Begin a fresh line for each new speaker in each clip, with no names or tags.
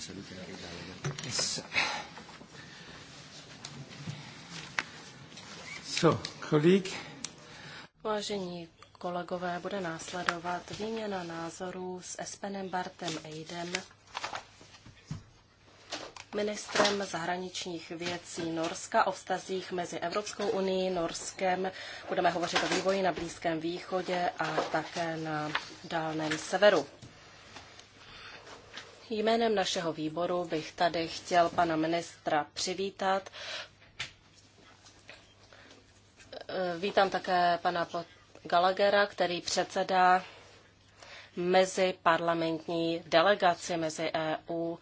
che saluti anche Gallagher. So, colleague.
Vážení kolegové, bude následovat výměna názorů s Espenem Bartem Eidem, ministrem zahraničních věcí Norska o vztazích mezi Evropskou unii, Norskem. Budeme hovořit o vývoji na Blízkém východě a také na Dálném severu. Jménem našeho výboru bych tady chtěl pana ministra přivítat. Vítám také pana Gallaghera, který předsedá mezi parlamentní delegaci mezi EU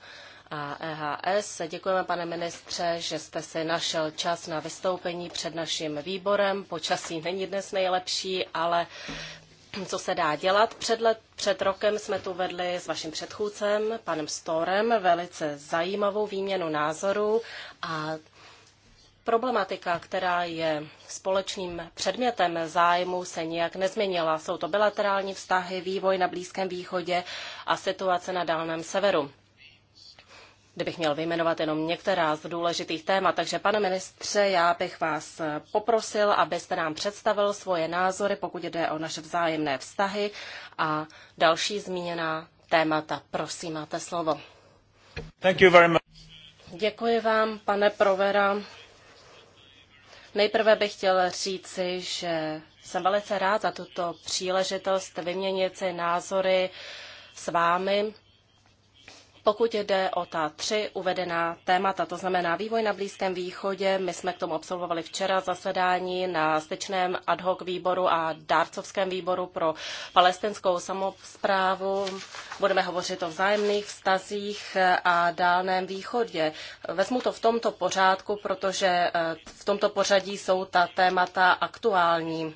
a EHS. Děkujeme, pane ministře, že jste si našel čas na vystoupení před naším výborem. Počasí není dnes nejlepší, ale co se dá dělat. Před, let, před rokem jsme tu vedli s vaším předchůdcem, panem Storem, velice zajímavou výměnu názorů a problematika, která je společným předmětem zájmu, se nijak nezměnila. Jsou to bilaterální vztahy, vývoj na Blízkém východě a situace na Dálném severu kdybych měl vyjmenovat jenom některá z důležitých témat. Takže, pane ministře, já bych vás eh, poprosil, abyste nám představil svoje názory, pokud jde o naše vzájemné vztahy a další zmíněná témata. Prosím, máte slovo.
Thank you very much.
Děkuji vám, pane Provera. Nejprve bych chtěl říci, že jsem velice rád za tuto příležitost vyměnit si názory s vámi pokud jde o ta tři uvedená témata, to znamená vývoj na Blízkém východě, my jsme k tomu absolvovali včera zasedání na styčném ad hoc výboru a dárcovském výboru pro palestinskou samozprávu. Budeme hovořit o vzájemných vztazích a dálném východě. Vezmu to v tomto pořádku, protože eh, v tomto pořadí jsou ta témata aktuální.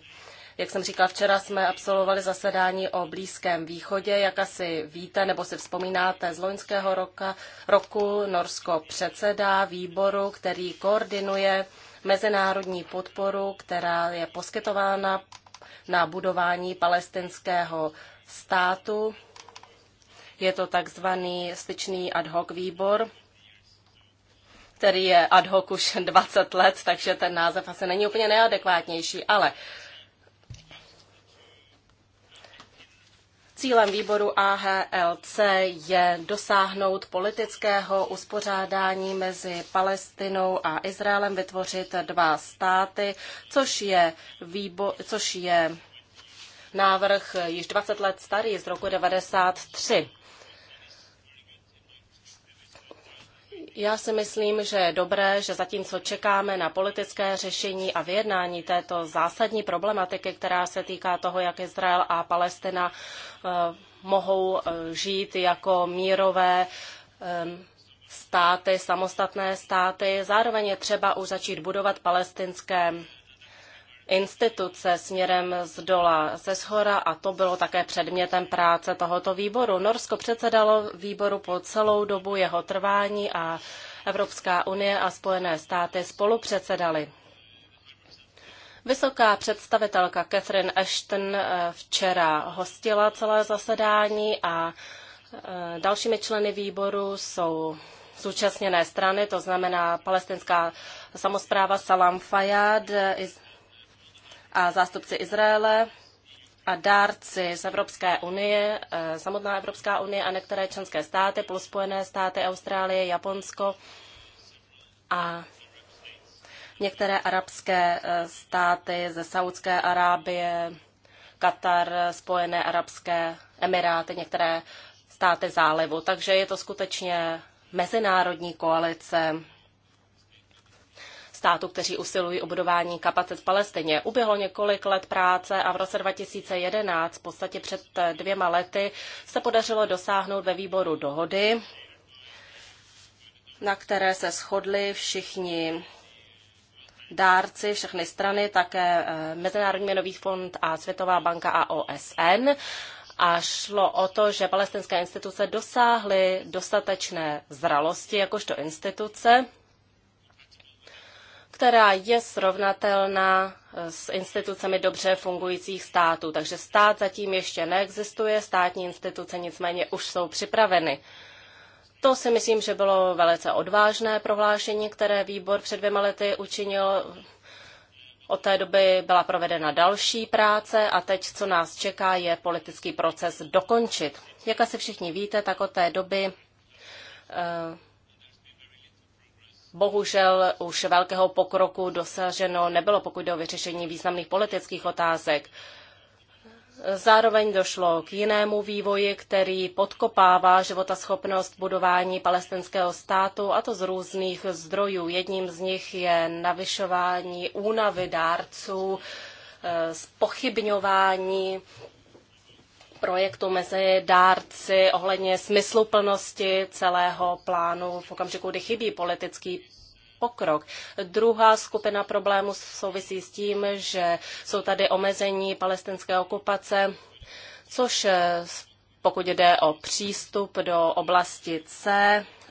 Jak jsem říkala včera jsme absolvovali zasedání o Blízkém východě. Jak asi víte nebo si vzpomínáte, z loňského roka, roku Norsko předsedá výboru, který koordinuje mezinárodní podporu, která je poskytována na budování palestinského státu. Je to takzvaný styčný ad hoc výbor, který je ad hoc už 20 let, takže ten název asi není úplně neadekvátnější, ale Cílem výboru AHLC je dosáhnout politického uspořádání mezi Palestinou a Izraelem, vytvořit dva státy, což je, výbo- což je návrh již 20 let starý z roku 1993. Já si myslím, že je dobré, že zatímco čekáme na politické řešení a vyjednání této zásadní problematiky, která se týká toho, jak Izrael a Palestina eh, mohou eh, žít jako mírové eh, státy, samostatné státy, zároveň je třeba už začít budovat palestinské instituce směrem z dola, ze shora a to bylo také předmětem práce tohoto výboru. Norsko předsedalo výboru po celou dobu jeho trvání a Evropská unie a Spojené státy spolu předsedali. Vysoká představitelka Catherine Ashton eh, včera hostila celé zasedání a eh, dalšími členy výboru jsou zúčastněné strany, to znamená palestinská samozpráva Salam Fayad. Eh, a zástupci Izraele a dárci z Evropské unie, eh, samotná Evropská unie a některé členské státy, plus Spojené státy, Austrálie, Japonsko a některé arabské eh, státy ze Saudské Arábie, Katar, Spojené arabské emiráty, některé státy zálivu. Takže je to skutečně mezinárodní koalice států, kteří usilují o budování kapacit v Palestině. Uběhlo několik let práce a v roce 2011, v podstatě před eh, dvěma lety, se podařilo dosáhnout ve výboru dohody, na které se shodli všichni dárci, všechny strany, také eh, Mezinárodní měnový fond a Světová banka a OSN. A šlo o to, že palestinské instituce dosáhly dostatečné zralosti jakožto instituce která je srovnatelná eh, s institucemi dobře fungujících států. Takže stát zatím ještě neexistuje, státní instituce nicméně už jsou připraveny. To si myslím, že bylo velice odvážné prohlášení, které výbor před dvěma lety učinil. Od té doby byla provedena další práce a teď, co nás čeká, je politický proces dokončit. Jak asi všichni víte, tak od té doby eh, bohužel už velkého pokroku dosaženo nebylo, pokud jde o vyřešení významných politických otázek. Zároveň došlo k jinému vývoji, který podkopává životaschopnost budování palestinského státu, a to z různých zdrojů. Jedním z nich je navyšování únavy dárců, spochybňování eh, projektu mezi dárci ohledně smysluplnosti celého plánu v okamžiku, kdy chybí politický pokrok. Druhá skupina problémů souvisí s tím, že jsou tady omezení palestinské okupace, což pokud jde o přístup do oblasti C,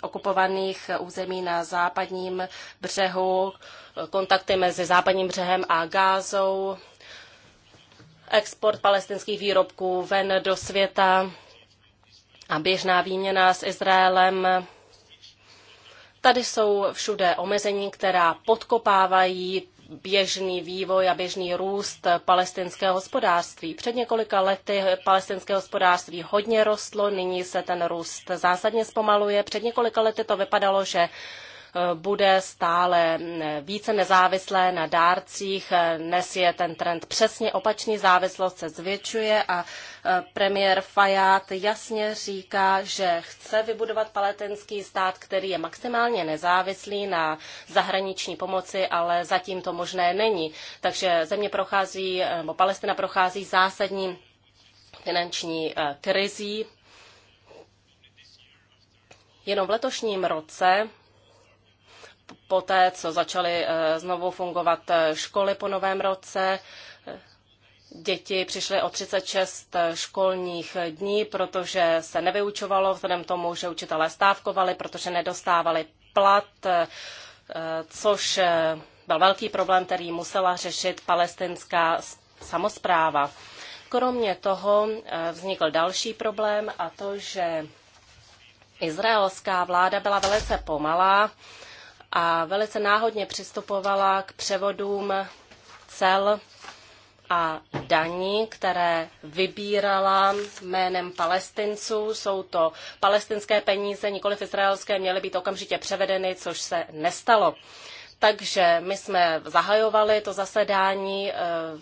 okupovaných území na západním břehu, kontakty mezi západním břehem a Gázou, export palestinských výrobků ven do světa a běžná výměna s Izraelem. Tady jsou všude omezení, která podkopávají běžný vývoj a běžný růst palestinského hospodářství. Před několika lety palestinské hospodářství hodně rostlo, nyní se ten růst zásadně zpomaluje. Před několika lety to vypadalo, že bude stále více nezávislé na dárcích. Dnes je ten trend přesně opačný, závislost se zvětšuje a e, premiér Fajat jasně říká, že chce vybudovat palestinský stát, který je maximálně nezávislý na zahraniční pomoci, ale zatím to možné není. Takže země prochází, e, nebo Palestina prochází zásadní finanční e, krizí. Jenom v letošním roce poté, co začaly eh, znovu fungovat eh, školy po novém roce, Děti přišly o 36 eh, školních dní, protože se nevyučovalo, vzhledem tomu, že učitelé stávkovali, protože nedostávali plat, což byl velký problém, který musela řešit palestinská samozpráva. Kromě toho vznikl další problém a to, že izraelská vláda byla velice pomalá a velice náhodně přistupovala k převodům cel a daní, které vybírala jménem palestinců. Jsou to palestinské peníze, v izraelské, měly být okamžitě převedeny, což se nestalo. Takže my jsme zahajovali to zasedání eh,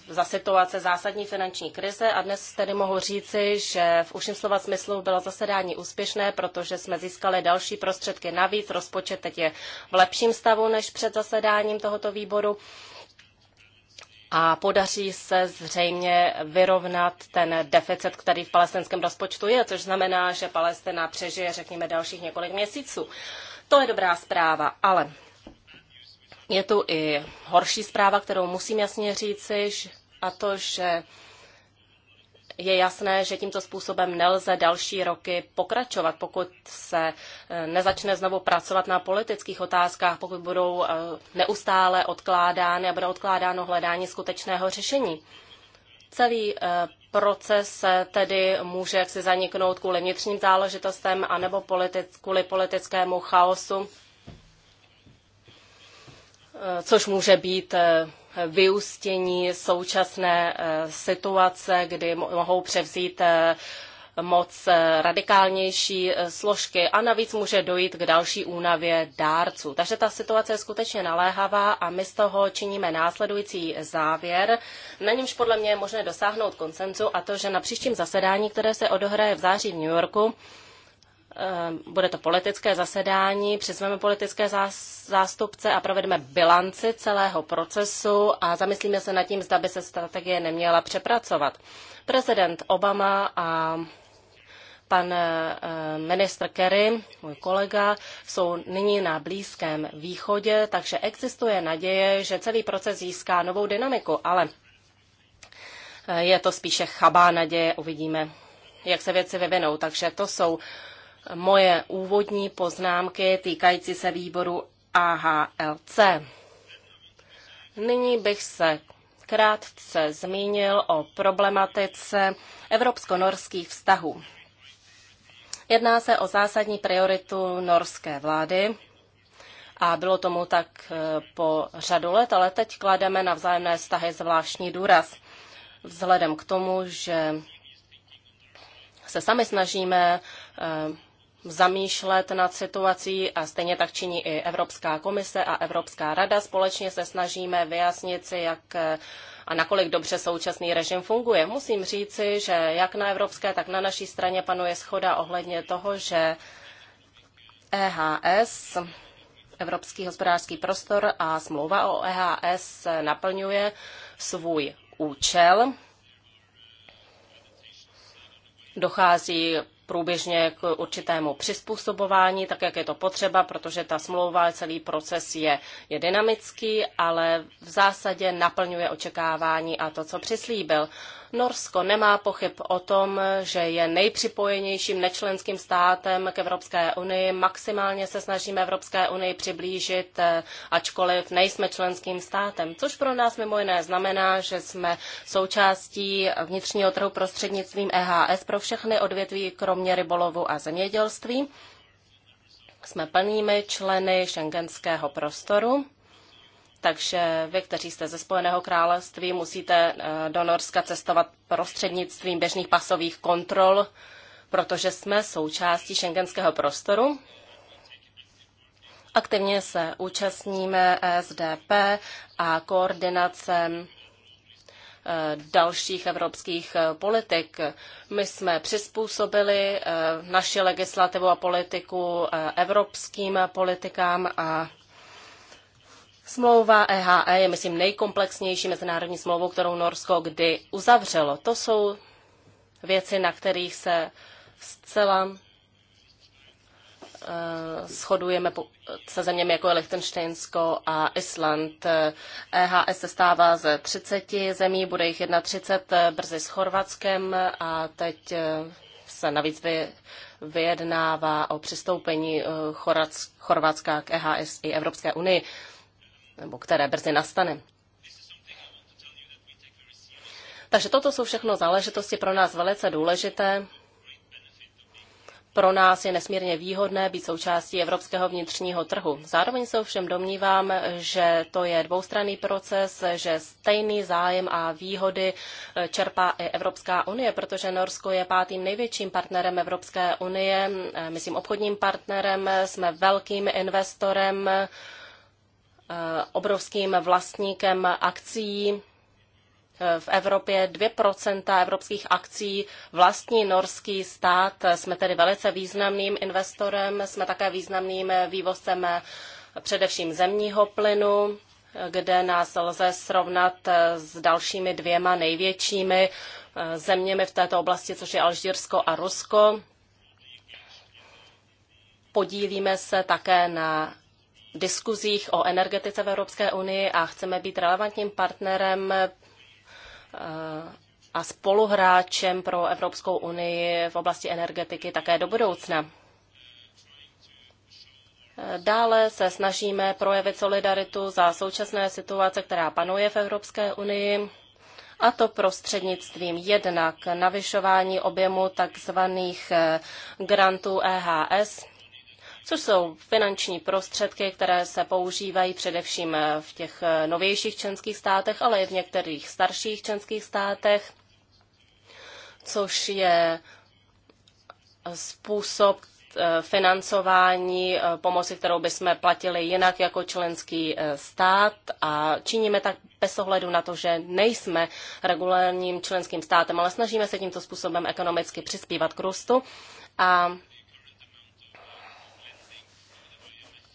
za situace zásadní finanční krize a dnes tedy mohu říci, že v uším slova smyslu bylo zasedání úspěšné, protože jsme získali další prostředky navíc. Rozpočet teď je v lepším stavu než před zasedáním tohoto výboru a podaří se zřejmě vyrovnat ten deficit, který v palestinském rozpočtu je, což znamená, že Palestina přežije, řekněme, dalších několik měsíců. To je dobrá zpráva, ale je tu i horší zpráva, kterou musím jasně říci, a to, že je jasné, že tímto způsobem nelze další roky pokračovat, pokud se e, nezačne znovu pracovat na politických otázkách, pokud budou e, neustále odkládány a bude odkládáno hledání skutečného řešení. Celý e, proces tedy může jaksi zaniknout kvůli vnitřním záležitostem anebo politi- kvůli politickému chaosu což může být eh, vyústění současné eh, situace, kdy mohou převzít eh, moc radikálnější složky a navíc může dojít k další únavě dárců. Takže ta situace je skutečně naléhavá a my z toho činíme následující závěr, na němž podle mě je možné dosáhnout koncenzu a to, že na příštím zasedání, které se odohraje v září v New Yorku, Eh, bude to politické zasedání, přizveme politické zástupce a provedeme bilanci celého procesu a zamyslíme se nad tím, zda by se strategie neměla přepracovat. Prezident Obama a pan eh, ministr Kerry, můj kolega, jsou nyní na Blízkém východě, takže existuje naděje, že celý proces získá novou dynamiku, ale eh, je to spíše chabá naděje, uvidíme, jak se věci vyvinou. Takže to jsou moje úvodní poznámky týkající se výboru AHLC. Nyní bych se krátce zmínil o problematice evropsko-norských vztahů. Jedná se o zásadní prioritu norské vlády a bylo tomu tak eh, po řadu let, ale teď klademe na vzájemné vztahy zvláštní důraz. Vzhledem k tomu, že se sami snažíme eh, zamýšlet nad situací a stejně tak činí i Evropská komise a Evropská rada. Společně se snažíme vyjasnit si, jak a nakolik dobře současný režim funguje. Musím říci, že jak na evropské, tak na naší straně panuje schoda ohledně toho, že EHS, Evropský hospodářský prostor a smlouva o EHS naplňuje svůj účel. Dochází průběžně k určitému přizpůsobování, tak jak je to potřeba, protože ta smlouva, celý proces je, je dynamický, ale v zásadě naplňuje očekávání a to, co přislíbil. Norsko nemá pochyb o tom, že je nejpřipojenějším nečlenským státem k Evropské unii. Maximálně se snažíme Evropské unii přiblížit, eh, ačkoliv nejsme členským státem, což pro nás mimo jiné znamená, že jsme součástí vnitřního trhu prostřednictvím EHS pro všechny odvětví, kromě rybolovu a zemědělství. Jsme plnými členy šengenského prostoru takže vy, kteří jste ze Spojeného království, musíte eh, do Norska cestovat prostřednictvím běžných pasových kontrol, protože jsme součástí šengenského prostoru. Aktivně se účastníme e SDP a koordinace eh, dalších evropských eh, politik. My jsme přizpůsobili naši legislativu a politiku evropským politikám a Smlouva EHE e je, myslím, nejkomplexnější mezinárodní smlouvou, kterou Norsko kdy uzavřelo. To jsou věci, na kterých se zcela eh, shodujeme se zeměmi jako je a Island. EHS e e se stává ze 30 zemí, bude jich 31 eh, brzy s Chorvatskem a teď eh, se navíc vy, vyjednává o přistoupení Chorvatska k EHS i Evropské unii nebo které brzy nastane. Takže toto jsou všechno záležitosti pro nás velice důležité. Pro nás je nesmírně výhodné být součástí evropského vnitřního trhu. Zároveň se ovšem domnívám, že to je dvoustranný proces, že stejný zájem a výhody eh, čerpá i Evropská unie, protože Norsko je pátým největším partnerem Evropské unie, eh, myslím obchodním partnerem, eh, jsme velkým investorem Eh, obrovským vlastníkem akcí eh, v Evropě 2% evropských akcí vlastní norský stát. Jsme tedy velice významným investorem, jsme také významným vývozcem eh, především zemního plynu, kde nás lze srovnat s dalšími dvěma největšími zeměmi v této oblasti, což je Alžírsko a Rusko. Podílíme se také na diskuzích o energetice v Evropské unii a chceme být relevantním partnerem eh, a spoluhráčem pro Evropskou unii v oblasti energetiky také do budoucna. Dále se snažíme projevit solidaritu za současné situace, která panuje v Evropské unii, a to prostřednictvím jednak navyšování objemu takzvaných eh, grantů EHS, což jsou finanční prostředky, které se používají především eh, v těch eh, novějších členských státech, ale i v některých starších členských státech, což je eh, způsob financování pomoci, kterou bychom platili jinak jako členský stát a činíme tak bez ohledu na to, že nejsme regulárním členským státem, ale snažíme se tímto způsobem ekonomicky přispívat k růstu. A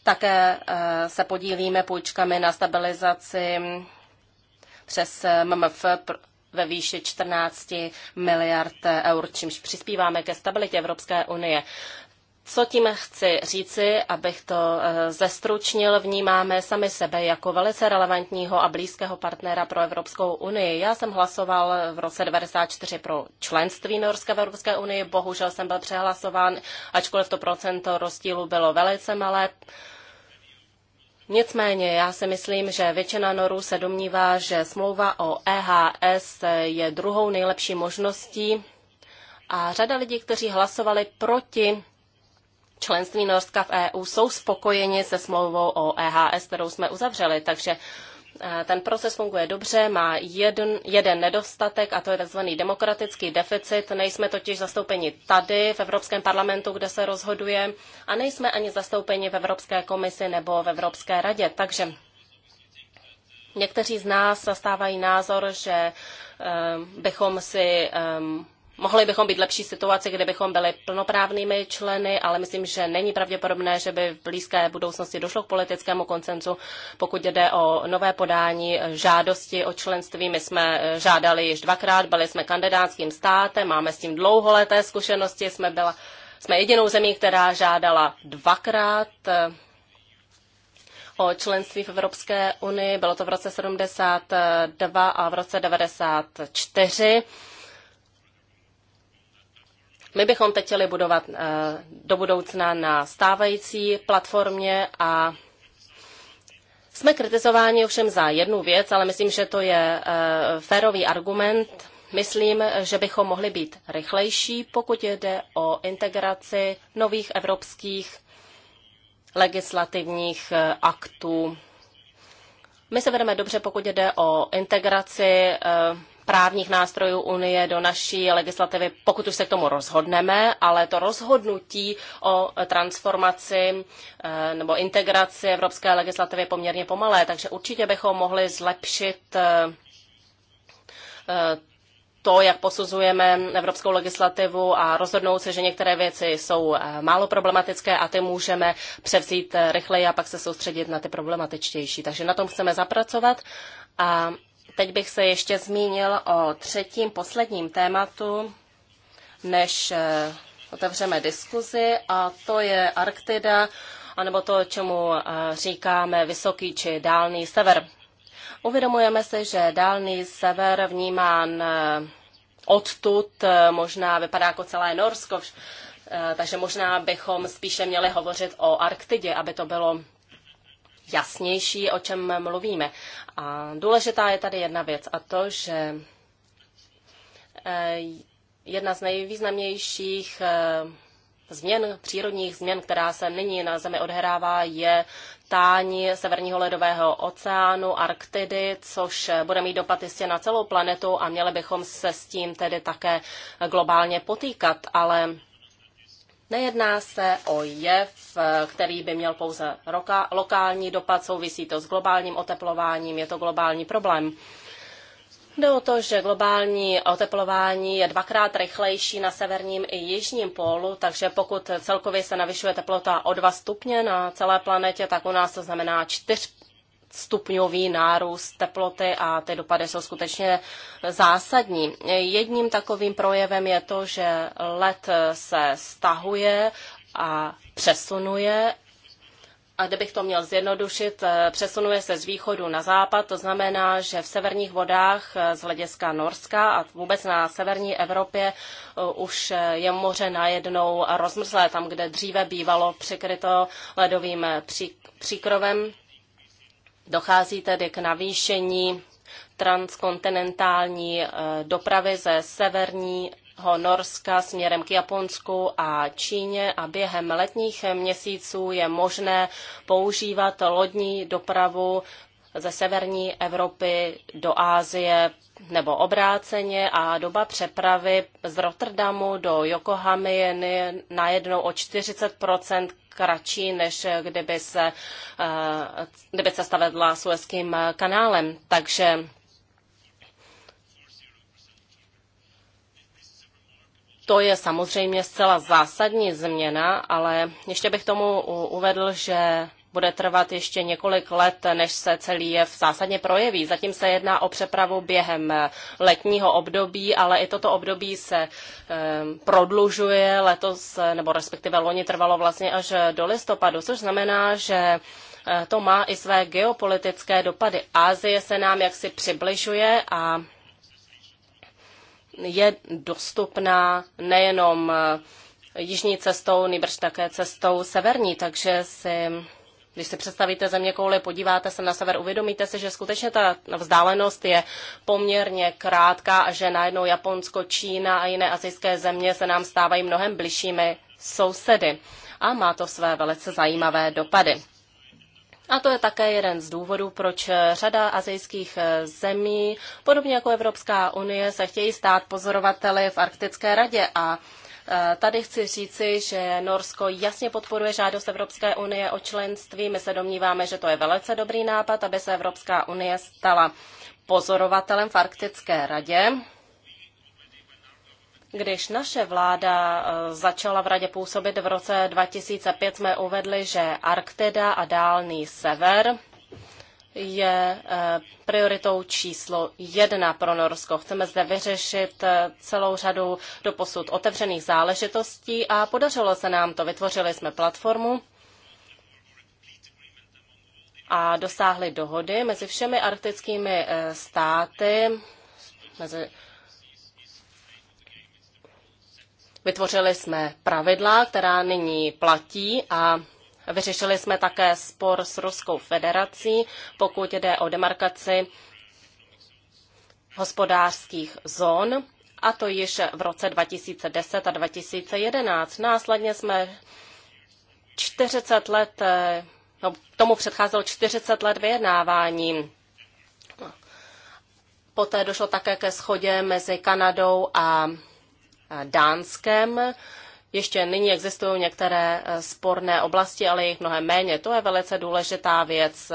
Také eh, se podílíme půjčkami na stabilizaci přes eh, MMF ve výši 14 miliard eur, čímž přispíváme ke stabilitě Evropské unie. Co tím chci říci, abych to eh, zestručnil, vnímáme sami sebe jako velice relevantního a blízkého partnera pro Evropskou unii. Já jsem hlasoval v roce 94 pro členství Norska v Evropské unii, bohužel jsem byl přehlasován, ačkoliv to procento rozdílu bylo velice malé. Nicméně já si myslím, že většina Norů se domnívá, že smlouva o EHS je druhou nejlepší možností a řada lidí, kteří hlasovali proti členství Norska v EU, jsou spokojeni se smlouvou o EHS, kterou jsme uzavřeli. Takže ten proces funguje dobře, má jeden, jeden nedostatek a to je tzv. demokratický deficit. Nejsme totiž zastoupeni tady v Evropském parlamentu, kde se rozhoduje a nejsme ani zastoupeni v Evropské komisi nebo v Evropské radě. Takže někteří z nás zastávají názor, že eh, bychom si eh, Mohli bychom být lepší situaci, kdybychom byli plnoprávnými členy, ale myslím, že není pravděpodobné, že by v blízké budoucnosti došlo k politickému koncenzu, pokud jde o nové podání žádosti o členství. My jsme eh, žádali již dvakrát, byli jsme kandidátským státem, máme s tím dlouholeté zkušenosti, jsme, byla, jsme jedinou zemí, která žádala dvakrát eh, o členství v Evropské unii. Bylo to v roce 72 a v roce 94. My bychom teď chtěli budovat eh, do budoucna na stávající platformě a jsme kritizováni ovšem za jednu věc, ale myslím, že to je eh, férový argument. Myslím, že bychom mohli být rychlejší, pokud jde o integraci nových evropských legislativních eh, aktů. My se vedeme dobře, pokud jde o integraci právních nástrojů Unie do naší legislativy, pokud už se k tomu rozhodneme, ale to rozhodnutí o transformaci eh, nebo integraci evropské legislativy je poměrně pomalé, takže určitě bychom mohli zlepšit eh, eh, to, jak posuzujeme evropskou legislativu a rozhodnout se, že některé věci jsou málo problematické a ty můžeme převzít rychleji a pak se soustředit na ty problematičtější. Takže na tom chceme zapracovat a Teď bych se ještě zmínil o třetím, posledním tématu, než eh, otevřeme diskuzi, a to je Arktida, anebo to, čemu eh, říkáme vysoký či dálný sever. Uvědomujeme si, že dálný sever vnímán eh, odtud možná vypadá jako celé Norsko, takže možná bychom spíše měli hovořit o Arktidě, aby to bylo jasnější, o čem mluvíme. A důležitá je tady jedna věc a to, že eh, jedna z nejvýznamnějších eh, změn, přírodních změn, která se nyní na Zemi odhrává, je tání Severního ledového oceánu, Arktidy, což bude mít dopad jistě na celou planetu a měli bychom se s tím tedy také globálně potýkat, ale Nejedná se o jev, který by měl pouze roka, lokální dopad, souvisí to s globálním oteplováním, je to globální problém. Jde o to, že globální oteplování je dvakrát rychlejší na severním i jižním pólu, takže pokud celkově se navyšuje teplota o 2 stupně na celé planetě, tak u nás to znamená čtyř, stupňový nárůst teploty a ty dopady jsou skutečně zásadní. Jedním takovým projevem je to, že led se stahuje a přesunuje a kdybych to měl zjednodušit, přesunuje se z východu na západ, to znamená, že v severních vodách z hlediska Norska a vůbec na severní Evropě uh, už je moře najednou rozmrzlé, tam, kde dříve bývalo přikryto ledovým příkrovem. Dochází tedy k navýšení transkontinentální eh, dopravy ze severní Norska směrem k Japonsku a Číně a během letních měsíců je možné používat lodní dopravu ze severní Evropy do Ázie nebo obráceně a doba přepravy z Rotterdamu do Yokohamy je najednou o 40 kratší, než kdyby se, eh, kdyby se stavedla Suezkým kanálem. Takže To je samozřejmě zcela zásadní změna, ale ještě bych tomu uvedl, že bude trvat ještě několik let, než se celý jev zásadně projeví. Zatím se jedná o přepravu během eh, letního období, ale i toto období se eh, prodlužuje letos, eh, nebo respektive loni trvalo vlastně až do listopadu, což znamená, že to má i své geopolitické dopady. Ázie se nám jaksi přibližuje a je dostupná nejenom jižní cestou, nejbrž také cestou severní, takže si když si představíte země kouli, podíváte se na sever, uvědomíte si, že skutečně ta vzdálenost je poměrně krátká a že najednou Japonsko, Čína a jiné azijské země se nám stávají mnohem bližšími sousedy. A má to své velice zajímavé dopady. A to je také jeden z důvodů, proč řada azijských zemí, podobně jako Evropská unie, se chtějí stát pozorovateli v Arktické radě a Eh, tady chci říci, že Norsko jasně podporuje žádost Evropské unie o členství. My se domníváme, že to je velice dobrý nápad, aby se Evropská unie stala pozorovatelem v Arktické radě. Když naše vláda eh, začala v radě působit v roce 2005, jsme uvedli, že Arktida a dálný sever je eh, prioritou číslo jedna pro Norsko. Chceme zde vyřešit eh, celou řadu doposud otevřených záležitostí a podařilo se nám to. Vytvořili jsme platformu a dosáhli dohody mezi všemi arktickými eh, státy, mezi Vytvořili jsme pravidla, která nyní platí a Vyřešili jsme také spor s Ruskou federací, pokud jde o demarkaci hospodářských zón, a to již v roce 2010 a 2011. Následně jsme 40 let, eh, no, tomu předcházelo 40 let vyjednávání. Poté došlo také ke schodě mezi Kanadou a Dánskem. Ještě nyní existují některé eh, sporné oblasti, ale jich mnohem méně. To je velice důležitá věc.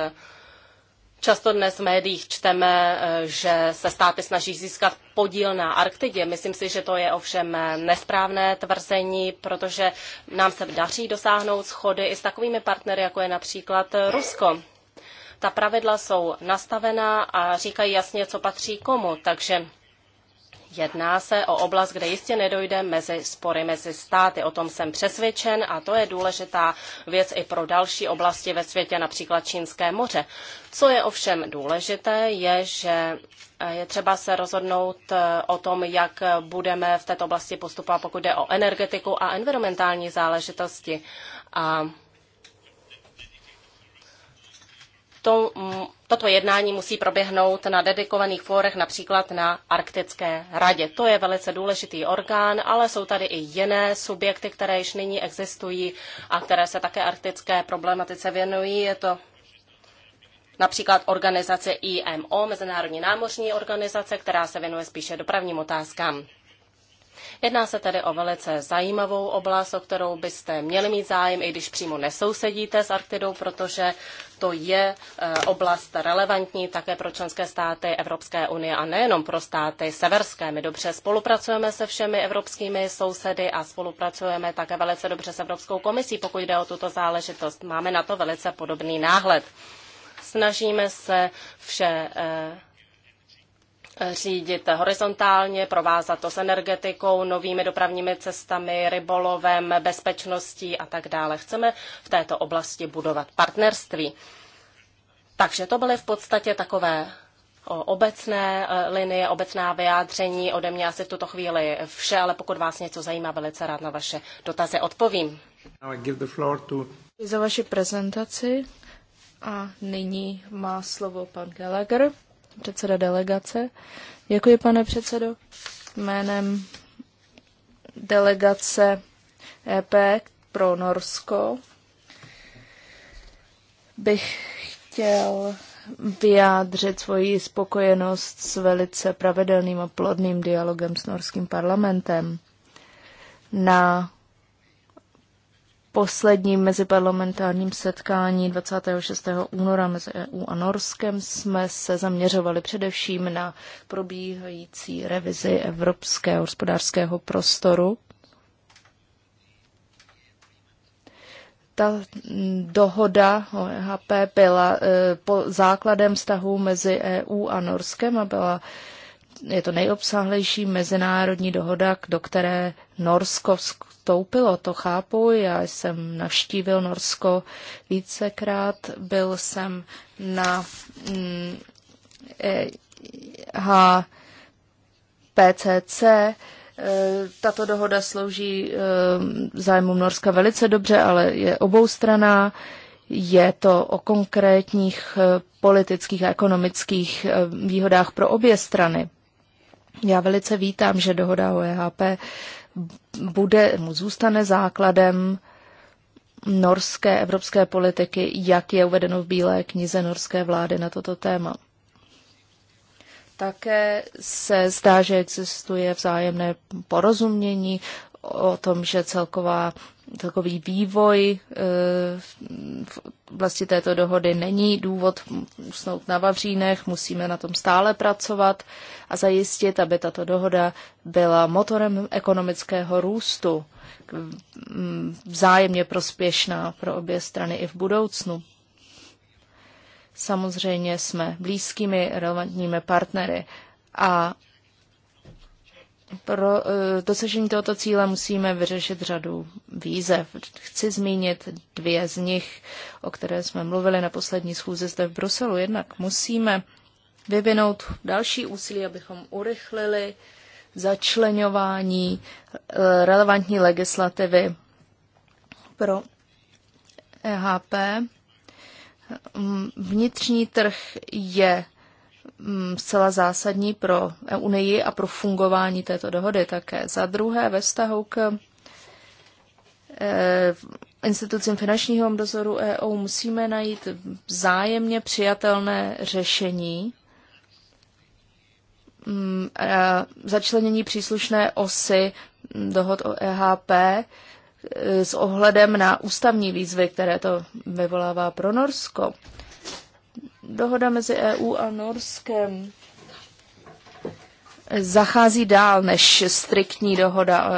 Často dnes v médiích čteme, eh, že se státy snaží získat podíl na Arktidě. Myslím si, že to je ovšem eh, nesprávné tvrzení, protože nám se daří dosáhnout schody i s takovými partnery, jako je například Rusko. Ta pravidla jsou nastavená a říkají jasně, co patří komu. Takže Jedná se o oblast, kde jistě nedojde mezi spory mezi státy. O tom jsem přesvědčen a to je důležitá věc i pro další oblasti ve světě, například Čínské moře. Co je ovšem důležité, je, že eh, je třeba se rozhodnout eh, o tom, jak budeme v této oblasti postupovat, pokud jde o energetiku a environmentální záležitosti. A to, toto jednání musí proběhnout na dedikovaných fórech, například na Arktické radě. To je velice důležitý orgán, ale jsou tady i jiné subjekty, které již nyní existují a které se také arktické problematice věnují. Je to například organizace IMO, Mezinárodní námořní organizace, která se věnuje spíše dopravním otázkám. Jedná se tedy o velice zajímavou oblast, o kterou byste měli mít zájem, i když přímo nesousedíte s Arktidou, protože to je eh, oblast relevantní také pro členské státy Evropské unie a nejenom pro státy severské. My dobře spolupracujeme se všemi evropskými sousedy a spolupracujeme také velice dobře s Evropskou komisí, pokud jde o tuto záležitost. Máme na to velice podobný náhled. Snažíme se vše eh, řídit horizontálně, provázat to s energetikou, novými dopravními cestami, rybolovem, bezpečností a tak dále. Chceme v této oblasti budovat partnerství. Takže to byly v podstatě takové obecné e, linie, obecná vyjádření. Ode mě asi v tuto chvíli vše, ale pokud vás něco
zajímá, velice rád na vaše dotazy odpovím. Za vaši prezentaci a nyní má slovo pan Gallagher předseda delegace. Děkuji, pane předsedo. Jménem delegace EP pro Norsko bych chtěl vyjádřit svoji spokojenost s velice pravidelným a plodným dialogem s norským parlamentem na posledním meziparlamentárním setkání 26. února mezi EU a Norskem jsme se zaměřovali především na probíhající revizi evropského hospodářského prostoru. Ta dohoda o EHP byla e, základem vztahu mezi EU a Norskem a byla je to nejobsáhlejší mezinárodní dohoda, do které Norsko vstoupilo. To chápu, já jsem navštívil Norsko vícekrát, byl jsem na mm, HPCC. Eh, eh, tato dohoda slouží eh, zájmům Norska velice dobře, ale je oboustraná. Je to o konkrétních politických a ekonomických výhodách pro obě strany. Já velice vítám, že dohoda o EHP bude, mu zůstane základem norské evropské politiky, jak je uvedeno v Bílé knize norské vlády na toto téma. Také se zdá, že existuje vzájemné porozumění o tom, že celková takový vývoj vlastně této dohody není důvod usnout na Vavřínech, musíme na tom stále pracovat a zajistit, aby tato dohoda byla motorem ekonomického růstu, mm, vzájemně prospěšná pro obě strany i v budoucnu. Samozřejmě jsme blízkými relevantními partnery a pro eh, dosažení tohoto cíle musíme vyřešit řadu výzev. Chci zmínit dvě z nich, o které jsme mluvili na poslední schůzi zde v Bruselu. Jednak musíme vyvinout další úsilí, abychom urychlili začlenování eh, relevantní legislativy pro EHP. Hm, vnitřní trh je Mm, zcela zásadní pro Unii a pro fungování této dohody také. Za druhé, ve vztahu k eh, institucím finančního dozoru EU musíme najít vzájemně přijatelné řešení mm, začlenění příslušné osy dohod o e EHP s ohledem na ústavní výzvy, které to vyvolává pro Norsko. Dohoda mezi EU a Norskem zachází dál než striktní dohoda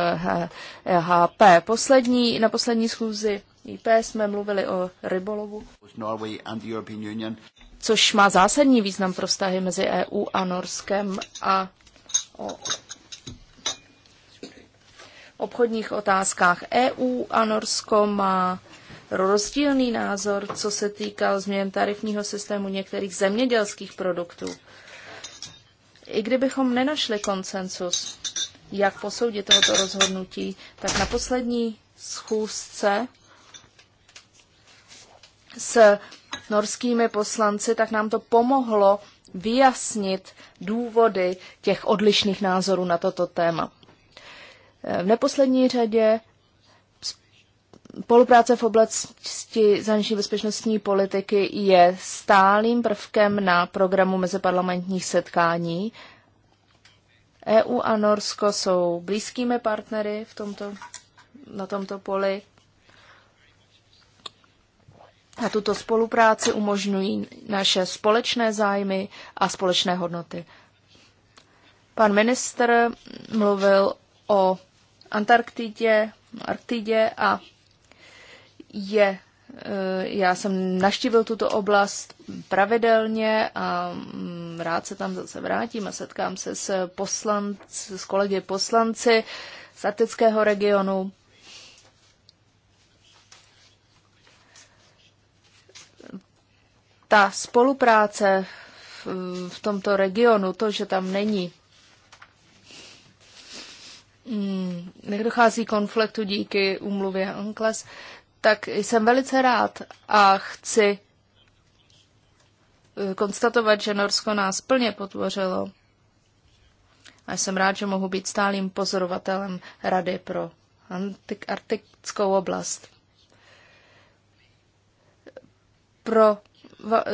e HP. Poslední, na poslední schůzi IP jsme mluvili o rybolovu, což má zásadní význam pro vztahy mezi EU a Norskem a o obchodních otázkách EU a Norsko má rozdílný názor, co se týkal změn tarifního systému některých zemědělských produktů. I kdybychom nenašli konsensus, jak posoudit tohoto rozhodnutí, tak na poslední schůzce s norskými poslanci, tak nám to pomohlo vyjasnit důvody těch odlišných názorů na toto téma. V neposlední řadě Spolupráce v oblasti zahraniční bezpečnostní politiky je stálým prvkem na programu meziparlamentních setkání. EU a Norsko jsou blízkými partnery v tomto, na tomto poli a tuto spolupráci umožňují naše společné zájmy a společné hodnoty. Pan minister mluvil o Antarktidě, Arktidě a je, eh, já jsem naštívil tuto oblast pravidelně a mm, rád se tam zase vrátím a setkám se s, poslanci, s kolegy poslanci z Arteckého regionu. Ta spolupráce v, v tomto regionu, to, že tam není nedochází mm, konfliktu díky umluvě UNCLES, tak jsem velice rád a chci eh, konstatovat, že Norsko nás plně potvořilo. A jsem rád, že mohu být stálým pozorovatelem Rady pro arktickou oblast. Pro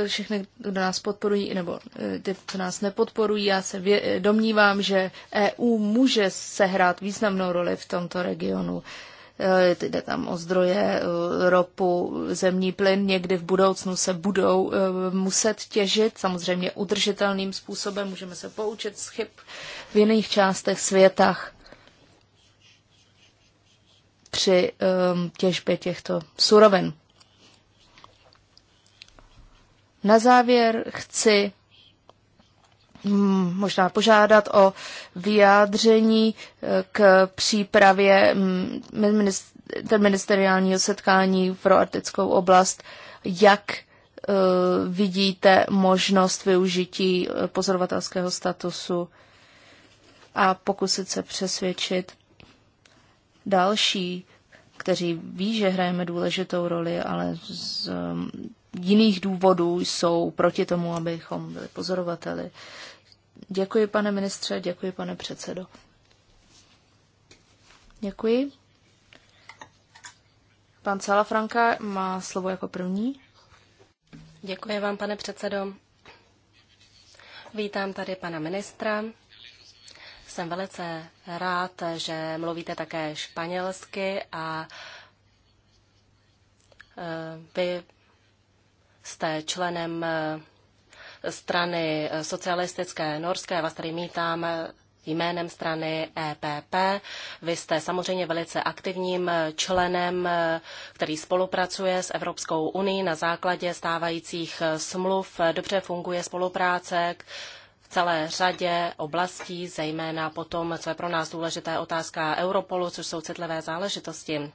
všechny, kdo nás podporují, nebo eh, ty, co nás nepodporují, já se eh, domnívám, že EU může sehrát významnou roli v tomto regionu. Uh, Eh, jde tam o zdroje eh, ropu, zemní plyn, někdy v budoucnu se budou eh, muset těžit, samozřejmě udržitelným způsobem, můžeme se poučit z chyb v jiných částech světách při ehm, těžbě těchto surovin. Na závěr chci Hmm, možná požádat o vyjádření eh, k přípravě hmm, interministeriálního setkání pro arktickou oblast, jak eh, vidíte možnost využití eh, pozorovatelského statusu a pokusit se přesvědčit další, kteří ví, že hrajeme důležitou roli, ale z, jiných důvodů jsou proti tomu, abychom byli pozorovateli. Děkuji, pane ministře, děkuji, pane předsedo. Děkuji. Pan Salafranka má slovo jako první.
Děkuji vám, pane předsedo. Vítám tady pana ministra. Jsem velice rád, že mluvíte také španělsky a e, vy jste členem eh, strany eh, socialistické norské, vás tady mítám eh, jménem strany EPP. Vy jste samozřejmě velice aktivním členem, který spolupracuje s Evropskou unii na základě stávajících smluv. Dobře funguje spolupráce v celé řadě oblastí, zejména potom, co je pro nás důležité, otázka Europolu, což jsou citlivé záležitosti.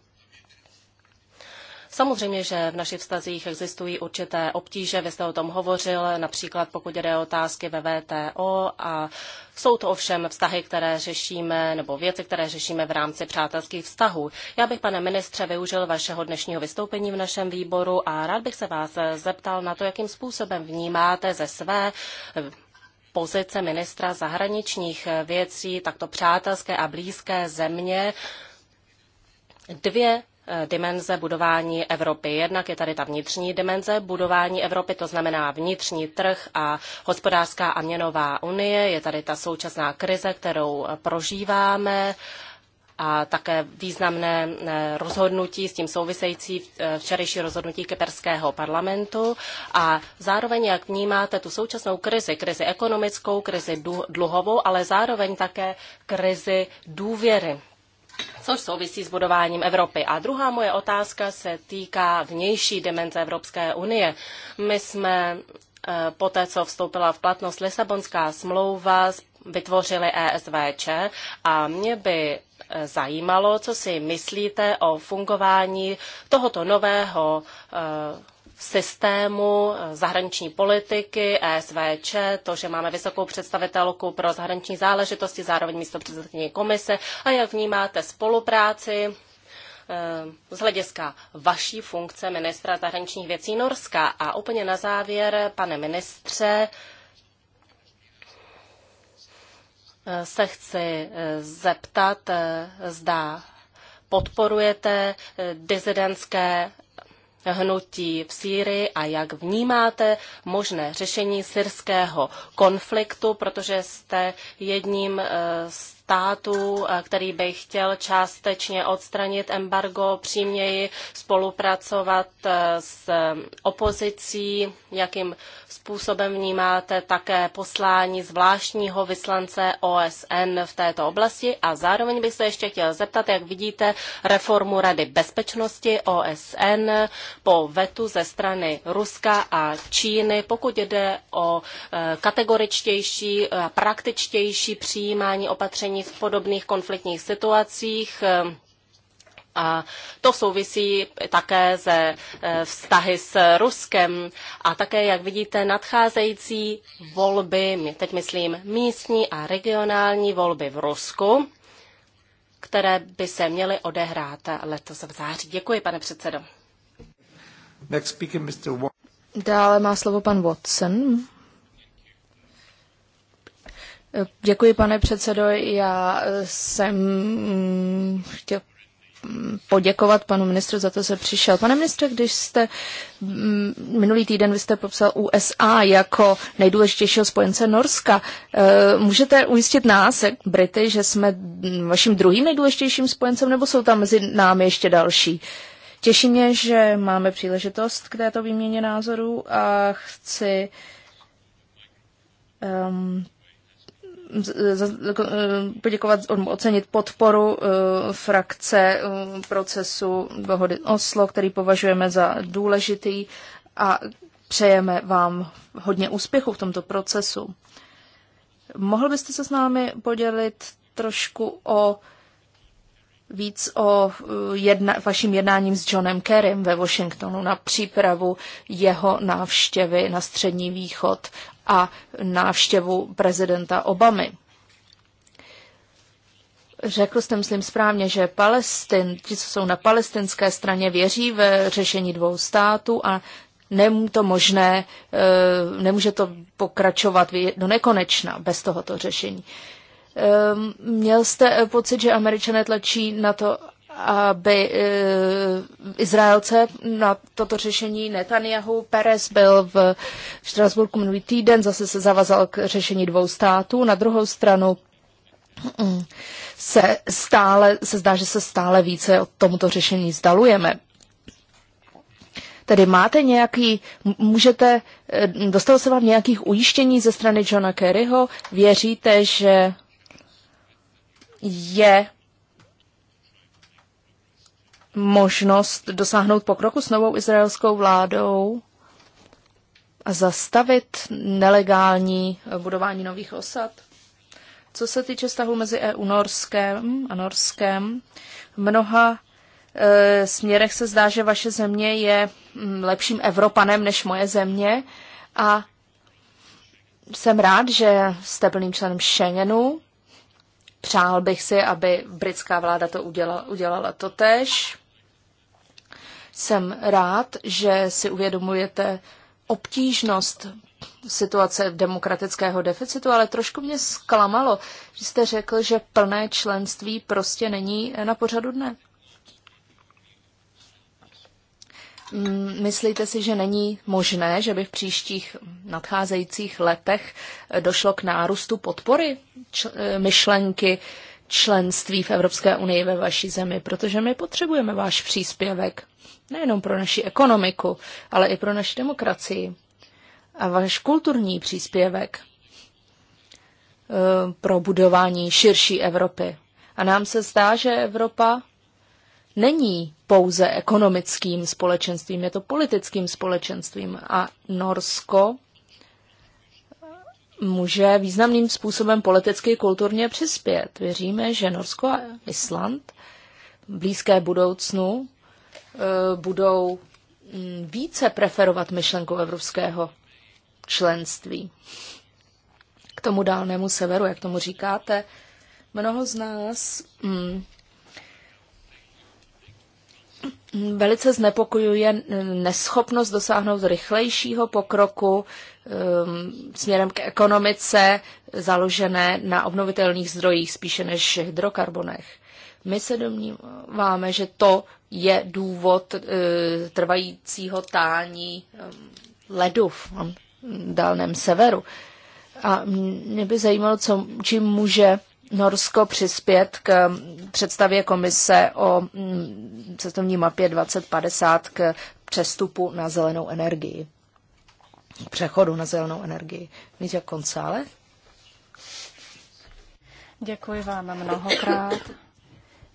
Samozřejmě, že v našich vztazích existují určité obtíže, vy jste o tom hovořil, například pokud jde o otázky ve VTO a jsou to ovšem vztahy, které řešíme, nebo věci, které řešíme v rámci přátelských vztahů. Já bych, pane ministře, využil vašeho dnešního vystoupení v našem výboru a rád bych se vás zeptal na to, jakým způsobem vnímáte ze své eh, pozice ministra zahraničních věcí takto přátelské a blízké země dvě Eh, dimenze budování Evropy. Jednak je tady ta vnitřní dimenze budování Evropy, to znamená vnitřní trh a hospodářská a měnová unie. Je tady ta současná krize, kterou eh, prožíváme a také významné eh, rozhodnutí s tím související včerejší rozhodnutí Kyperského parlamentu. A zároveň, jak vnímáte tu současnou krizi, krizi ekonomickou, krizi dluhovou, ale zároveň také krizi důvěry což souvisí s budováním Evropy. A druhá moje otázka se týká vnější dimenze Evropské unie. My jsme eh, po té, co vstoupila v platnost Lisabonská smlouva, vytvořili ESVČ a mě by eh, zajímalo, co si myslíte o fungování tohoto nového eh, systému eh, zahraniční politiky, ESVČ, to, že máme vysokou představitelku pro zahraniční záležitosti, zároveň místo předsedkyně komise a jak vnímáte spolupráci eh, z hlediska vaší funkce ministra zahraničních věcí Norska. A úplně na závěr, pane ministře, eh, se chci zeptat, zda podporujete dizidentské hnutí v Sýrii a jak vnímáte možné řešení syrského konfliktu, protože jste jedním eh, z států, eh, který by chtěl částečně odstranit embargo, příměji spolupracovat eh, s eh, opozicí, jakým způsobem vnímáte také poslání zvláštního vyslance OSN v této oblasti a zároveň bych se ještě chtěl zeptat, jak vidíte reformu Rady bezpečnosti OSN po vetu ze strany Ruska a Číny, pokud jde o kategoričtější a praktičtější přijímání opatření v podobných konfliktních situacích. Eh, a to souvisí také se eh, vztahy s Ruskem a také, jak vidíte, nadcházející volby, teď myslím místní a regionální volby v Rusku, které by se měly odehrát letos v září. Děkuji, pane předsedo. Next speaker, Mr.
Dále má slovo pan Watson. Děkuji, pane předsedo. Já jsem mm, chtěl poděkovat panu ministru za to, že přišel. Pane ministře, když jste mm, minulý týden vy jste popsal USA jako nejdůležitějšího spojence Norska, eh, můžete ujistit nás, Brity, že jsme vaším druhým nejdůležitějším spojencem, nebo jsou tam mezi námi ještě další? Těší mě, že máme příležitost k této výměně názorů a chci um, poděkovat, ocenit podporu uh, frakce um, procesu dohody Oslo, který považujeme za důležitý a přejeme vám hodně úspěchu v tomto procesu. Mohl byste se s námi podělit trošku o víc o uh, jedna, vaším jednáním s Johnem Kerrym ve Washingtonu na přípravu jeho návštěvy na Střední východ a návštěvu prezidenta Obamy. Řekl jste, myslím správně, že Palestin, ti, co jsou na palestinské straně, věří ve řešení dvou států a nemů to možné, eh, nemůže to pokračovat do nekonečna bez tohoto řešení. Eh, měl jste pocit, že američané tlačí na to, aby eh, Izraelce na toto řešení Netanyahu Perez byl v Štrasburku minulý týden, zase se zavazal k řešení dvou států. Na druhou stranu mm, se stále, se zdá, že se stále více od tomuto řešení vzdalujeme. Tedy máte nějaký, můžete, eh, dostalo se vám nějakých ujištění ze strany Johna Kerryho? Věříte, že je možnost dosáhnout pokroku s novou izraelskou vládou a zastavit nelegální budování nových osad? Co se týče vztahu mezi EU Norskem a Norskem, v mnoha e, směrech se zdá, že vaše země je mm, lepším Evropanem než moje země a jsem rád, že jste plným členem Schengenu. Přál bych si, aby britská vláda to udělala, udělala totež. Jsem rád, že si uvědomujete obtížnost situace demokratického deficitu, ale trošku mě zklamalo, že jste řekl, že plné členství prostě není na pořadu dne. Myslíte si, že není možné, že by v příštích nadcházejících letech došlo k nárůstu podpory myšlenky členství v Evropské unii ve vaší zemi, protože my potřebujeme váš příspěvek nejenom pro naši ekonomiku, ale i pro naši demokracii a váš kulturní příspěvek eh, pro budování širší Evropy. A nám se zdá, že Evropa není pouze ekonomickým společenstvím, je to politickým společenstvím. A Norsko může významným způsobem politicky i kulturně přispět. Věříme, že Norsko a Island v blízké budoucnu e, budou mm, více preferovat myšlenku evropského členství. K tomu dálnému severu, jak tomu říkáte, mnoho z nás mm, Velice znepokojuje neschopnost dosáhnout rychlejšího pokroku um, směrem k ekonomice založené na obnovitelných zdrojích spíše než hydrokarbonech. My se domníváme, že to je důvod uh, trvajícího tání um, ledu v dálném severu. A mě by zajímalo, co, čím může Norsko přispět k mm, představě komise o mm, cestovní mapě 2050 k přestupu na zelenou energii, přechodu na zelenou energii. Míře Koncále?
Děkuji vám mnohokrát.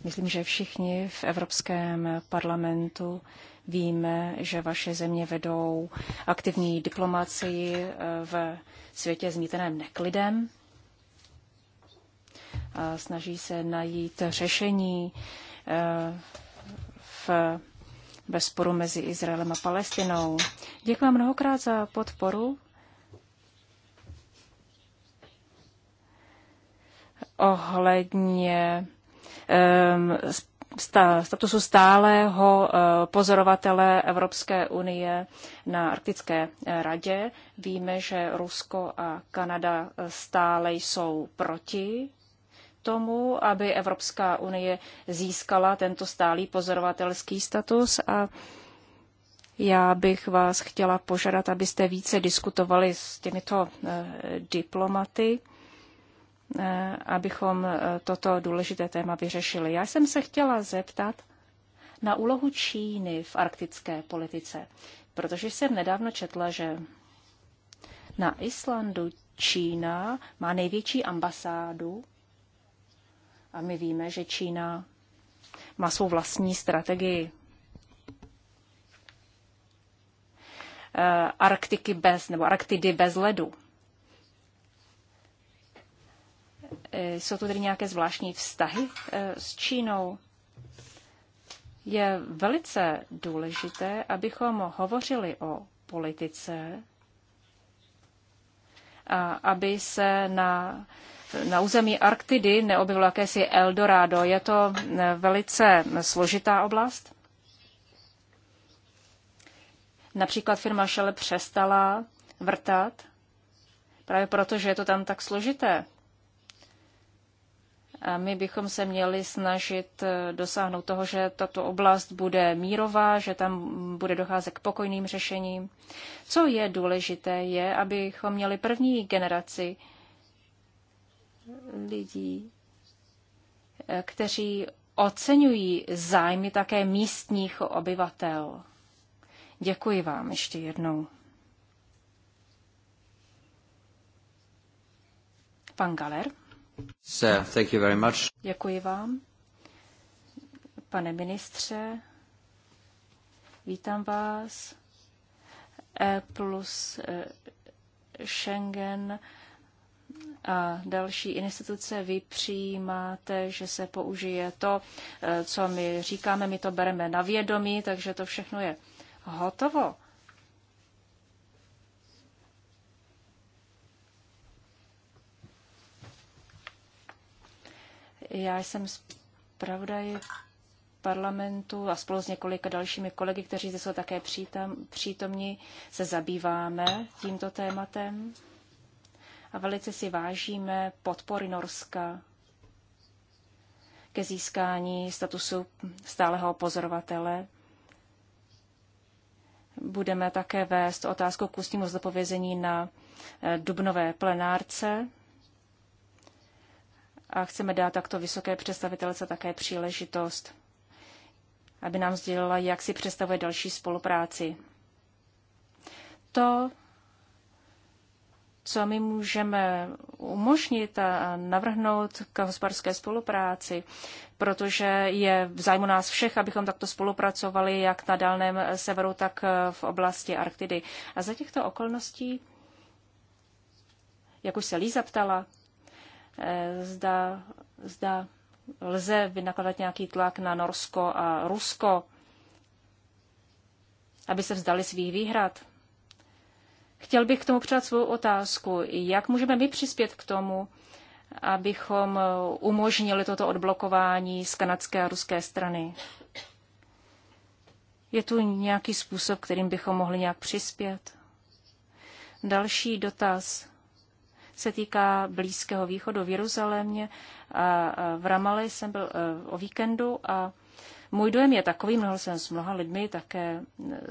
Myslím, že všichni
v Evropském parlamentu víme, že vaše země vedou aktivní diplomacii eh, v světě zmíteném neklidem snaží se najít řešení eh, v ve sporu mezi Izraelem a Palestinou. Děkuji mnohokrát za podporu. Ohledně um, statusu stálého eh, pozorovatele Evropské unie na Arktické eh, radě. Víme, že Rusko a Kanada stále jsou proti tomu, aby Evropská unie získala tento stálý pozorovatelský status a já bych vás chtěla požádat, abyste více diskutovali s těmito eh, diplomaty, eh, abychom eh, toto důležité téma vyřešili. Já jsem se chtěla zeptat na úlohu Číny v arktické politice, protože jsem nedávno četla, že na Islandu Čína má největší ambasádu a my víme, že Čína má svou vlastní strategii eh, Arktiky bez, nebo Arktidy bez ledu. Eh, jsou tu tedy nějaké zvláštní vztahy eh, s Čínou? Je velice důležité, abychom hovořili o politice a aby se na na území Arktidy neobjevilo jakési Eldorado. Je to eh, velice složitá oblast. Například firma Shell přestala vrtat, právě proto, že je to tam tak složité. A my bychom se měli snažit eh, dosáhnout toho, že tato oblast bude mírová, že tam bude docházet k pokojným řešením. Co je důležité, je, abychom měli první generaci lidí, eh, kteří oceňují zájmy také místních obyvatel. Děkuji vám ještě jednou. Pan Galer.
Sir, thank you very much.
Děkuji vám. Pane ministře, vítám vás. E plus e, Schengen a další instituce, vy přijímáte, že se použije to, e, co my říkáme, my to bereme na vědomí, takže to všechno je hotovo. Já jsem zpravodaj parlamentu a spolu s několika dalšími kolegy, kteří zde jsou také přítomní, se zabýváme tímto tématem a velice si vážíme podpory Norska ke získání statusu stáleho pozorovatele. Budeme také vést otázku k ústnímu zodpovězení na eh, dubnové plenárce a chceme dát takto vysoké představitelce také příležitost, aby nám sdělila, jak si představuje další spolupráci. To co my můžeme umožnit a navrhnout k hospodářské spolupráci, protože je v zájmu nás všech, abychom takto spolupracovali jak na dálném severu, tak e, v oblasti Arktidy. A za těchto okolností, jak už se Líza ptala, e, zda, zda lze vynakladat nějaký tlak na Norsko a Rusko, aby se vzdali svých výhrad. Chtěl bych k tomu přát svou otázku. Jak můžeme my přispět k tomu, abychom umožnili toto odblokování z kanadské a ruské strany? Je tu nějaký způsob, kterým bychom mohli nějak přispět? Další dotaz se týká Blízkého východu v Jeruzalémě. A v Ramale jsem byl e, o víkendu a můj dojem je takový, mluvil jsem s mnoha lidmi, také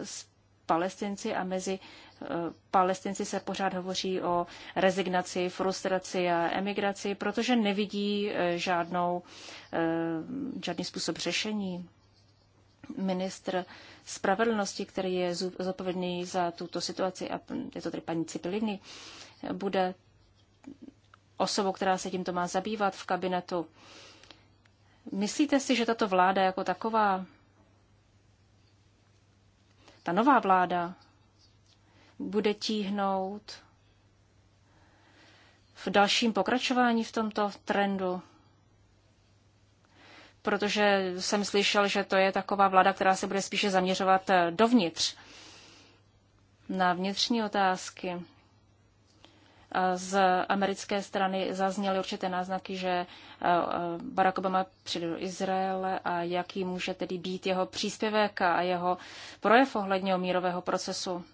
s palestinci a mezi Eh, palestinci se pořád hovoří o rezignaci, frustraci a emigraci, protože nevidí eh, žádnou, eh, žádný způsob řešení. Ministr spravedlnosti, který je zodpovědný za tuto situaci, a je to tedy paní Cipilini, bude osobou, která se tímto má zabývat v kabinetu. Myslíte si, že tato vláda jako taková, ta nová vláda, bude tíhnout v dalším pokračování v tomto trendu? Protože jsem slyšel, že to je taková vláda, která se bude spíše zaměřovat dovnitř na vnitřní otázky. A z americké strany zazněly určité náznaky, že eh, Barack Obama přijde do Izraele a jaký může tedy být jeho příspěvek a jeho projev ohledně mírového procesu.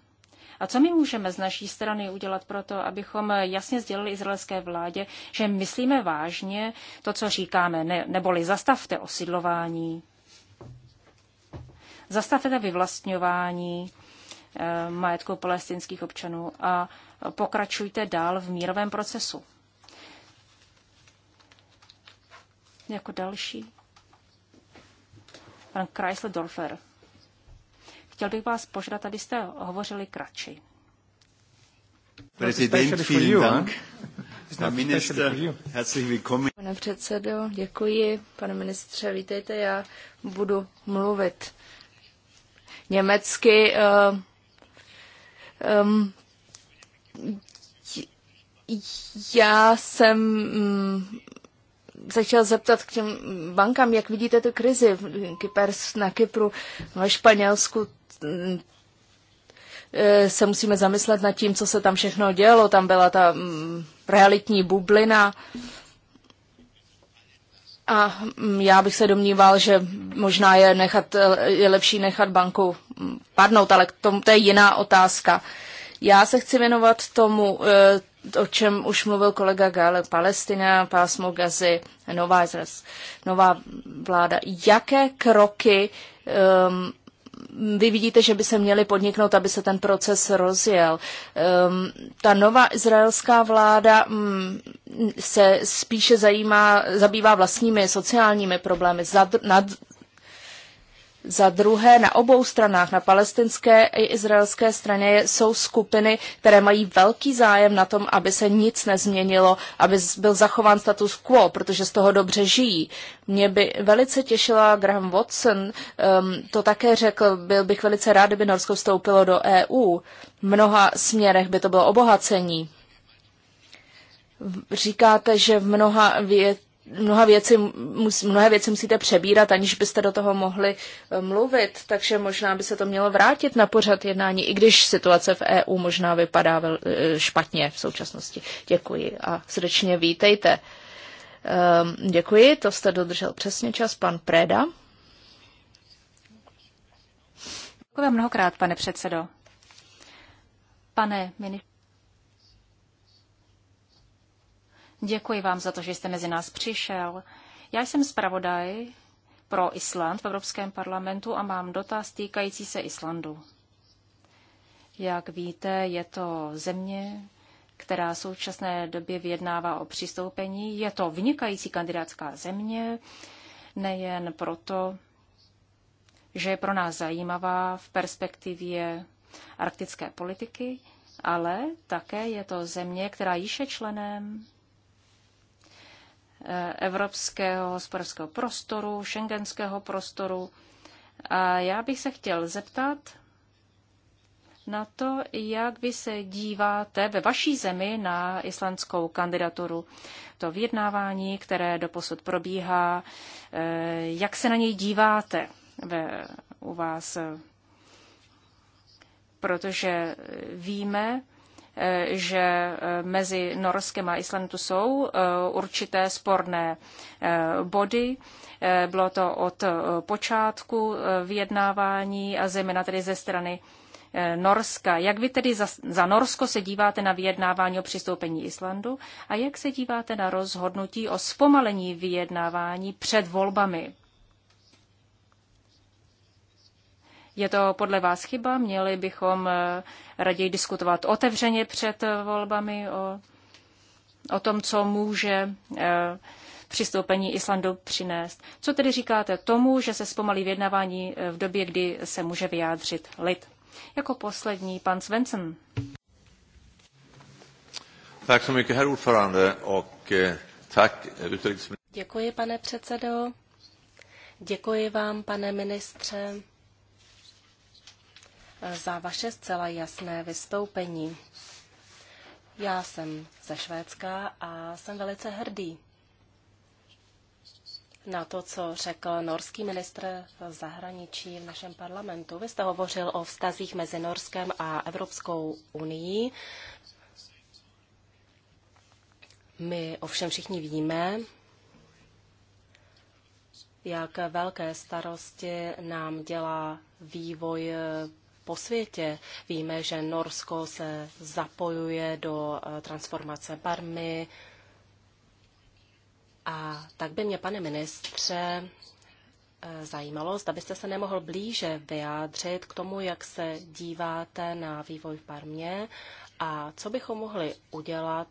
A co my můžeme z naší strany udělat pro to, abychom jasně sdělili izraelské vládě, že myslíme vážně to, co říkáme, ne, neboli zastavte osidlování, zastavte vyvlastňování e, majetku palestinských občanů a pokračujte dál v mírovém procesu. Jako další pan Kreisler Dorfer. Chtěl bych vás požádat, abyste hovořili kratši.
Prezident,
Minister,
Pane předsedo, děkuji. Pane ministře, vítejte, já budu mluvit německy. Um, já jsem um, se chtěl zeptat k těm bankám, jak vidíte tu krizi Kypers na Kypru, ve Španělsku Eh, se musíme zamyslet nad tím, co se tam všechno dělo. Tam byla ta mm, realitní bublina. A mm, já bych se domníval, že možná je, nechat, eh, je lepší nechat banku mm, padnout, ale k tomu, to je jiná otázka. Já se chci věnovat tomu, eh, o čem už mluvil kolega Gale, Palestina, pásmo Gazy, nová, nová vláda. Jaké kroky um, vy vidíte, že by se měly podniknout, aby se ten proces rozjel. Ehm, ta nová izraelská vláda mm, se spíše zajímá, zabývá vlastními sociálními problémy. Za druhé, na obou stranách, na palestinské i izraelské straně, jsou skupiny, které mají velký zájem na tom, aby se nic nezměnilo, aby byl zachován status quo, protože z toho dobře žijí. Mě by velice těšila Graham Watson, um, to také řekl, byl bych velice rád, kdyby Norsko vstoupilo do EU. V mnoha směrech by to bylo obohacení. Říkáte, že v mnoha věcech mnoha věci, mnohé věci musíte přebírat, aniž byste do toho mohli eh, mluvit, takže možná by se to mělo vrátit na pořad jednání, i když situace v EU možná vypadá eh, špatně v současnosti. Děkuji a srdečně vítejte. Ehm, děkuji, to jste dodržel přesně čas, pan Preda. Děkuji mnohokrát, pane předsedo.
Pane ministře. Děkuji vám za to, že jste mezi nás přišel. Já jsem zpravodaj pro Island v Evropském parlamentu a mám dotaz týkající se Islandu. Jak víte, je to země, která v současné době vyjednává o přistoupení. Je to vynikající kandidátská země, nejen proto, že je pro nás zajímavá v perspektivě arktické politiky, ale také je to země, která již je členem evropského hospodářského prostoru, šengenského prostoru. A já bych se chtěl zeptat na to, jak vy se díváte ve vaší zemi na islandskou kandidaturu. To vyjednávání, které doposud probíhá, eh, jak se na něj díváte ve, u vás? Protože víme, že eh, mezi Norskem a Islandem jsou eh, určité sporné eh, body. Bylo to od počátku vyjednávání a zejména tedy ze strany Norska. Jak vy tedy za, za Norsko se díváte na vyjednávání o přistoupení Islandu a jak se díváte na rozhodnutí o zpomalení vyjednávání před volbami? Je to podle vás chyba? Měli bychom eh, raději diskutovat otevřeně před eh, volbami o, o tom, co může eh, přistoupení Islandu přinést. Co tedy říkáte tomu, že se zpomalí vyjednávání v době, kdy se může vyjádřit lid? Jako poslední pan Svensson.
Děkuji, pane předsedo. Děkuji vám, pane ministře, za vaše zcela jasné vystoupení. Já jsem ze Švédska a jsem velice hrdý na to, co řekl norský ministr zahraničí v našem parlamentu. Vy jste hovořil o vztazích mezi Norskem a Evropskou unii. My ovšem všichni víme, jak velké starosti nám dělá vývoj po světě. Víme, že Norsko se zapojuje do eh, transformace Barmy. A tak by mě, pane ministře, eh, zajímalo, zda byste se nemohl blíže vyjádřit k tomu, jak se díváte na vývoj v Barmě a co bychom mohli udělat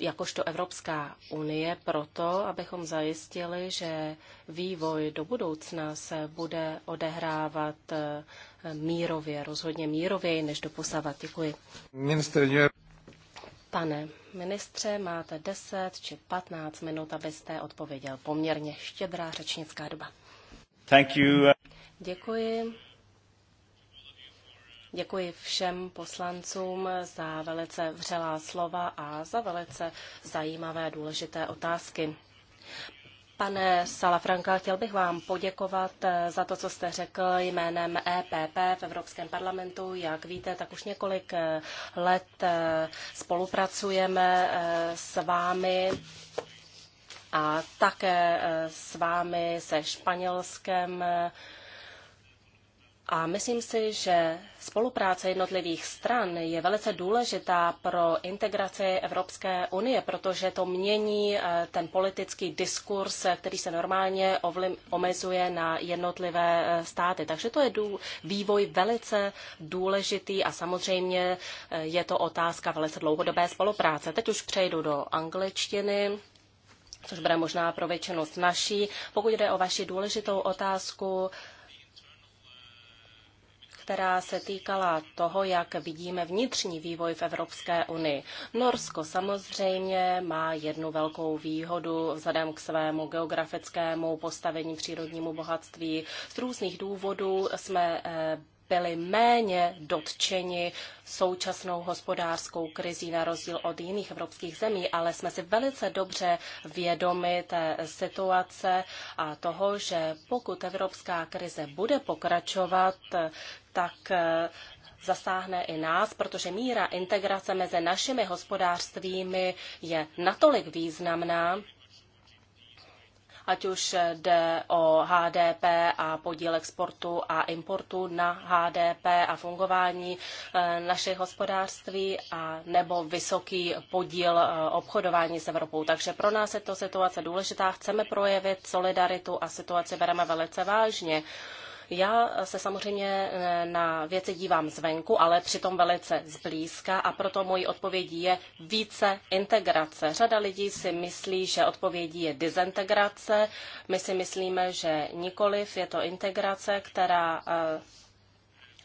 jakožto Evropská unie proto, abychom zajistili, že vývoj do budoucna se bude odehrávat eh, mírově, rozhodně mírověji než posava. Děkuji. Minister, Pane ministře, máte 10 či 15 minut, abyste odpověděl. Poměrně štědrá řečnická doba.
Thank you.
Děkuji. Děkuji všem poslancům za velice vřelá slova a za velice zajímavé důležité otázky. Pane Salafranka, chtěl bych vám poděkovat eh, za to, co jste řekl jménem EPP v Evropském parlamentu. Jak víte, tak už několik eh, let eh, spolupracujeme s vámi a také s vámi se Španělskem a myslím si, že spolupráce jednotlivých stran je velice důležitá pro integraci Evropské unie, protože to mění eh, ten politický diskurs, eh, který se normálně ovlim, omezuje na jednotlivé eh, státy. Takže to je dů, vývoj velice důležitý a samozřejmě je to otázka velice dlouhodobé spolupráce. Teď už přejdu do angličtiny což bude možná pro většinu naší. Pokud jde o vaši důležitou otázku, která se týkala toho, jak vidíme vnitřní vývoj v Evropské unii. Norsko samozřejmě má jednu velkou výhodu vzhledem k svému geografickému postavení přírodnímu bohatství. Z různých důvodů jsme eh, byli méně dotčeni současnou hospodářskou krizí na rozdíl od jiných evropských zemí, ale jsme si velice dobře vědomi té situace a toho, že pokud evropská krize bude pokračovat, tak eh, zasáhne i nás, protože míra integrace mezi našimi hospodářstvími je natolik významná, ať už jde o HDP a podíl exportu a importu na HDP a fungování eh, našich hospodářství a nebo vysoký podíl eh, obchodování s Evropou. Takže pro nás je to situace důležitá. Chceme projevit solidaritu a situaci bereme velice vážně. Já se samozřejmě e, na věci dívám zvenku, ale přitom velice zblízka a proto mojí odpovědí je více integrace. Řada lidí si myslí, že odpovědí je dezintegrace. My si myslíme, že nikoliv je to integrace, která e,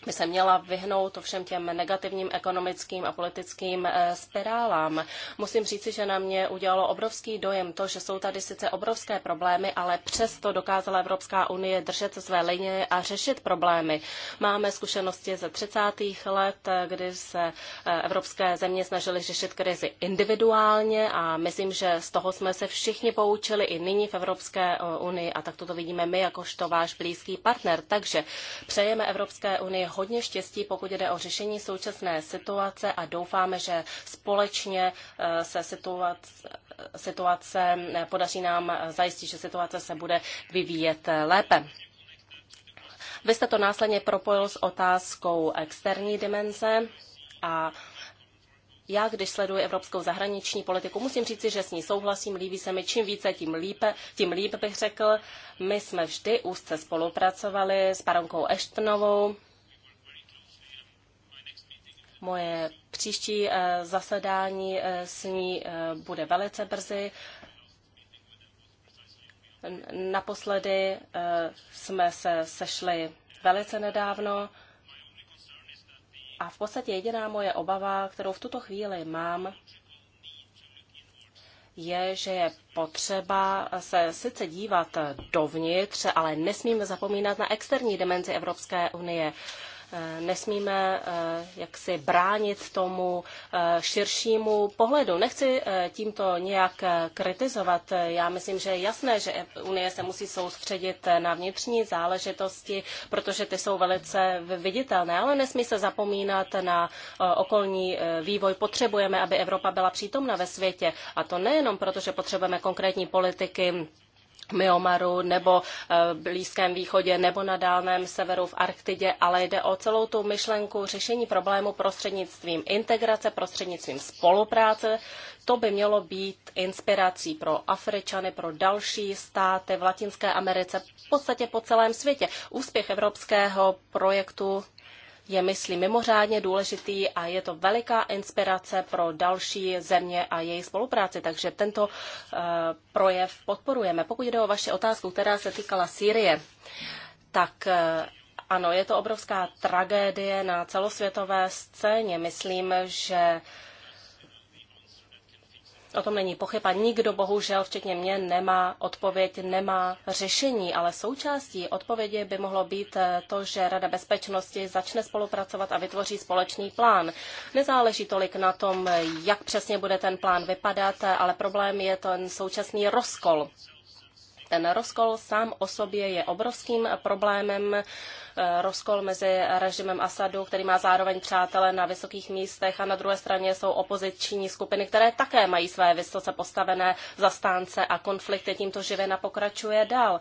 by se měla vyhnout všem těm negativním ekonomickým a politickým eh, spirálám. Musím říci, že na mě udělalo obrovský dojem to, že jsou tady sice obrovské problémy, ale přesto dokázala Evropská unie držet své linie a řešit problémy. Máme zkušenosti ze 30. let, eh, kdy se eh, evropské země snažily řešit krizi individuálně a myslím, že z toho jsme se všichni poučili i nyní v Evropské unii a tak toto vidíme my jakožto váš blízký partner. Takže přejeme Evropské unii hodně štěstí, pokud jde o řešení současné situace a doufáme, že společně eh, se situace, situace eh, podaří nám eh, zajistit, že situace se bude vyvíjet lépe. Vy jste to následně propojil s otázkou externí dimenze a já, když sleduji evropskou zahraniční politiku, musím říci, že s ní souhlasím, líbí se mi čím více, tím lípe, tím líp bych řekl. My jsme vždy úzce spolupracovali s paronkou Eštnovou, Moje příští eh, zasedání eh, s ní eh, bude velice brzy. Naposledy jsme se sešli velice nedávno a v podstatě jediná moje obava, kterou v tuto chvíli mám, je, že je potřeba se sice dívat dovnitř, ale nesmíme zapomínat na externí dimenzi Evropské unie. Eh, nesmíme eh, jaksi bránit tomu eh, širšímu pohledu. Nechci tímto nějak kritizovat. Já myslím, že je jasné, že Unie se musí soustředit na vnitřní záležitosti, protože ty jsou velice viditelné, ale nesmí se zapomínat na okolní vývoj. Potřebujeme, aby Evropa byla přítomna ve světě. A to nejenom proto, že potřebujeme konkrétní politiky, Myanmaru nebo v eh, Blízkém východě nebo na Dálném severu v Arktidě, ale jde o celou tu myšlenku řešení problému prostřednictvím integrace, prostřednictvím spolupráce. To by mělo být inspirací pro Afričany, pro další státy v Latinské Americe, v podstatě po celém světě. Úspěch evropského projektu je, myslím, mimořádně důležitý a je to veliká inspirace pro další země a její spolupráci. Takže tento eh, projev podporujeme. Pokud jde o vaši otázku, která se týkala Sýrie, tak eh, ano, je to obrovská tragédie na celosvětové scéně. Myslím, že O tom není pochyb a nikdo bohužel, včetně mě, nemá odpověď, nemá řešení, ale součástí odpovědi by mohlo být eh, to, že Rada bezpečnosti začne spolupracovat a vytvoří společný plán. Nezáleží tolik na tom, jak přesně bude ten plán vypadat, eh, ale problém je ten současný rozkol. Ten rozkol sám o sobě je obrovským problémem, rozkol mezi režimem Asadu, který má zároveň přátele na vysokých místech, a na druhé straně jsou opoziční skupiny, které také mají své vysoce postavené zastánce a konflikty tímto živena pokračuje dál.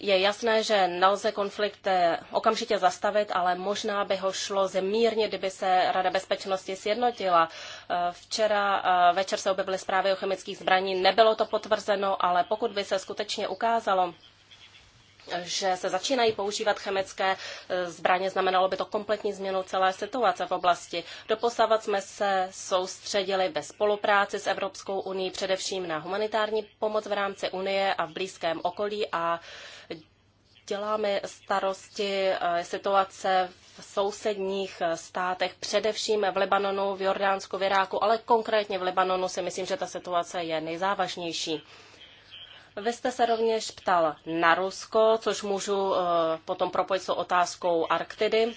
Je jasné, že nelze konflikt eh, okamžitě zastavit, ale možná by ho šlo zemírně, kdyby se Rada bezpečnosti sjednotila. Eh, včera eh, večer se objevily zprávy o chemických zbraní, nebylo to potvrzeno, ale pokud by se skutečně ukázalo, že se začínají používat chemické e, zbraně, znamenalo by to kompletní změnu celé situace v oblasti. Doposavat jsme se soustředili ve spolupráci s Evropskou unii především na humanitární pomoc v rámci Unie a v blízkém okolí a děláme starosti e, situace v sousedních e, státech, především v Libanonu, v Jordánsku, v Iráku, ale konkrétně v Libanonu si myslím, že ta situace je nejzávažnější. Vy jste se rovněž ptal na Rusko, což můžu eh, potom propojit s otázkou Arktidy.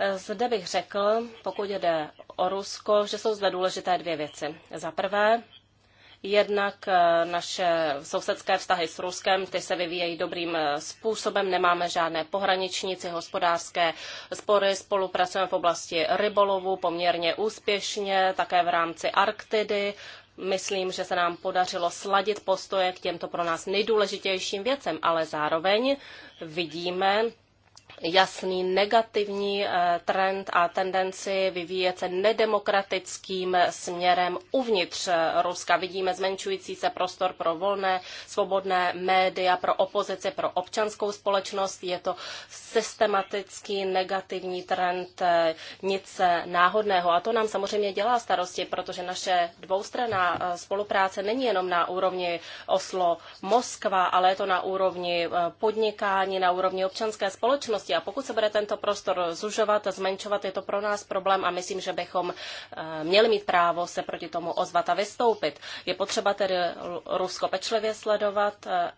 Eh, zde bych řekl, pokud jde o Rusko, že jsou zde důležité dvě věci. Za prvé, jednak eh, naše sousedské vztahy s Ruskem, ty se vyvíjejí dobrým způsobem, nemáme žádné pohraničníci, hospodářské spory, spolupracujeme v oblasti rybolovu poměrně úspěšně, také v rámci Arktidy, Myslím, že se nám podařilo sladit postoje k těmto pro nás nejdůležitějším věcem, ale zároveň vidíme jasný negativní eh, trend a tendenci vyvíjet se nedemokratickým směrem uvnitř eh, Ruska. Vidíme zmenšující se prostor pro volné, svobodné média, pro opozici, pro občanskou společnost. Je to systematický negativní trend, eh, nic náhodného. A to nám samozřejmě dělá starosti, protože naše dvoustranná spolupráce není jenom na úrovni Oslo-Moskva, ale je to na úrovni podnikání, na úrovni občanské společnosti možnosti. A pokud se bude tento prostor zužovat a zmenšovat, je to pro nás problém a myslím, že bychom eh, měli mít právo se proti tomu ozvat a vystoupit. Je potřeba tedy Rusko pečlivě sledovat eh,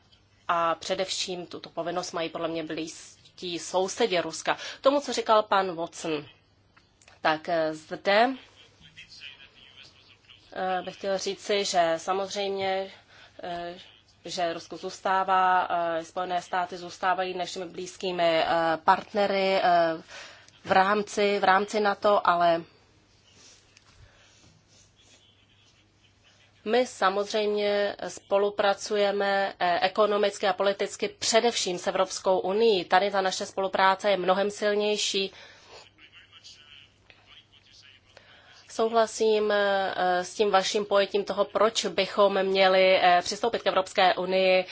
a především tuto povinnost mají podle mě blízkí sousedě Ruska. K tomu, co říkal pan Watson, tak eh, zde bych chtěl říci, že samozřejmě že Rusko zůstává, eh, Spojené státy zůstávají našimi blízkými eh, partnery eh, v rámci, v rámci NATO, ale My samozřejmě spolupracujeme ekonomicky a politicky především s Evropskou unii. Tady ta naše spolupráce je mnohem silnější Souhlasím eh, eh, s tím vaším pojetím toho, proč bychom měli eh, přistoupit k Evropské unii,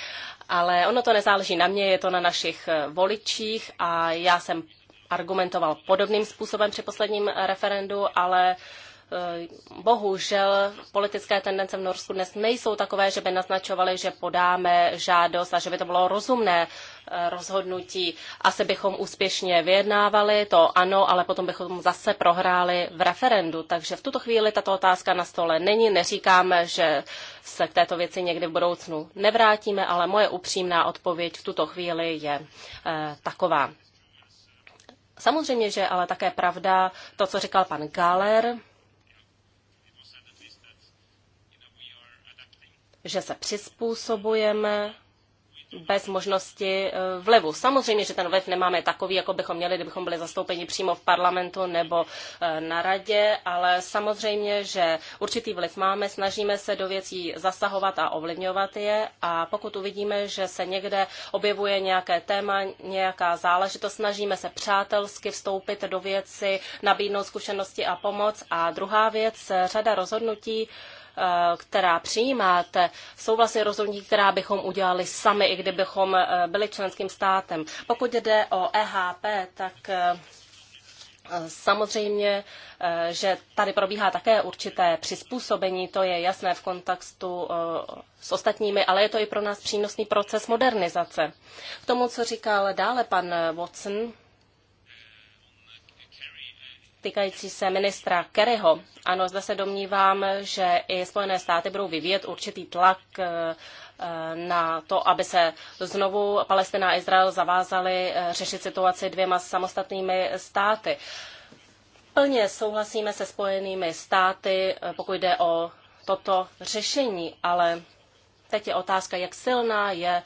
ale ono to nezáleží na mě, je to na našich voličích a já jsem argumentoval podobným způsobem při posledním referendu, ale uh, Eh, bohužel politické tendence v Norsku dnes nejsou takové, že by naznačovaly, že podáme žádost a že by to bylo rozumné eh, rozhodnutí. Asi bychom úspěšně vyjednávali, to ano, ale potom bychom zase prohráli v referendu. Takže v tuto chvíli tato otázka na stole není. Neříkáme, že se k této věci někdy v budoucnu nevrátíme, ale moje upřímná odpověď v tuto chvíli je eh, taková. Samozřejmě, že ale také pravda to, co říkal pan Galer, že se přizpůsobujeme bez možnosti e, vlivu. Samozřejmě, že ten vliv nemáme takový, jako bychom měli, kdybychom byli zastoupeni přímo v parlamentu nebo e, na radě, ale samozřejmě, že určitý vliv máme, snažíme se do věcí zasahovat a ovlivňovat je a pokud uvidíme, že se někde objevuje nějaké téma, nějaká záležitost, snažíme se přátelsky vstoupit do věci, nabídnout zkušenosti a pomoc. A druhá věc, e, řada rozhodnutí, Eh, která přijímáte, jsou vlastně rozhodnutí, která bychom udělali sami, i kdybychom eh, byli členským státem. Pokud jde o EHP, tak eh, Samozřejmě, že tady probíhá také určité přizpůsobení, to je jasné v kontextu s ostatními, ale je to i pro nás přínosný proces modernizace. K tomu, co říkal dále pan Watson, týkající se ministra Kerryho. Ano, zde se domnívám, že i Spojené státy budou vyvíjet určitý tlak eh, eh, na to, aby se znovu Palestina a Izrael zavázali eh, řešit situaci dvěma samostatnými státy. Plně souhlasíme se Spojenými státy, pokud jde o toto řešení, ale teď je otázka, jak silná je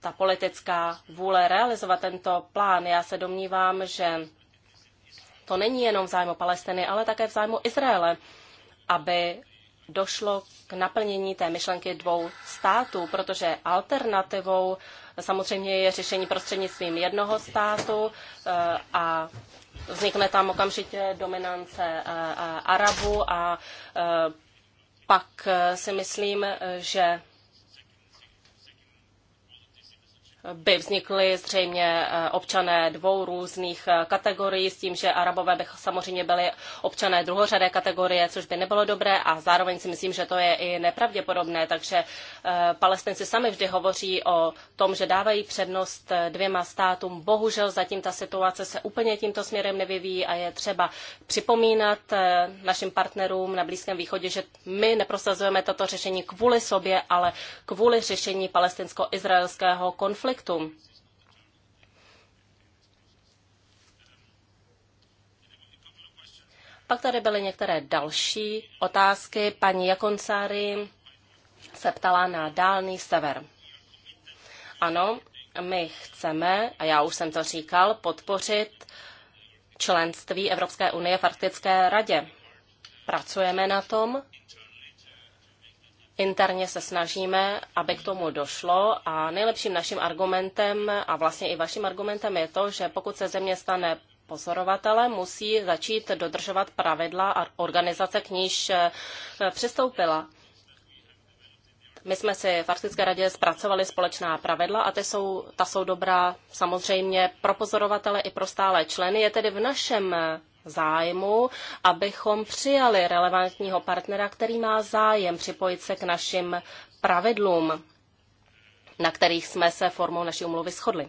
ta politická vůle realizovat tento plán. Já se domnívám, že to není jenom v zájmu Palestiny, ale také v zájmu Izraele, aby došlo k naplnění té myšlenky dvou států, protože alternativou samozřejmě je řešení prostřednictvím jednoho státu eh, a vznikne tam okamžitě dominance eh, eh, Arabů a pak si myslím, že by vznikly zřejmě eh, občané dvou různých eh, kategorií, s tím, že Arabové by samozřejmě byli občané druhořadé kategorie, což by nebylo dobré a zároveň si myslím, že to je i nepravděpodobné, takže eh, palestinci sami vždy hovoří o tom, že dávají přednost dvěma státům. Bohužel zatím ta situace se úplně tímto směrem nevyvíjí a je třeba připomínat našim partnerům na Blízkém východě, že my neprosazujeme toto řešení kvůli sobě, ale kvůli řešení palestinsko-izraelského konfliktu objektům. Pak tady byly některé další otázky. Paní Jakoncáry se ptala na dálný sever. Ano, my chceme, a já už jsem to říkal, podpořit členství Evropské unie v Arktické radě. Pracujeme na tom Interně se snažíme, aby k tomu došlo a nejlepším naším argumentem a vlastně i vaším argumentem je to, že pokud se země stane pozorovatele musí začít dodržovat pravidla a organizace, k níž eh, přistoupila. My jsme si v Arktické radě zpracovali společná pravidla a ty jsou, ta jsou dobrá samozřejmě pro pozorovatele i pro stále členy. Je tedy v našem eh, zájmu, abychom přijali relevantního partnera, který má zájem připojit se k našim pravidlům, na kterých jsme se formou naší umluvy shodli.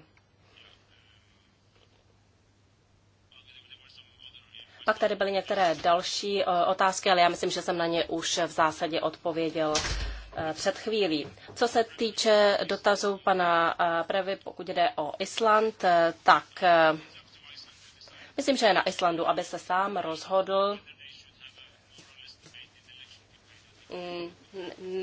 Pak tady byly některé další eh, otázky, ale já myslím, že jsem na ně už v zásadě odpověděl eh, před chvílí. Co se týče dotazů pana eh, Previ, pokud jde o Island, tak Myslím, že je na Islandu, aby se sám rozhodl. Mm,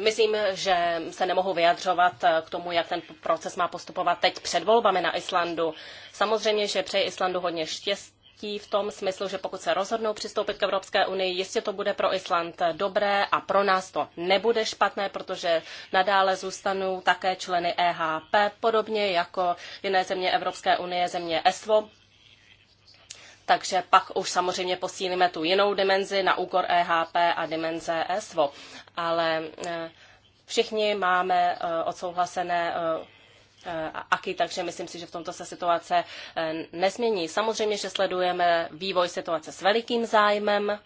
myslím, že se nemohu vyjadřovat k tomu, jak ten proces má postupovat teď před volbami na Islandu. Samozřejmě, že přeji Islandu hodně štěstí v tom smyslu, že pokud se rozhodnou přistoupit k Evropské unii, jistě to bude pro Island dobré a pro nás to nebude špatné, protože nadále zůstanou také členy EHP, podobně jako jiné země Evropské unie, země ESVO takže pak už samozřejmě posílíme tu jinou dimenzi na úkor EHP a dimenze ESVO. Ale eh, všichni máme eh, odsouhlasené eh, aky takže myslím si, že v tomto se situace nezmění. Samozřejmě, že sledujeme vývoj situace s velikým zájmem,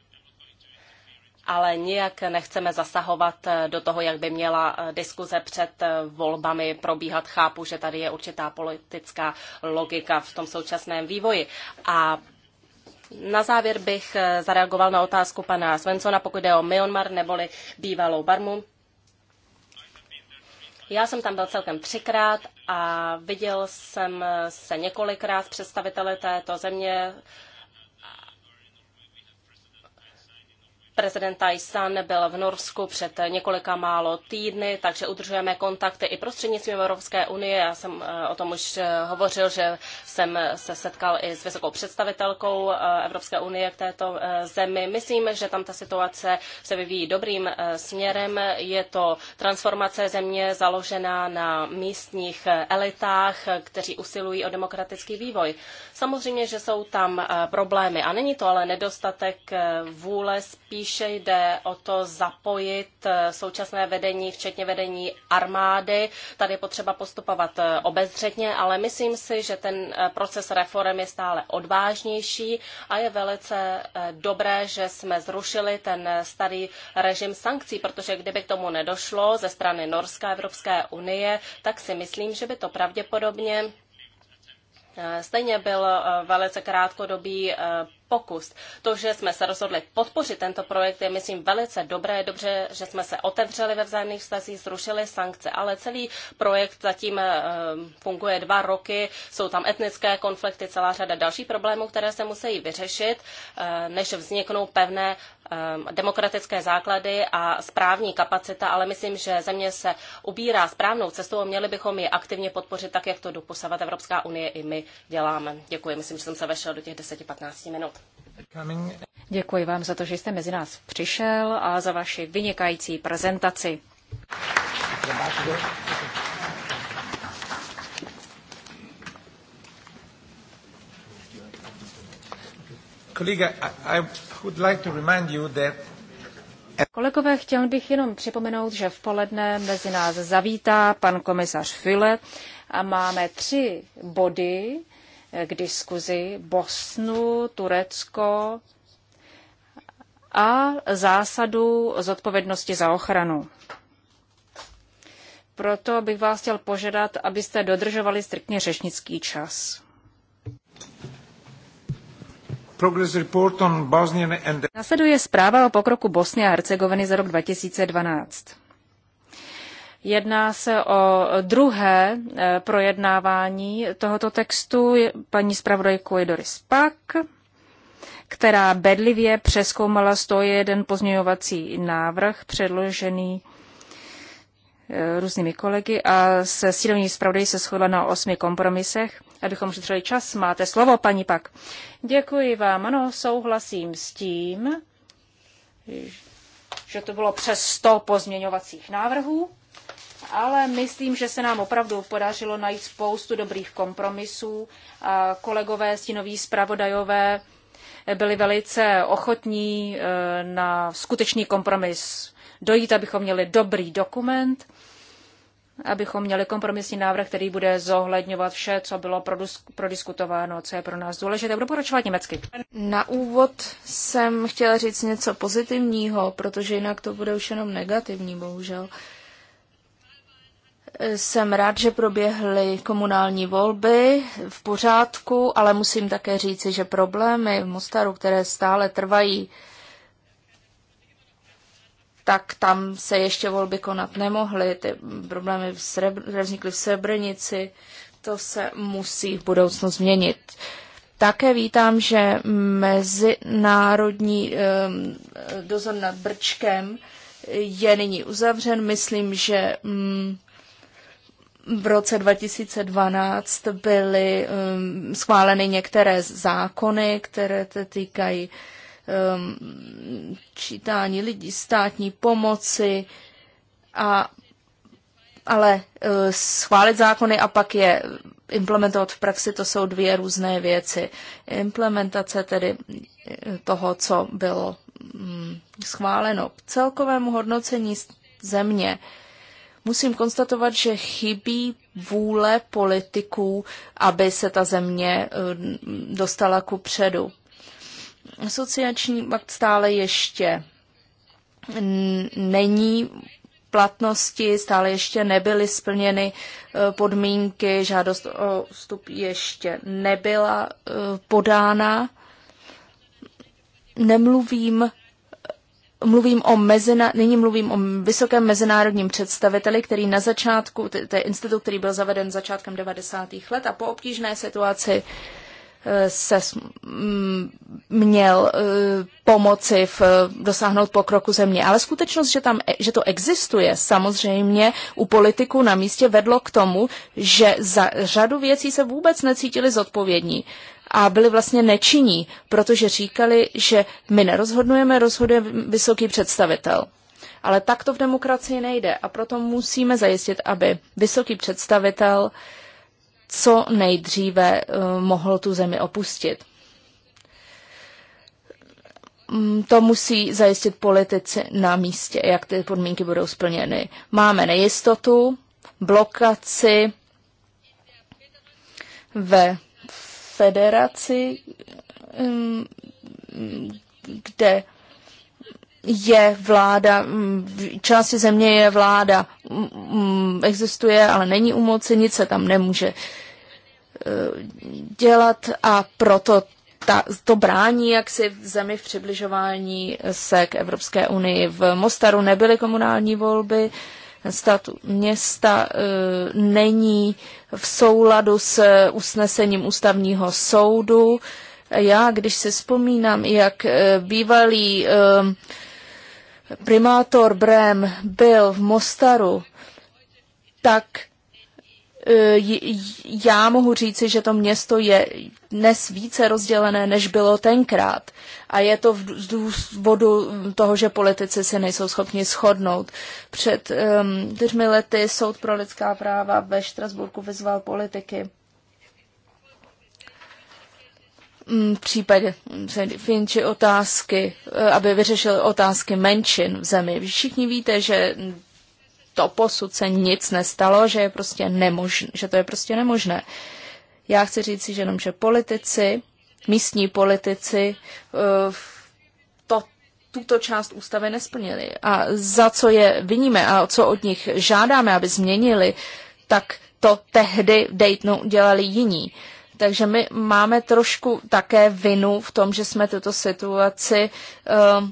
ale nijak nechceme zasahovat do toho, jak by měla diskuze před volbami probíhat. Chápu, že tady je určitá politická logika v tom současném vývoji. A na závěr bych eh, zareagoval na otázku pana Svensona, pokud jde o Myanmar neboli bývalou Barmu. Já jsem tam byl celkem třikrát a viděl jsem eh, se několikrát s představiteli této země, Prezident Tyson byl v Norsku před několika málo týdny, takže udržujeme kontakty i prostřednictvím Evropské unie. Já jsem eh, o tom už eh, hovořil, že jsem se setkal i s vysokou představitelkou eh, Evropské unie v této zemi. Myslím, že tam ta situace se vyvíjí dobrým směrem. Je to transformace země založená na místních elitách, kteří usilují o demokratický vývoj. Samozřejmě, že jsou tam problémy a není to ale nedostatek vůle spíš spíše jde o to zapojit eh, současné vedení, včetně vedení armády. Tady je potřeba postupovat eh, obezřetně, ale myslím si, že ten eh, proces reform je stále odvážnější a je velice dobré, že jsme zrušili ten starý režim sankcí, protože kdyby k tomu nedošlo ze strany Norska Evropské unie, tak si myslím, že by to pravděpodobně Stejně byl velice krátkodobý pokus. To, že jsme se rozhodli podpořit tento projekt, je, myslím, velice dobré. Dobře, že jsme se otevřeli ve vzájemných vztazích, zrušili sankce, ale celý projekt zatím eh, funguje dva roky. Jsou tam etnické konflikty, celá řada dalších problémů, které se musí vyřešit, eh, než vzniknou pevné eh, demokratické základy a správní kapacita, ale myslím, že země se ubírá správnou cestou a měli bychom ji aktivně podpořit tak, jak to doposavat Evropská unie i my děláme. Děkuji, myslím, že jsem se vešel do těch 10-15 minut.
Děkuji vám za to, že jste mezi nás přišel a za vaši vynikající prezentaci. Kolegové, chtěl bych jenom připomenout, že v poledne mezi nás zavítá pan komisař File a máme tři body, k diskuzi Bosnu, Turecko a zásadu zodpovědnosti za ochranu. Proto bych vás chtěl požadat, abyste dodržovali striktně řečnický čas. Nasleduje zpráva o pokroku Bosny a Hercegoviny za rok 2012. Jedná se o druhé eh, projednávání tohoto textu paní zpravodajku Doris Pak, která bedlivě přeskoumala 101 pozměňovací návrh předložený eh, různými kolegy a se sídelní zpravodají se shodla na osmi kompromisech. Abychom ušetřili čas, máte slovo, paní Pak. Děkuji vám. Ano, souhlasím s tím, že to bylo přes 100 pozměňovacích návrhů ale myslím, že se nám opravdu podařilo najít spoustu dobrých kompromisů. A kolegové stínoví zpravodajové byli velice ochotní eh, na skutečný kompromis dojít, abychom měli dobrý dokument, abychom měli kompromisní návrh, který bude zohledňovat vše, co bylo prodiskutováno, co je pro nás důležité. Budu
poročovat německy. Na úvod jsem chtěla říct něco pozitivního, protože jinak to bude už jenom negativní, bohužel. Uh, jsem rád, že proběhly komunální volby v pořádku, ale musím také říci, že problémy v Mostaru, které stále trvají, tak tam se ještě volby konat nemohly. Ty problémy v Srebr- vznikly v Srebrnici. to se musí v budoucnu změnit. Také vítám, že mezinárodní dozor nad Brčkem je nyní uzavřen. Myslím, že mm, v roce 2012 byly um, schváleny některé zákony, které se týkají um, čítání lidí, státní pomoci, a, ale uh, schválit zákony a pak je implementovat v praxi, to jsou dvě různé věci. Implementace tedy eh, toho, co bylo um, schváleno. K celkovému hodnocení země musím konstatovat, že chybí vůle politiků, aby se ta země eh, dostala ku předu. Asociační pakt stále ještě není platnosti, stále ještě nebyly splněny eh, podmínky, žádost o vstup ještě nebyla eh, podána. Nemluvím mluvím o mezina, nyní mluvím o vysokém mezinárodním představiteli, který na začátku, to je institut, který byl zaveden začátkem 90. let a po obtížné situaci e, se mm, měl e, pomoci v dosáhnout pokroku země. Ale skutečnost, že, tam, e, že to existuje, samozřejmě u politiků na místě vedlo k tomu, že za řadu věcí se vůbec necítili zodpovědní a byli vlastně nečinní, protože říkali, že my nerozhodujeme, rozhoduje vysoký představitel. Ale tak to v demokracii nejde a proto musíme zajistit, aby vysoký představitel co nejdříve eh, mohl tu zemi opustit. Mm, to musí zajistit politici na místě, jak ty podmínky budou splněny. Máme nejistotu, blokaci ve federaci, mm, kde je vláda, mm, v části země je vláda, mm, existuje, ale není u moci, nic se tam nemůže eh, dělat a proto ta, to brání si v zemi v přibližování se k Evropské unii. V Mostaru nebyly komunální volby, statu města eh, není v souladu s usnesením ústavního soudu. Já, když si vzpomínám, jak eh, bývalý eh, primátor Brem byl v Mostaru, tak E, já mohu říci, že to město je dnes více rozdělené, než bylo tenkrát. A je to z důvodu toho, že politici se nejsou schopni shodnout. Před um, čtyřmi lety Soud pro lidská práva ve Štrasburku vyzval politiky. Mm, v případě mm, Finči otázky, e, aby vyřešil otázky menšin v zemi. Všichni víte, že to posud se nic nestalo, že, je prostě nemožné, že to je prostě nemožné. Já chci říct si, že jenom, že politici, místní politici eh, to, tuto část ústavy nesplnili. A za co je viníme a co od nich žádáme, aby změnili, tak to tehdy v Daytonu dělali jiní. Takže my máme trošku také vinu v tom, že jsme tuto situaci uh,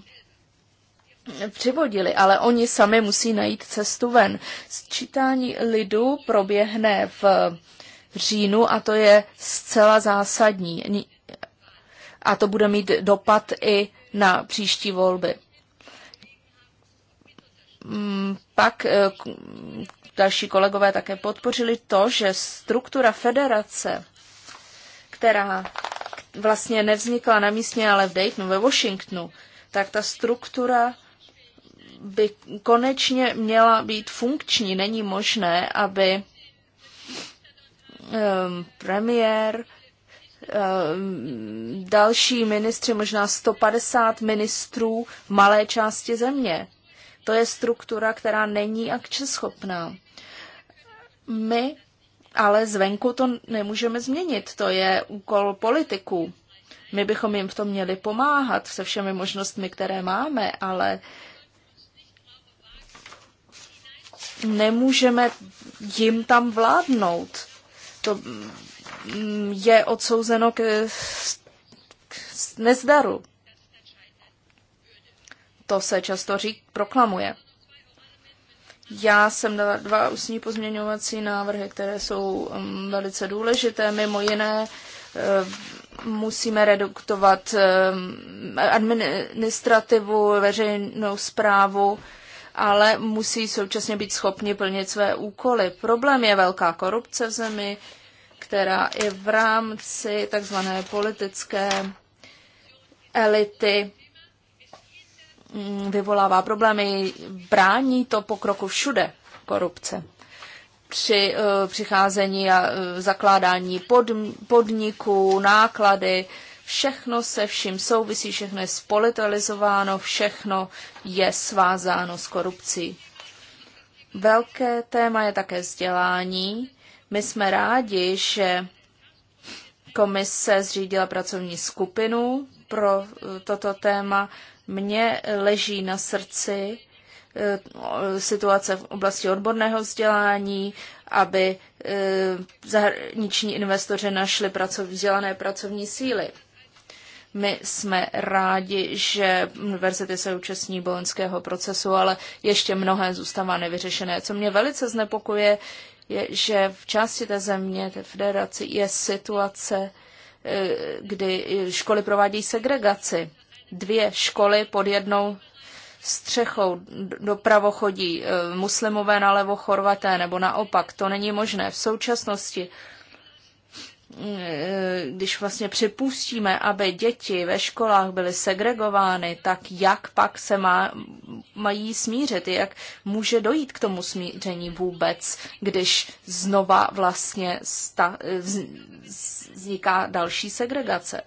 přivodili, ale oni sami musí najít cestu ven. Sčítání lidu proběhne v říjnu a to je zcela zásadní. A to bude mít dopad i na příští volby. Mm, pak eh, další kolegové také podpořili to, že struktura federace, která vlastně nevznikla na místě, ale v Daytonu, ve Washingtonu, tak ta struktura by konečně měla být funkční. Není možné, aby ehm, premiér, ehm, další ministři, možná 150 ministrů v malé části země. To je struktura, která není akčeschopná. My ale zvenku to nemůžeme změnit. To je úkol politiků. My bychom jim v tom měli pomáhat se všemi možnostmi, které máme, ale uh, nemůžeme jim tam vládnout. To mm, je odsouzeno k, k nezdaru. To se často řík, proklamuje. Já jsem dala dva ústní pozměňovací návrhy, které jsou mm, velice důležité. Mimo jiné eh, musíme reduktovat eh, administrativu, veřejnou zprávu, ale musí současně být schopni plnit své úkoly. Problém je velká korupce v zemi, která i v rámci takzvané politické elity mm, vyvolává problémy, brání to pokroku všude korupce. Při uh, přicházení a uh, zakládání pod, podniků, náklady, uh, Všechno se vším souvisí, všechno je spolitalizováno, všechno je svázáno s korupcí. Velké téma je také vzdělání. My jsme rádi, že komise zřídila pracovní skupinu pro eh, toto téma. Mně leží na srdci eh, situace v oblasti odborného vzdělání, aby eh, zahraniční investoři našli pracov, vzdělané pracovní síly. My jsme rádi, že univerzity se účastní bolenského procesu, ale ještě mnohé zůstává nevyřešené. Co mě velice znepokuje, je, že v části té země, té federaci, je situace, eh, kdy školy provádí segregaci. Dvě školy pod jednou střechou dopravo chodí eh, muslimové, nalevo chorvaté, nebo naopak. To není možné. V současnosti Eh, když vlastně připustíme, aby děti ve školách byly segregovány, tak jak pak se má, mají smířit, jak může dojít k tomu smíření vůbec, když znova vlastně sta, eh, vzniká další segregace.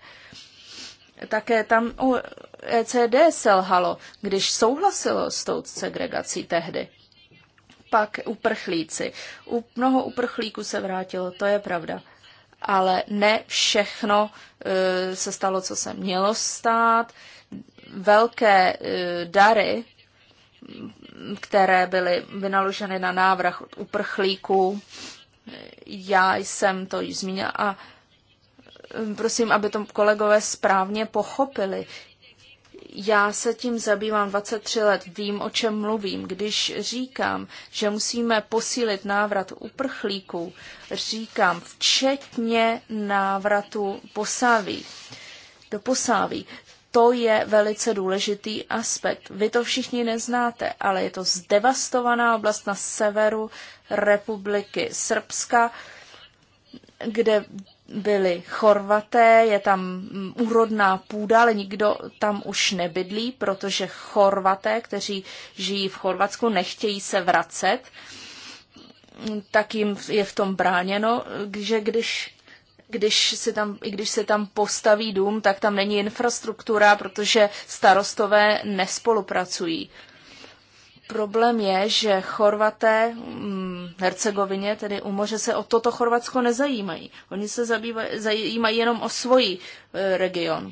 Také tam u ECD selhalo, když souhlasilo s tou segregací tehdy. Pak uprchlíci. U mnoho uprchlíků se vrátilo, to je pravda ale ne všechno e, se stalo, co se mělo stát. Velké e, dary, které byly vynaloženy na návrh uprchlíků, já jsem to již zmínila a e, prosím, aby to kolegové správně pochopili já se tím zabývám 23 let, vím, o čem mluvím. Když říkám, že musíme posílit návrat uprchlíků, říkám včetně návratu posáví, do posáví. To je velice důležitý aspekt. Vy to všichni neznáte, ale je to zdevastovaná oblast na severu republiky Srbska, kde byli Chorvaté, je tam úrodná půda, ale nikdo tam už nebydlí, protože Chorvaté, kteří žijí v Chorvatsku, nechtějí se vracet, tak jim je v tom bráněno, že když když se tam, i když se tam postaví dům, tak tam není infrastruktura, protože starostové nespolupracují. Problém je, že Chorvaté, hm, Hercegovině, tedy u moře, se o toto Chorvatsko nezajímají. Oni se zabývají, zajímají jenom o svůj e, region.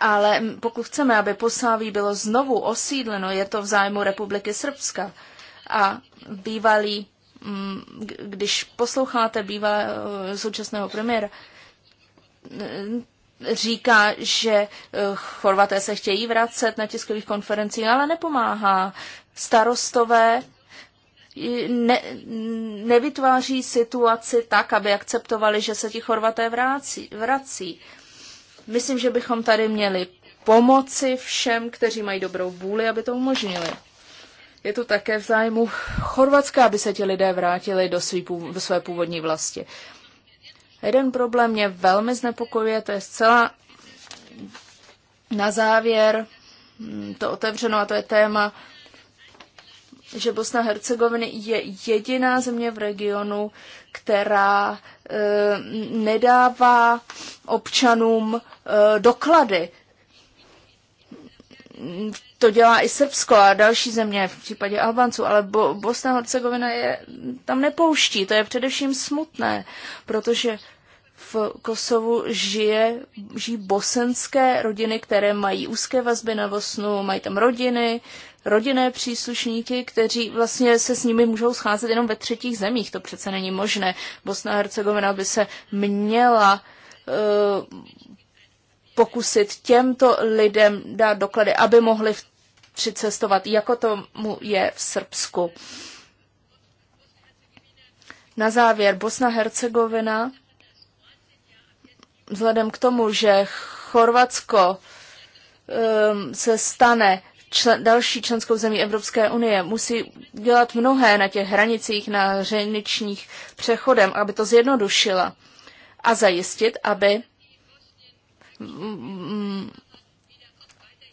Ale pokud chceme, aby Posáví bylo znovu osídleno, je to v zájmu Republiky Srbska. A bývalý, mm, když posloucháte bývalého e, současného premiéra, e, říká, že eh, Chorvaté se chtějí vracet na tiskových konferencích, ale nepomáhá. Starostové eh, ne, nevytváří situaci tak, aby akceptovali, že se ti Chorvaté vrací, vrací. Myslím, že bychom tady měli pomoci všem, kteří mají dobrou vůli, aby to umožnili. Je to také v zájmu Chorvatska, aby se ti lidé vrátili do, svý, do své původní vlasti. Jeden problém mě velmi znepokojuje, to je zcela na závěr hm, to otevřeno, a to je téma, že Bosna Hercegovina je jediná země v regionu, která e, nedává občanům e, doklady to dělá i Srbsko a další země, v případě Albanců, ale Bo- Bosna Hercegovina je tam nepouští. To je především smutné, protože v Kosovu žije, žijí bosenské rodiny, které mají úzké vazby na Bosnu, mají tam rodiny, rodinné příslušníky, kteří vlastně se s nimi můžou scházet jenom ve třetích zemích. To přece není možné. Bosna a Hercegovina by se měla pokusit těmto lidem dát doklady, aby mohli přicestovat, jako tomu je v Srbsku. Na závěr Bosna Hercegovina, vzhledem k tomu, že Chorvatsko um, se stane člen, další členskou zemí Evropské unie, musí dělat mnohé na těch hranicích, na hraničních přechodem, aby to zjednodušila a zajistit, aby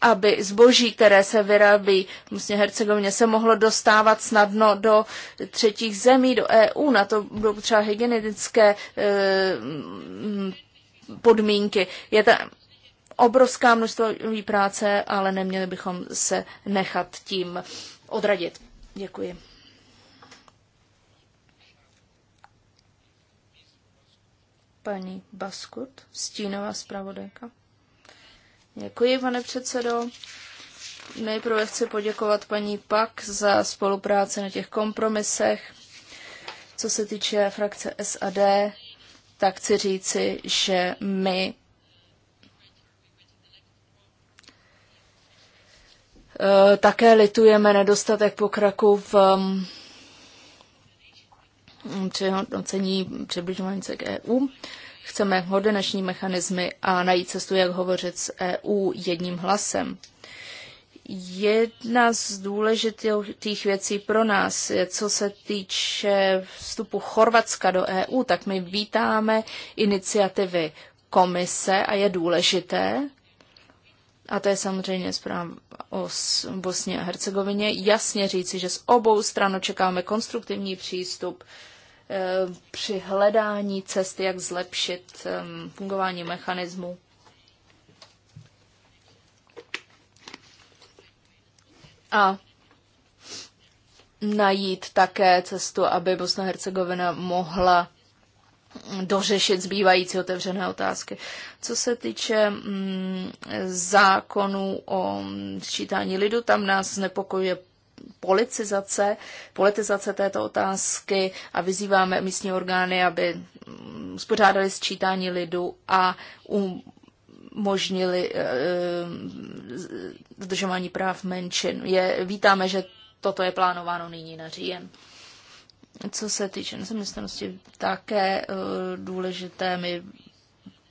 aby zboží, které se vyrábí v Musně Hercegovině, se mohlo dostávat snadno do třetích zemí, do EU. Na to budou třeba hygienické eh, mm, podmínky. Je to obrovská množství práce, ale neměli bychom se nechat tím odradit. Děkuji. paní Baskut, stínová zpravodajka. Děkuji, pane předsedo. Nejprve chci poděkovat paní Pak za spolupráci na těch kompromisech. Co se týče frakce SAD, tak chci říci, že my eh, také litujeme nedostatek pokraku v při hodnocení přibližování k EU. Chceme koordinační mechanismy a najít cestu, jak hovořit s EU jedním hlasem. Jedna z důležitých věcí pro nás, je, co se týče vstupu Chorvatska do EU, tak my vítáme iniciativy komise a je důležité, a to je samozřejmě zpráva o Bosně a Hercegovině, jasně říci, že z obou stran očekáváme konstruktivní přístup Eh, při hledání cesty jak zlepšit fungování mechanismu. A najít také cestu, aby Bosna Hercegovina mohla dořešit zbývající otevřené otázky. Co se týče mm, zákonů o mm, sčítání lidu, tam nás znepokojuje politizace, politizace této otázky a vyzýváme místní orgány, aby mm, spořádali sčítání lidu a umožnili eh, eh, dodržování práv menšin. Je, vítáme, že toto je plánováno nyní na říjen. Co se týče nezaměstnanosti, také eh, důležité, my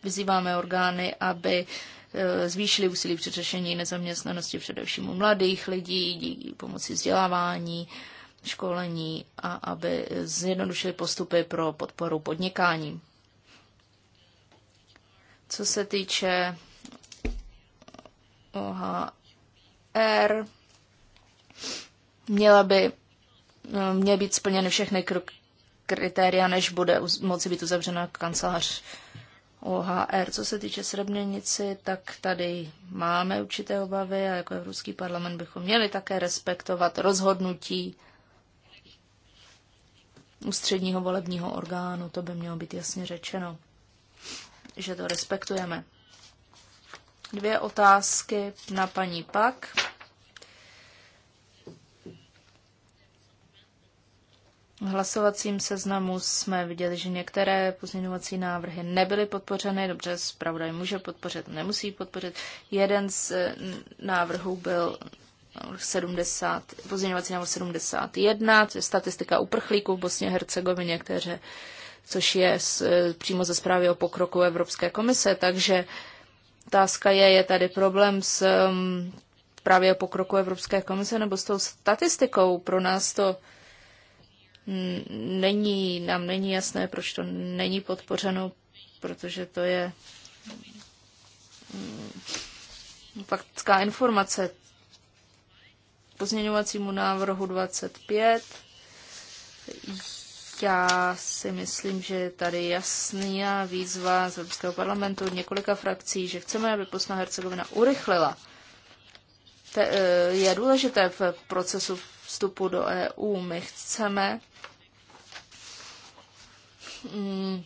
vyzýváme orgány, aby Eh, zvýšili úsilí při řešení nezaměstnanosti především u mladých lidí, díky pomoci vzdělávání, školení a aby zjednodušili postupy pro podporu podnikání. Co se týče OHR, měla by eh, měly být splněny všechny kritéria, než bude moci být uzavřena kancelář OHR. Co se týče Srebrenici, tak tady máme určité obavy a jako Evropský parlament bychom měli také respektovat rozhodnutí ústředního volebního orgánu. To by mělo být jasně řečeno, že to respektujeme. Dvě otázky na paní Pak. hlasovacím seznamu jsme viděli, že některé pozměňovací návrhy nebyly podpořeny. Dobře, zpravodaj může podpořit, nemusí podpořit. Jeden z eh, návrhů byl 70, pozměňovací návrh 71, to je statistika uprchlíků v Bosně a Hercegovině, které, což je z, eh, přímo ze zprávy o pokroku Evropské komise. Takže otázka je, je tady problém s mm, právě o pokroku Evropské komise nebo s tou statistikou. Pro nás to není, nám není jasné, proč to není podpořeno, protože to je mm, faktická informace pozměňovacímu návrhu 25. Já si myslím, že je tady jasná výzva z Evropského parlamentu několika frakcí, že chceme, aby Bosna Hercegovina urychlila. Te, eh, je důležité v procesu vstupu do EU. My chceme mm,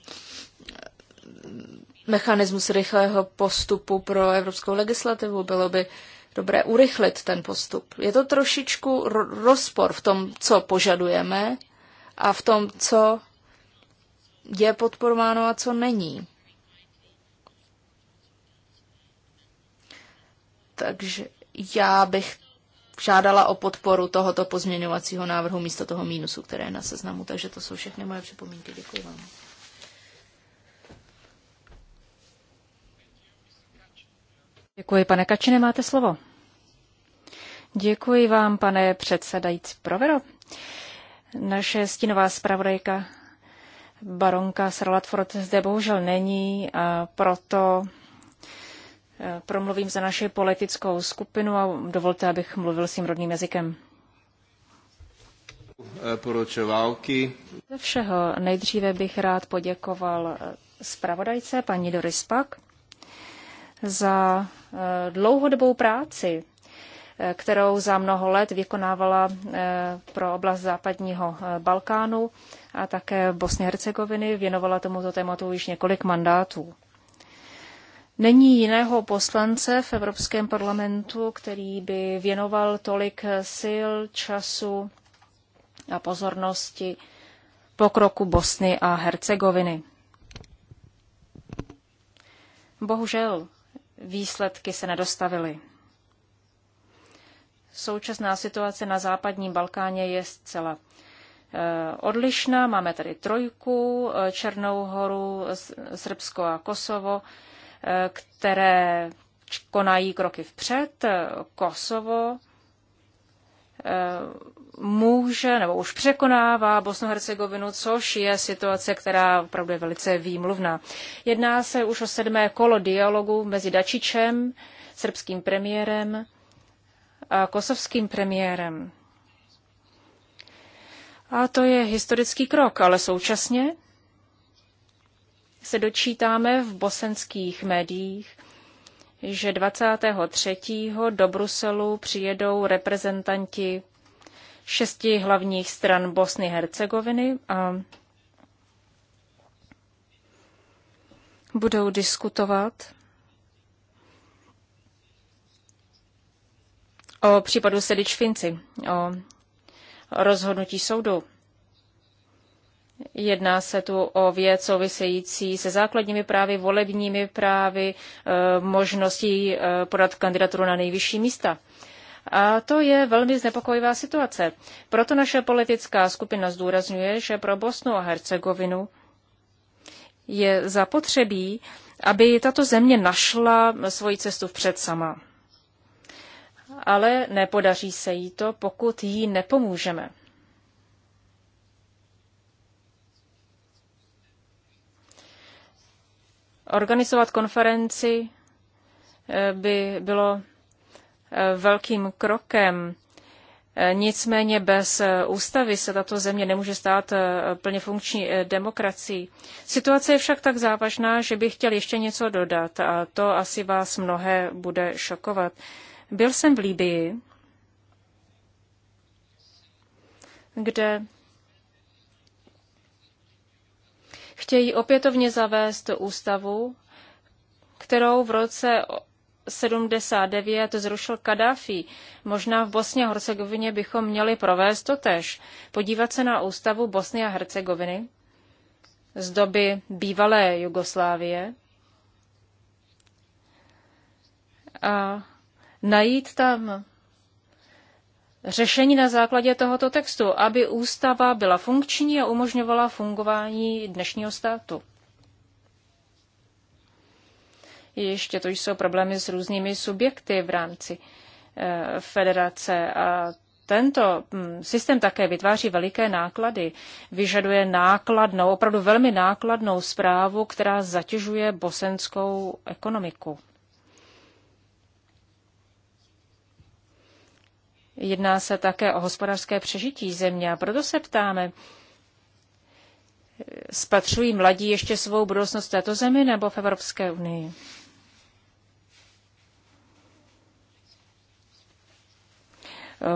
mechanismus rychlého postupu pro evropskou legislativu. Bylo by dobré urychlit ten postup. Je to trošičku rozpor v tom, co požadujeme a v tom, co je podporováno a co není. Takže já bych žádala o podporu tohoto pozměňovacího návrhu místo toho mínusu, které je na seznamu. Takže to jsou všechny moje připomínky. Děkuji vám.
Děkuji, pane Kačine, máte slovo. Děkuji vám, pane předsedající Provero. Naše stínová zpravodajka baronka Sralatford zde bohužel není, a proto Eh, promluvím za naši politickou skupinu a dovolte, abych mluvil svým rodným jazykem. Ze všeho nejdříve bych rád poděkoval eh, zpravodajce paní Doris Pak za eh, dlouhodobou práci, kterou za mnoho let vykonávala pro oblast západního Balkánu a také Bosny a Hercegoviny. Věnovala tomuto tématu již několik mandátů. Není jiného poslance v Evropském parlamentu, který by věnoval tolik sil, času a pozornosti pokroku Bosny a Hercegoviny. Bohužel výsledky se nedostavily. Současná situace na západním Balkáně je zcela eh, odlišná. Máme tady Trojku, eh, Černou horu, Srbsko a Kosovo které konají kroky vpřed. Kosovo eh, může nebo už překonává Bosnu-Hercegovinu, což je situace, která opravdu je velice výmluvná. Jedná se už o sedmé kolo dialogu mezi Dačičem, srbským premiérem a kosovským premiérem. A to je historický krok, ale současně se dočítáme v bosenských médiích, že 23. do Bruselu přijedou reprezentanti šesti hlavních stran Bosny Hercegoviny a budou diskutovat o případu Sedič Finci, o rozhodnutí soudu. Jedná se tu o věc související se základními právy, volebními právy, eh, možností eh, podat kandidaturu na nejvyšší místa. A to je velmi znepokojivá situace. Proto naše politická skupina zdůrazňuje, že pro Bosnu a Hercegovinu je zapotřebí, aby tato země našla svoji cestu vpřed sama. Ale nepodaří se jí to, pokud jí nepomůžeme. Organizovat konferenci eh, by bylo eh, velkým krokem. Eh, nicméně bez ústavy se tato země nemůže stát plně funkční demokracií. Situace je však tak závažná, že bych chtěl ještě něco dodat a to asi vás mnohé bude šokovat. Byl jsem v Líbii, kde chtějí opětovně zavést ústavu, kterou v roce 79 zrušil Kadáfi. Možná v Bosně a Hercegovině bychom měli provést to tež. Podívat se na ústavu Bosny a Hercegoviny z doby bývalé Jugoslávie a najít tam řešení na základě tohoto textu, aby ústava byla funkční a umožňovala fungování dnešního státu. Ještě to jsou problémy s různými subjekty v rámci eh, federace a tento hm, systém také vytváří veliké náklady. Vyžaduje nákladnou, opravdu velmi nákladnou zprávu, která zatěžuje bosenskou ekonomiku. Jedná se také o hospodářské přežití země a proto se ptáme, spatřují mladí ještě svou budoucnost v této zemi nebo v Evropské unii?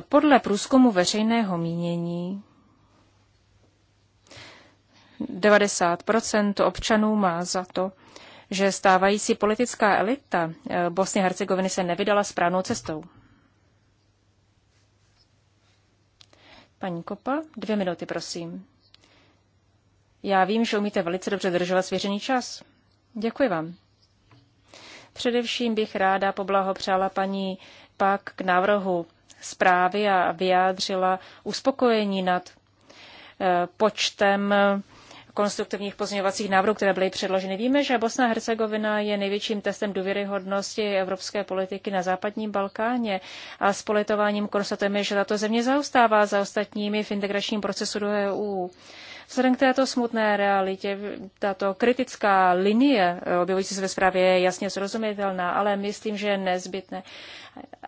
Podle průzkumu veřejného mínění 90 občanů má za to, že stávající politická elita Bosny a Hercegoviny se nevydala správnou cestou. Paní Kopa, dvě minuty, prosím. Já vím, že umíte velice dobře držovat svěřený čas. Děkuji vám. Především bych ráda poblahopřála paní pak k návrhu zprávy a vyjádřila uspokojení nad eh, počtem konstruktivních pozměňovacích návrhů, které byly předloženy. Víme, že Bosna a Hercegovina je největším testem důvěryhodnosti evropské politiky na západním Balkáně a s politováním konstatujeme, že tato země zaostává za ostatními v integračním procesu do EU. Vzhledem k této smutné realitě, tato kritická linie eh, objevující se ve zprávě je jasně srozumitelná, ale myslím, že je nezbytné,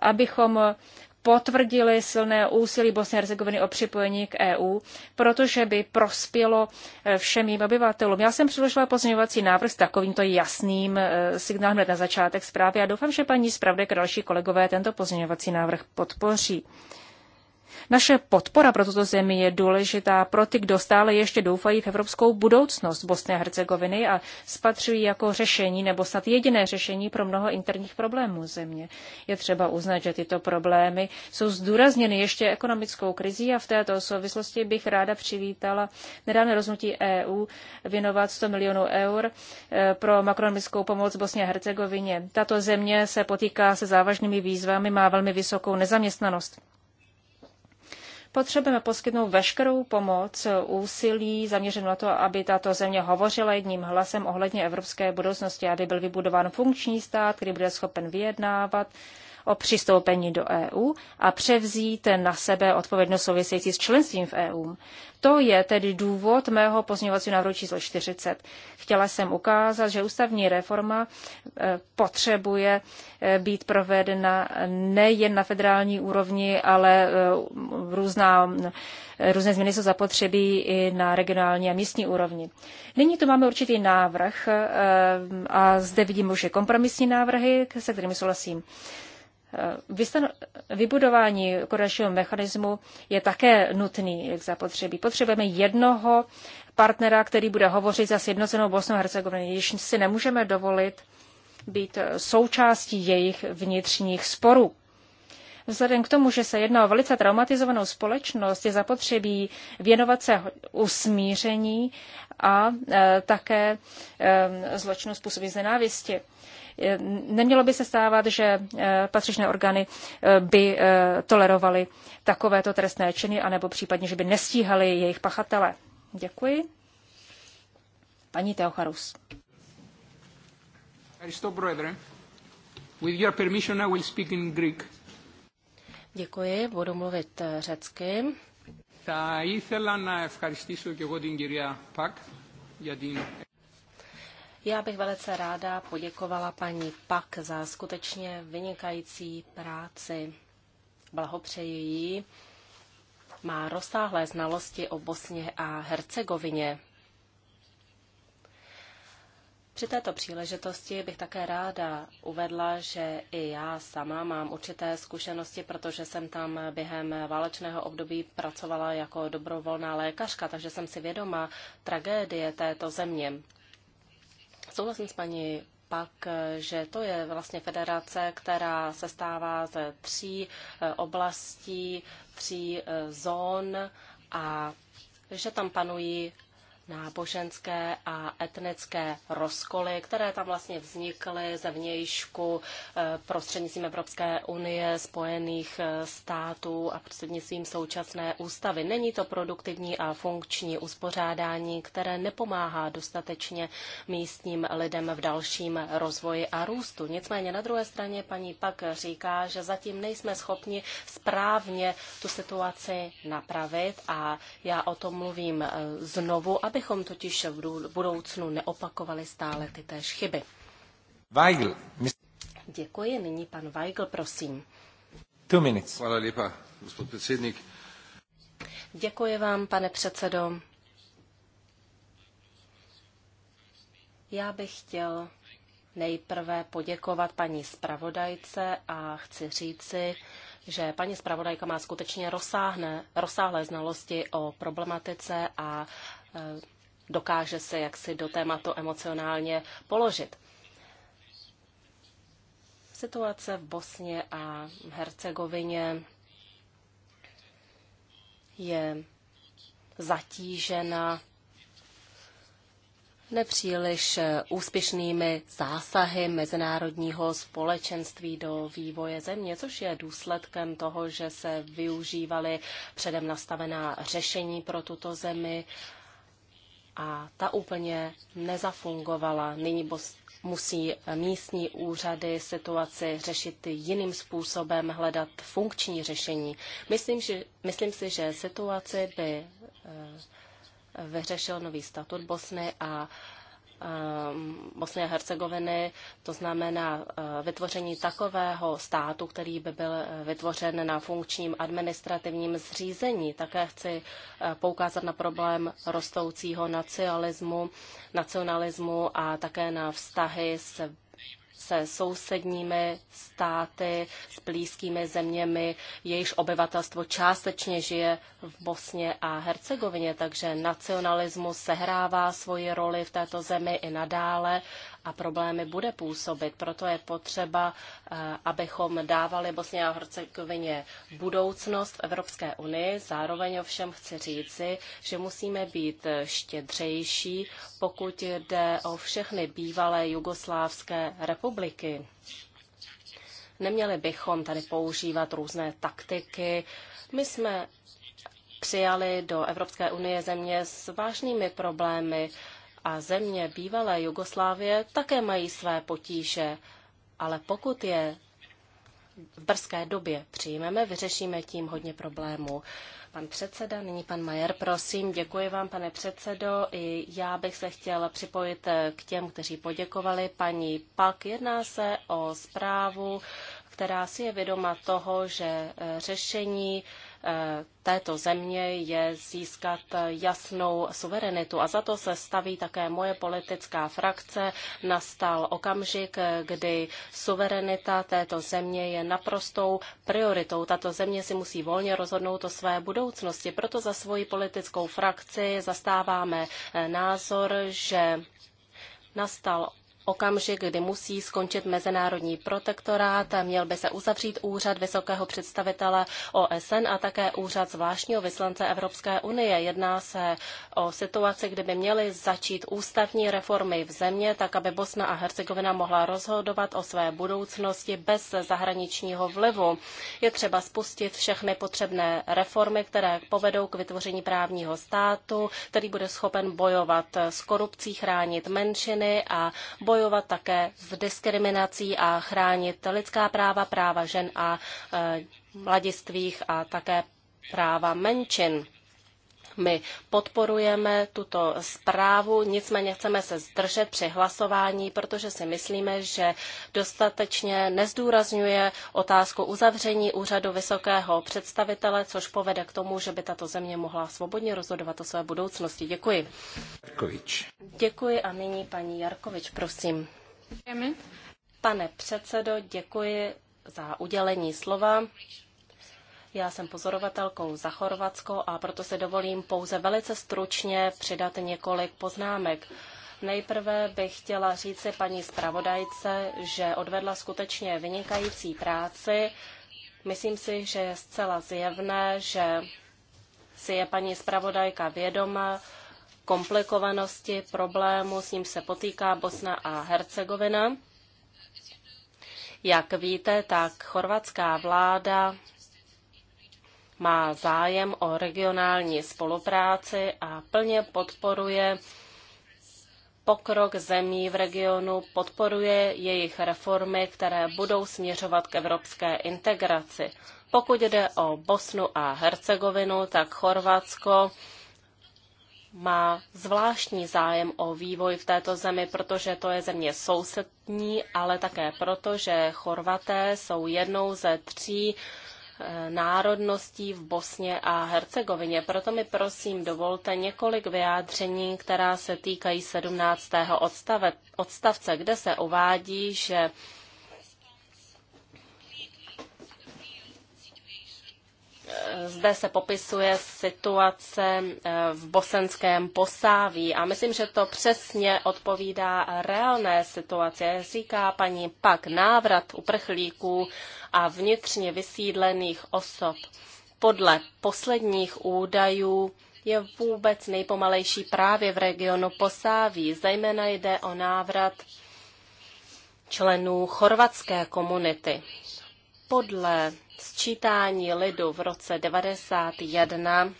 abychom potvrdili silné úsilí Bosny a Hercegoviny o připojení k EU, protože by prospělo eh, všem jejím obyvatelům. Já jsem předložila pozměňovací návrh s takovýmto jasným eh, signálem hned na začátek zprávy a doufám, že paní zpravodajka a další kolegové tento pozměňovací návrh podpoří. Naše podpora pro tuto zemi je důležitá pro ty, kdo stále ještě doufají v evropskou budoucnost Bosny a Hercegoviny a spatřují jako řešení nebo snad jediné řešení pro mnoho interních problémů země. Je třeba uznat, že tyto problémy jsou zdůrazněny ještě ekonomickou krizí a v této souvislosti bych ráda přivítala nedávné rozhodnutí EU věnovat 100 milionů eur eh, pro makronomickou pomoc Bosně a Hercegovině. Tato země se potýká se závažnými výzvami, má velmi vysokou nezaměstnanost. Potřebujeme poskytnout veškerou pomoc, úsilí zaměřenou na to, aby tato země hovořila jedním hlasem ohledně evropské budoucnosti, aby byl vybudován funkční stát, který bude schopen vyjednávat, o přistoupení do EU a převzít na sebe odpovědnost související s členstvím v EU. To je tedy důvod mého pozměňovacího návrhu číslo 40. Chtěla jsem ukázat, že ústavní reforma e, potřebuje e, být provedena nejen na federální úrovni, ale e, různá, různé změny jsou zapotřebí i na regionální a místní úrovni. Nyní tu máme určitý návrh a zde vidím už kompromisní návrhy, se kterými souhlasím. Eh, vybudování koordinačního mechanismu je také nutný, jak zapotřebí. Potřebujeme jednoho partnera, který bude hovořit za sjednocenou Bosnou Hercegovinu. když si nemůžeme dovolit být součástí jejich vnitřních sporů. Vzhledem k tomu, že se jedná o velice traumatizovanou společnost, je zapotřebí věnovat se usmíření a e, také e, eh, zločinu způsobí z nenávisti. Nemělo by se stávat, že eh, patřičné orgány eh, by eh, tolerovaly takovéto trestné činy, anebo případně, že by nestíhali jejich pachatele. Děkuji.
Paní Teocharus.
With your permission, I will speak in Greek.
Děkuji, budu mluvit řecky.
Θα ήθελα να ευχαριστήσω και εγώ την κυρία Πακ για την
já bych velice ráda poděkovala paní Pak za skutečně vynikající práci. Blahopřeji jí. Má rozsáhlé znalosti o Bosně a Hercegovině. Při této příležitosti bych také ráda uvedla, že i já sama mám určité zkušenosti, protože jsem tam během válečného období pracovala jako dobrovolná lékařka, takže jsem si vědoma tragédie této země. Souhlasím s paní pak, že to je vlastně federace, která se stává ze tří eh, oblastí, tří eh, zón a že tam panují náboženské a etnické rozkoly, které tam vlastně vznikly ze vnějšku eh, prostřednictvím Evropské unie, Spojených eh, států a prostřednictvím současné ústavy. Není to produktivní a funkční uspořádání, které nepomáhá dostatečně místním lidem v dalším rozvoji a růstu. Nicméně na druhé straně paní pak říká, že zatím nejsme schopni správně tu situaci napravit a já o tom mluvím eh, znovu, aby abychom totiž v budoucnu neopakovali stále ty též chyby. Weigl. Děkuji. Nyní pan Weigl, prosím.
Two minutes. Hvala lepa, gospod předsednik.
Děkuji vám, pane předsedo. Já bych chtěl nejprve poděkovat paní zpravodajce a chci říci, že paní zpravodajka má skutečně rozsáhlé znalosti o problematice a Eh, dokáže se jaksi do tématu emocionálně položit. Situace v Bosně a Hercegovině je zatížena nepříliš úspěšnými zásahy mezinárodního společenství do vývoje země, což je důsledkem toho, že se využívaly předem nastavená řešení pro tuto zemi a ta úplně nezafungovala. Nyní musí místní úřady situaci řešit jiným způsobem, hledat funkční řešení. Myslím, že, myslím si, že situaci by eh, vyřešil nový statut Bosny a Eh, Bosny a Hercegoviny, to znamená eh, vytvoření takového státu, který by byl eh, vytvořen na funkčním administrativním zřízení. Také chci poukázat na problém rostoucího nacionalismu, nacionalismu a také na vztahy s se sousedními státy, s blízkými zeměmi, jejichž obyvatelstvo částečně žije v Bosně a Hercegovině, takže nacionalismus sehrává svoji roli v této zemi i nadále a problémy bude působit. Proto je potřeba, eh, abychom dávali Bosně a Hercegovině budoucnost v Evropské unii. Zároveň ovšem chci říci, že musíme být štědřejší, pokud jde o všechny bývalé jugoslávské republiky. Neměli bychom tady používat různé taktiky. My jsme přijali do Evropské unie země s vážnými problémy, a země bývalé Jugoslávie také mají své potíže, ale pokud je v brzké době přijmeme, vyřešíme tím hodně problémů. Pan předseda, nyní pan Majer, prosím, děkuji vám, pane předsedo. I já bych se chtěl připojit k těm, kteří poděkovali paní Pak. Jedná se o zprávu, která si je vědoma toho, že řešení Eh, této země je získat jasnou suverenitu. A za to se staví také moje politická frakce. Nastal okamžik, kdy suverenita této země je naprostou prioritou. Tato země si musí volně rozhodnout o své budoucnosti. Proto za svoji politickou frakci zastáváme eh, názor, že nastal okamžik, kdy musí skončit mezinárodní protektorát, měl by se uzavřít úřad vysokého představitele OSN a také úřad zvláštního vyslance Evropské unie. Jedná se o situaci, kdy by měly začít ústavní reformy v země, tak aby Bosna a Hercegovina mohla rozhodovat o své budoucnosti bez zahraničního vlivu. Je třeba spustit všechny potřebné reformy, které povedou k vytvoření právního státu, který bude schopen bojovat s korupcí, chránit menšiny a bojovat bojovat také s diskriminací a chránit lidská práva, práva žen a e, mladistvých a také práva menšin. My podporujeme tuto zprávu, nicméně chceme se zdržet při hlasování, protože si myslíme, že dostatečně nezdůrazňuje otázku uzavření úřadu vysokého představitele, což povede k tomu, že by tato země mohla svobodně rozhodovat o své budoucnosti. Děkuji. Jarkovič. Děkuji a nyní paní Jarkovič, prosím. Pane předsedo, děkuji za udělení slova. Já jsem pozorovatelkou za Chorvatsko a proto se dovolím pouze velice stručně přidat několik poznámek. Nejprve bych chtěla říci paní zpravodajce, že odvedla skutečně vynikající práci. Myslím si, že je zcela zjevné, že si je paní zpravodajka vědoma komplikovanosti problému, s ním se potýká Bosna a Hercegovina. Jak víte, tak chorvatská vláda má zájem o regionální spolupráci a plně podporuje pokrok zemí v regionu, podporuje jejich reformy, které budou směřovat k evropské integraci. Pokud jde o Bosnu a Hercegovinu, tak Chorvatsko má zvláštní zájem o vývoj v této zemi, protože to je země sousední, ale také proto, že Chorvaté jsou jednou ze tří Eh, národností v Bosně a Hercegovině. Proto mi prosím dovolte několik vyjádření, která se týkají 17. odstavce, kde se uvádí, že zde se popisuje situace eh, v bosenském posáví a myslím, že to přesně odpovídá reálné situaci. Říká paní pak návrat uprchlíků a vnitřně vysídlených osob. Podle posledních údajů je vůbec nejpomalejší právě v regionu Posáví. Zejména jde o návrat členů chorvatské komunity podle sčítání lidu v roce 1991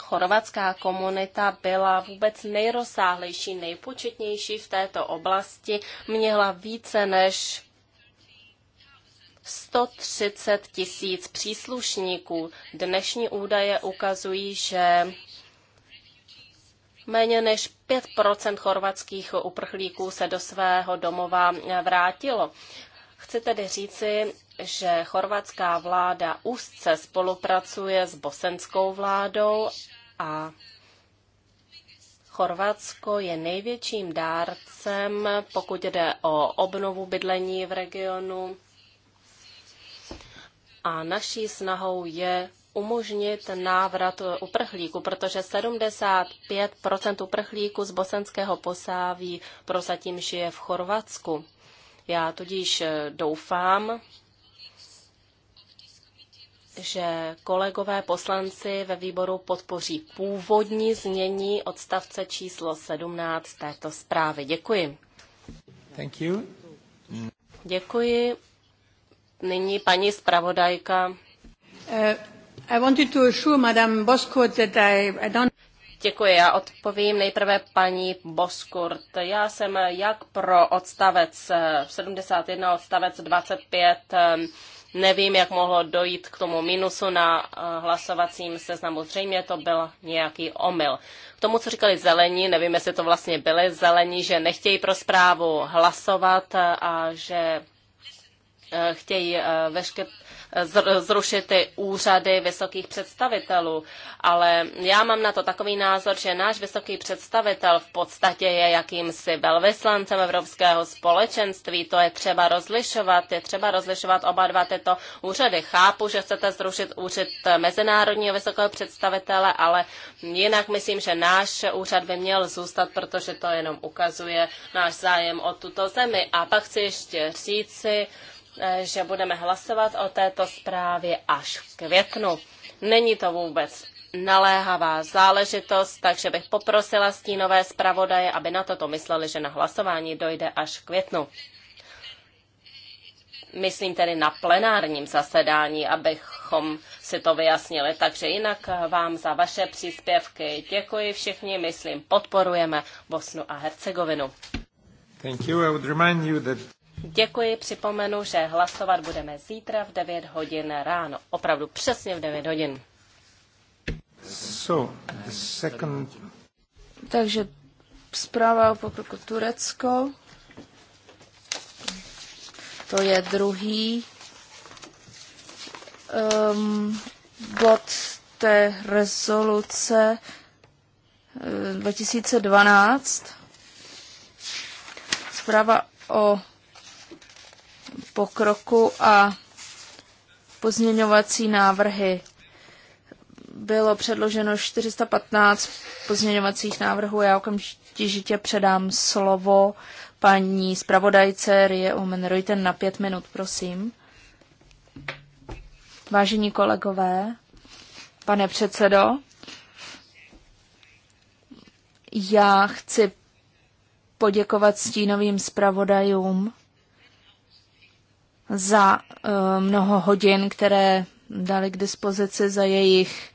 chorvatská komunita byla vůbec nejrozsáhlejší, nejpočetnější v této oblasti, měla více než 130 tisíc příslušníků. Dnešní údaje ukazují, že méně než 5 chorvatských uprchlíků se do svého domova vrátilo. Chci tedy říci, že chorvatská vláda úzce spolupracuje s bosenskou vládou a Chorvatsko je největším dárcem, pokud jde o obnovu bydlení v regionu. A naší snahou je umožnit návrat uprchlíků, protože 75 uprchlíků z bosenského posáví prozatím žije v Chorvatsku. Já tudíž eh, doufám, že kolegové poslanci ve výboru podpoří původní znění odstavce číslo 17 této zprávy. Děkuji. Thank you. Děkuji. Nyní paní zpravodajka. Uh, I wanted to assure Madame Bosco that I, I don't... Děkuji, já odpovím nejprve paní Boskurt. Já jsem jak pro odstavec 71, eh, odstavec 25, eh, nevím, jak mohlo dojít k tomu minusu na eh, hlasovacím seznamu. Zřejmě to byl nějaký omyl. K tomu, co říkali zelení, nevím, jestli to vlastně byly zelení, že nechtějí pro zprávu hlasovat a že Eh, chtějí eh, eh, zrušit ty úřady vysokých představitelů, ale já mám na to takový názor, že náš vysoký představitel v podstatě je jakýmsi velvyslancem Evropského společenství. To je třeba rozlišovat, je třeba rozlišovat oba dva tyto úřady. Chápu, že chcete zrušit úřad mezinárodního vysokého představitele, ale jinak myslím, že náš úřad by měl zůstat, protože to jenom ukazuje náš zájem o tuto zemi. A pak chci ještě říci, Eh, že budeme hlasovat o této zprávě až v květnu. Není to vůbec naléhavá záležitost, takže bych poprosila stínové zpravodaje, aby na toto mysleli, že na hlasování dojde až v květnu. Myslím tedy na plenárním zasedání, abychom si to vyjasnili. Takže jinak vám za vaše příspěvky děkuji všichni, myslím, podporujeme Bosnu a Hercegovinu.
Thank you. I would remind you that...
Děkuji, připomenu, že hlasovat budeme zítra v 9 hodin ráno. Opravdu přesně v 9 hodin.
So, the second...
Takže zpráva o pokroku Turecko. To je druhý um, bod té rezoluce eh, 2012. Zpráva o pokroku a pozměňovací návrhy. Bylo předloženo 415 pozměňovacích návrhů. Já okamžitě předám slovo paní zpravodajce Rie Reuten na pět minut, prosím. Vážení kolegové, pane předsedo, já chci poděkovat stínovým zpravodajům za eh, mnoho hodin, které dali k dispozici, za jejich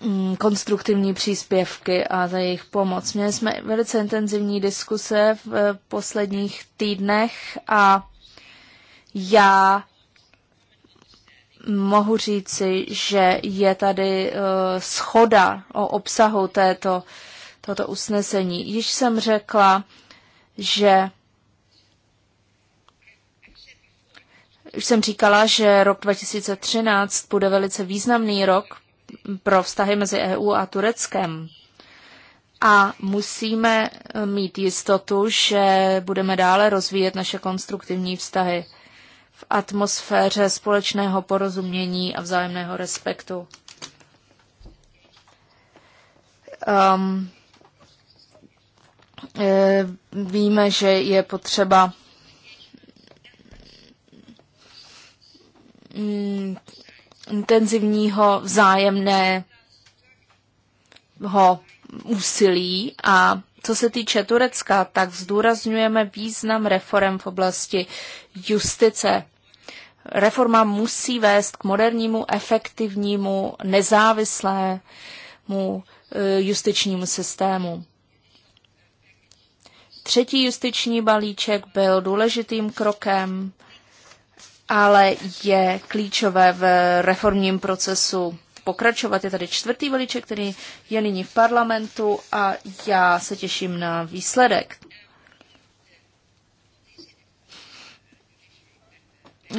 mm, konstruktivní příspěvky a za jejich pomoc. Měli jsme velice intenzivní diskuse v eh, posledních týdnech a já mohu říci, že je tady eh, schoda o obsahu této, toto usnesení. Již jsem řekla, že Už jsem říkala, že rok 2013 bude velice významný rok pro vztahy mezi EU a Tureckem. A musíme mít jistotu, že budeme dále rozvíjet naše konstruktivní vztahy v atmosféře společného porozumění a vzájemného respektu. Um, e, víme, že je potřeba Mm, intenzivního vzájemného úsilí a co se týče Turecka, tak zdůrazňujeme význam reform v oblasti justice. Reforma musí vést k modernímu, efektivnímu, nezávislému e, justičnímu systému. Třetí justiční balíček byl důležitým krokem ale je klíčové v reformním procesu pokračovat. Je tady čtvrtý veliček, který je nyní v parlamentu a já se těším na výsledek.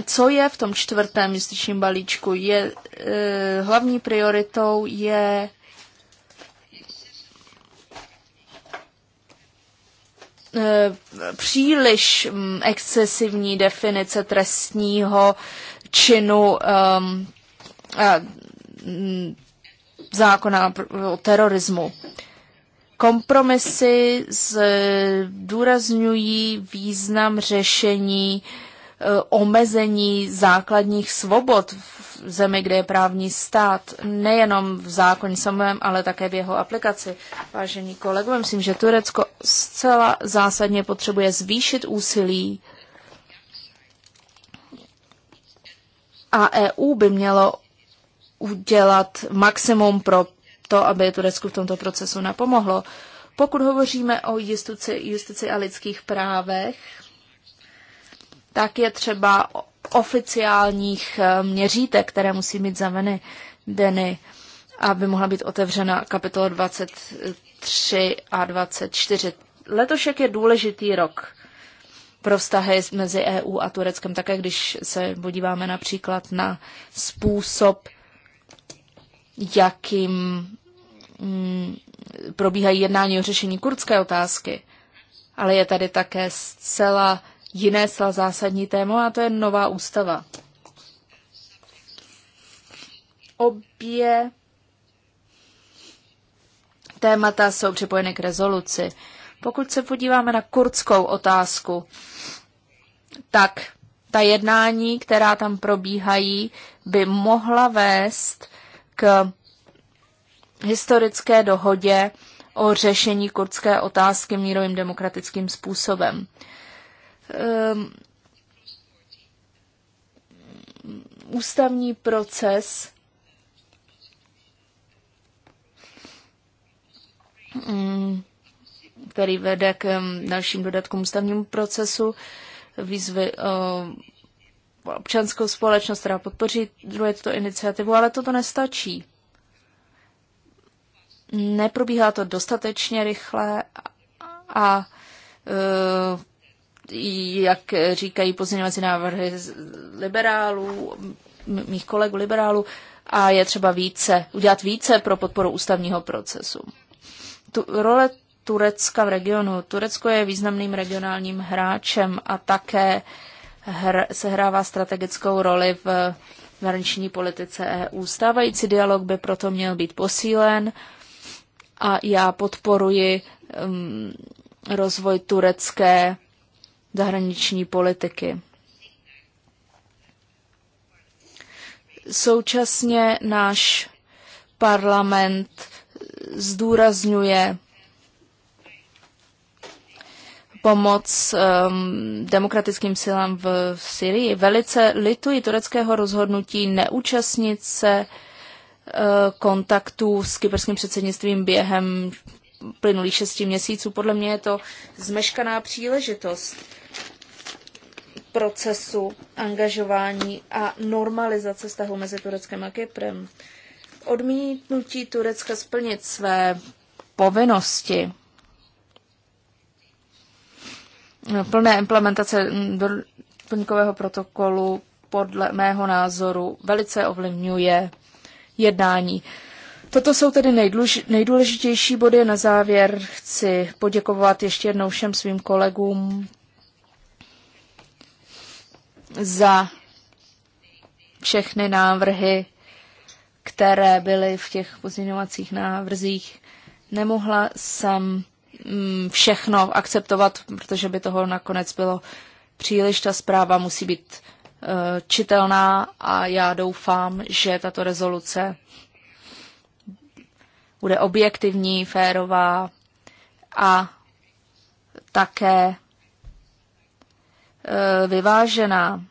Co je v tom čtvrtém justičním balíčku? Je, e, hlavní prioritou je Eh, příliš mm, excesivní definice trestního činu um, a, mm, zákona o terorismu. Kompromisy zdůrazňují význam řešení uh, Eh, omezení základních svobod v zemi, kde je právní stát, nejenom v zákoně samém, ale také v jeho aplikaci. Vážení kolegové, myslím, že Turecko zcela zásadně potřebuje zvýšit úsilí a EU by mělo udělat maximum pro to, aby Turecku v tomto procesu napomohlo. Pokud hovoříme o justici, justici a lidských právech, tak je třeba oficiálních eh, měřítek, které musí mít zaveny deny, aby mohla být otevřena kapitola 23 a 24. Letošek je důležitý rok pro vztahy mezi EU a Tureckem, také když se podíváme například na způsob, jakým mm, probíhají jednání o řešení kurdské otázky. Ale je tady také zcela jiné sla zásadní téma, a to je nová ústava. Obě témata jsou připojeny k rezoluci. Pokud se podíváme na kurdskou otázku, tak ta jednání, která tam probíhají, by mohla vést k historické dohodě o řešení kurdské otázky mírovým demokratickým způsobem um, ústavní proces mm, který vede k ehm, dalším dodatkům ústavnímu procesu, výzvy uh, občanskou společnost, která podpoří druhé tuto iniciativu, ale toto nestačí. Neprobíhá to dostatečně rychle a, a uh, jak říkají pozměňovací návrhy liberálů, mých kolegů liberálů, a je třeba více, udělat více pro podporu ústavního procesu. Tu, role Turecka v regionu. Turecko je významným regionálním hráčem a také hr, sehrává strategickou roli v zahraniční politice EU. Stávající dialog by proto měl být posílen a já podporuji um, rozvoj turecké zahraniční politiky. Současně náš parlament zdůrazňuje pomoc um, demokratickým silám v Syrii. Velice lituji tureckého rozhodnutí neúčastnit se uh, kontaktů s kyperským předsednictvím během plynulých šesti měsíců. Podle mě je to zmeškaná příležitost procesu angažování a normalizace vztahu mezi Tureckem a Kyprem. Odmítnutí Turecka splnit své povinnosti plné implementace doplňkového protokolu podle mého názoru velice ovlivňuje jednání. Toto jsou tedy nejdluž, nejdůležitější body. Na závěr chci poděkovat ještě jednou všem svým kolegům za všechny návrhy, které byly v těch pozměňovacích návrzích. Nemohla jsem mm, všechno akceptovat, protože by toho nakonec bylo příliš. Ta zpráva musí být eh, čitelná a já doufám, že tato rezoluce bude objektivní, férová a také e, vyvážená.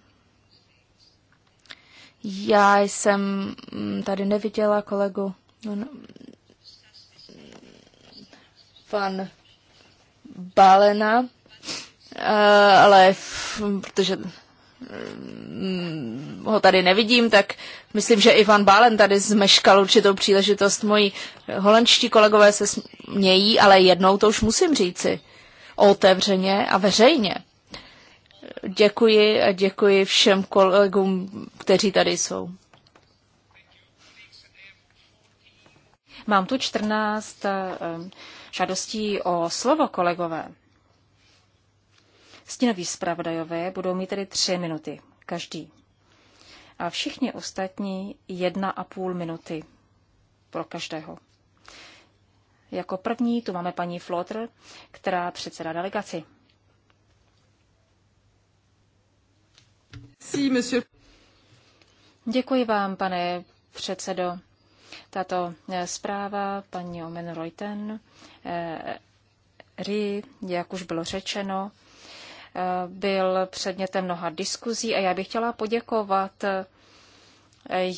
Já jsem mm, tady neviděla kolegu. No, no, pan Balena, e, ale protože Ehm, ho tady nevidím, tak myslím, že Ivan Bálen tady zmeškal určitou příležitost. Moji holandští kolegové se smějí, ale jednou to už musím říci. Otevřeně a veřejně. Děkuji a děkuji všem kolegům, kteří tady jsou. Mám tu 14 ehm,
žádostí o slovo, kolegové. Stínoví zpravodajové budou mít tedy tři minuty každý. A všichni ostatní jedna a půl minuty pro každého. Jako první tu máme paní Flotr, která předsedá delegaci. Děkuji vám, pane předsedo. Tato eh, zpráva paní Omen Reuten, eh, eh RI, jak už bylo řečeno, byl předmětem mnoha diskuzí a já bych chtěla poděkovat eh,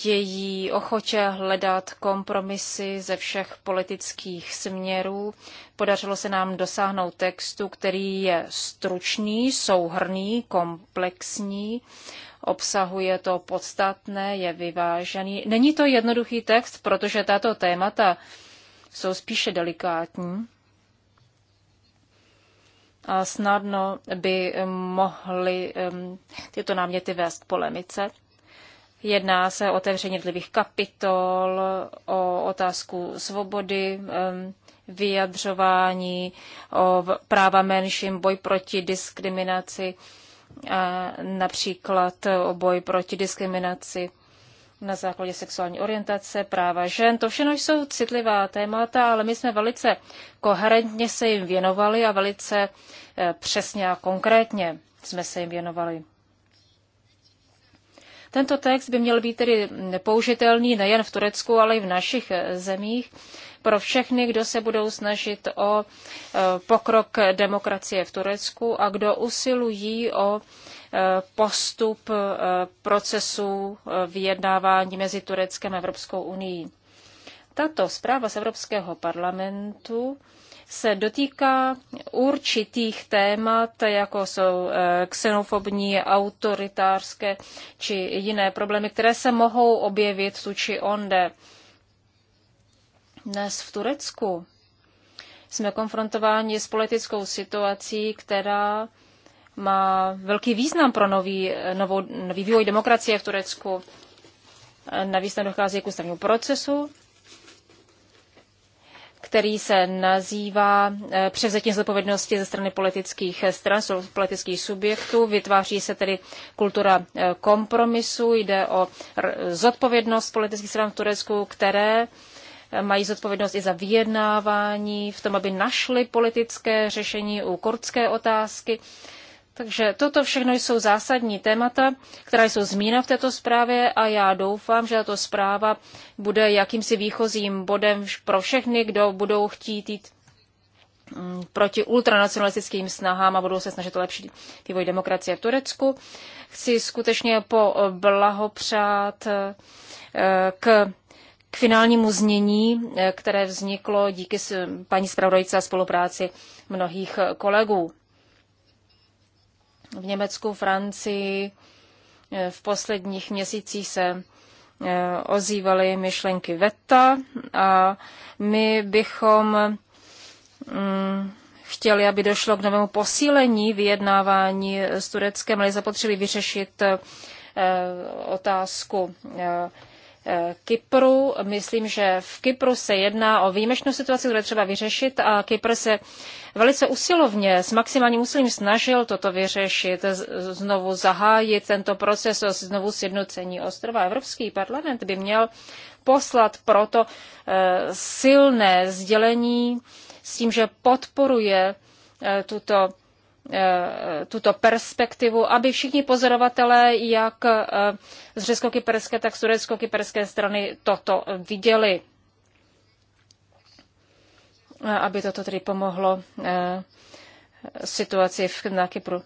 její ochotě hledat kompromisy ze všech politických směrů. Podařilo se nám dosáhnout textu, který je stručný, souhrný, komplexní, obsahuje to podstatné, je vyvážený. Není to jednoduchý text, protože tato témata jsou spíše delikátní snadno by mohly tyto náměty vést k polemice. Jedná se o otevření jednotlivých kapitol, o otázku svobody vyjadřování, o práva menším, boj proti diskriminaci, například o boj proti diskriminaci na základě sexuální orientace, práva žen. To všechno jsou citlivá témata, ale my jsme velice koherentně se jim věnovali a velice eh, přesně a konkrétně jsme se jim věnovali. Tento text by měl být tedy použitelný nejen v Turecku, ale i v našich eh, zemích pro všechny, kdo se budou snažit o eh, pokrok demokracie v Turecku a kdo usilují o eh, postup procesu vyjednávání mezi Tureckem a Evropskou unii. Tato zpráva z Evropského parlamentu se dotýká určitých témat, jako jsou eh, xenofobní, autoritářské či jiné problémy, které se mohou objevit tu či onde. Dnes v Turecku jsme konfrontováni s politickou situací, která má velký význam pro nový, novou, nový vývoj demokracie v Turecku. Navíc tam dochází k ústavnímu procesu, který se nazývá eh, převzetí zodpovědnosti ze strany politických stran, politických subjektů. Vytváří se tedy kultura eh, kompromisu, jde o zodpovědnost politických stran v Turecku, které eh, mají zodpovědnost i za vyjednávání, v tom, aby našli politické řešení u kurdské otázky. Takže toto všechno jsou zásadní témata, která jsou zmíněna v této zprávě a já doufám, že tato zpráva bude jakýmsi výchozím bodem pro všechny, kdo budou chtít jít mm, proti ultranacionalistickým snahám a budou se snažit o lepší vývoj demokracie v Turecku. Chci skutečně poblahopřát eh, eh, k, k finálnímu znění, eh, které vzniklo díky paní zpravodajce a spolupráci mnohých kolegů v Německu, Francii eh, v posledních měsících se eh, ozývaly myšlenky VETA a my bychom mm, chtěli, aby došlo k novému posílení vyjednávání s Tureckem, ale zapotřebí vyřešit eh, otázku Eh, Kypru. Myslím, že v Kypru se jedná o výjimečnou situaci, kterou třeba vyřešit a Kypr se velice usilovně s maximálním úsilím snažil toto vyřešit, znovu zahájit tento proces o znovu sjednocení ostrova. Evropský parlament by měl poslat proto eh, silné sdělení s tím, že podporuje eh, tuto Eh, tuto perspektivu, aby všichni pozorovatelé, jak eh, z řecko-kyperské, tak z turecko-kyperské strany toto viděli. Eh, aby toto tedy pomohlo situaci na Kypru.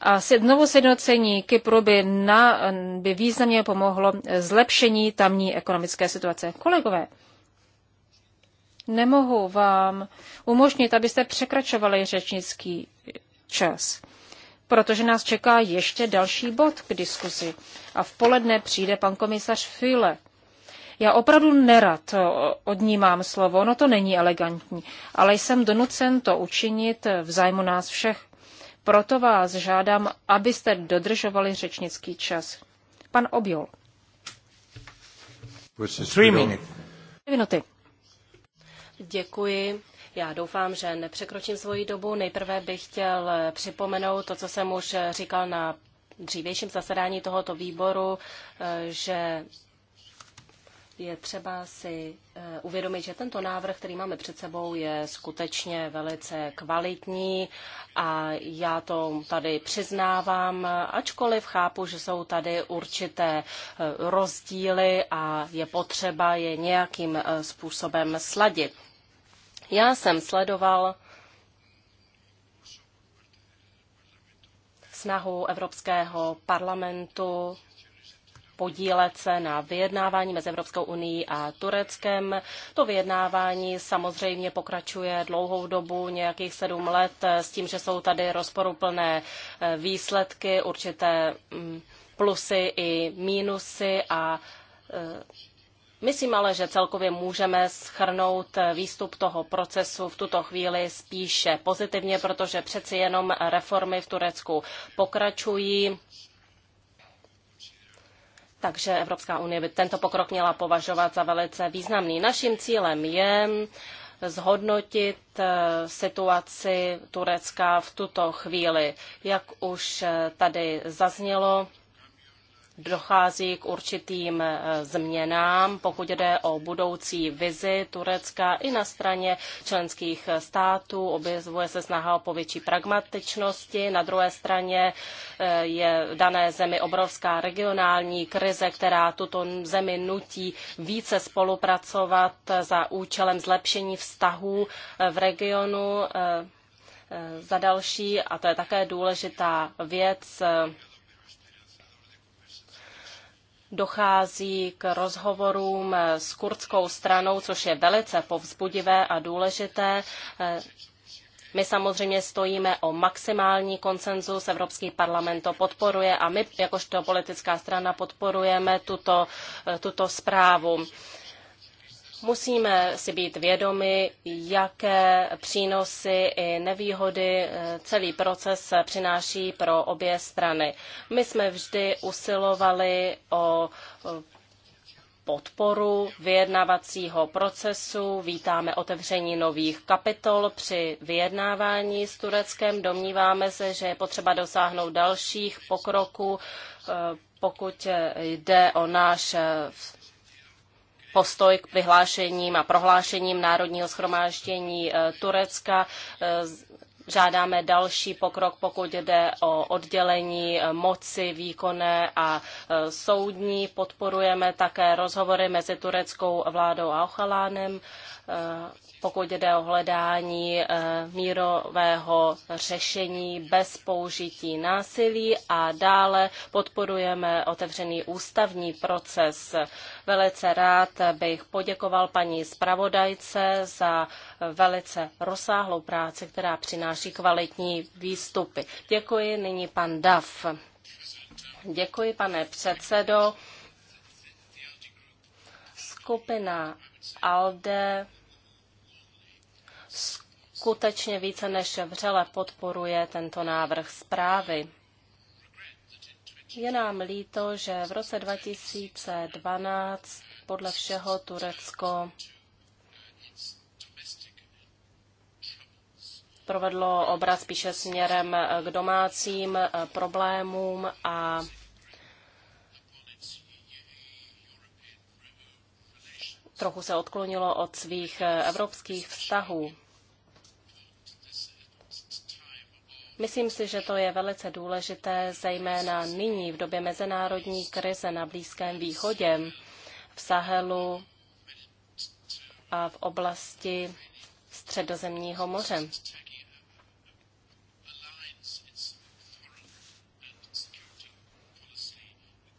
A znovu sjednocení Kypru by, na, by významně pomohlo zlepšení tamní ekonomické situace. Kolegové, nemohu vám umožnit, abyste překračovali řečnický čas, protože nás čeká ještě další bod k diskuzi a v poledne přijde pan komisař File. Já opravdu nerad odnímám slovo, no to není elegantní, ale jsem donucen to učinit v zájmu nás všech. Proto vás žádám, abyste dodržovali řečnický čas. Pan Objol.
Tři minuty.
Děkuji. Já doufám, že nepřekročím svoji dobu. Nejprve bych chtěl připomenout to, co jsem už říkal na dřívějším zasedání tohoto výboru, že je třeba si eh, uvědomit, že tento návrh, který máme před sebou, je skutečně velice kvalitní a já to tady přiznávám, ačkoliv chápu, že jsou tady určité eh, rozdíly a je potřeba je nějakým eh, způsobem sladit. Já jsem sledoval snahu Evropského parlamentu podílet se na vyjednávání mezi Evropskou unii a Tureckem. To vyjednávání samozřejmě pokračuje dlouhou dobu, nějakých sedm let, s tím, že jsou tady rozporuplné eh, výsledky, určité mm, plusy i mínusy a eh, Myslím ale, že celkově můžeme schrnout eh, výstup toho procesu v tuto chvíli spíše pozitivně, protože přeci jenom reformy v Turecku pokračují. Takže Evropská unie by tento pokrok měla považovat za velice významný. Naším cílem je zhodnotit eh, situaci Turecka v tuto chvíli. Jak už eh, tady zaznělo, dochází k určitým e, změnám, pokud jde o budoucí vizi Turecka i na straně členských států. Objevuje se snaha o povětší pragmatičnosti. Na druhé straně e, je v dané zemi obrovská regionální krize, která tuto zemi nutí více spolupracovat za účelem zlepšení vztahů e, v regionu. Za další, a to je také důležitá věc, dochází k rozhovorům s kurdskou stranou, což je velice povzbudivé a důležité. My samozřejmě stojíme o maximální koncenzus, Evropský parlament to podporuje a my jakožto politická strana podporujeme tuto, tuto zprávu. Musíme si být vědomi, jaké přínosy i nevýhody eh, celý proces přináší pro obě strany. My jsme vždy usilovali o podporu vyjednávacího procesu, vítáme otevření nových kapitol při vyjednávání s Tureckem. Domníváme se, že je potřeba dosáhnout dalších pokroků, eh, pokud jde o náš eh, postoj k vyhlášením a prohlášením Národního schromáždění eh, Turecka. Eh, žádáme další pokrok, pokud jde o oddělení eh, moci výkonné a soudní. Podporujeme také rozhovory mezi tureckou vládou a Ochalánem Eh, pokud jde o hledání eh, mírového řešení bez použití násilí a dále podporujeme otevřený ústavní proces. Velice rád bych poděkoval paní zpravodajce za velice rozsáhlou práci, která přináší kvalitní výstupy. Děkuji nyní pan Dav. Děkuji, pane předsedo. Skupina ALDE skutečně více než vřele podporuje tento návrh zprávy. Je nám líto, že v roce 2012 podle všeho Turecko provedlo obraz spíše směrem k domácím problémům a trochu se odklonilo od svých evropských vztahů. Myslím si, že to je velice důležité, zejména nyní v době mezinárodní krize na Blízkém východě, v Sahelu a v oblasti Středozemního moře.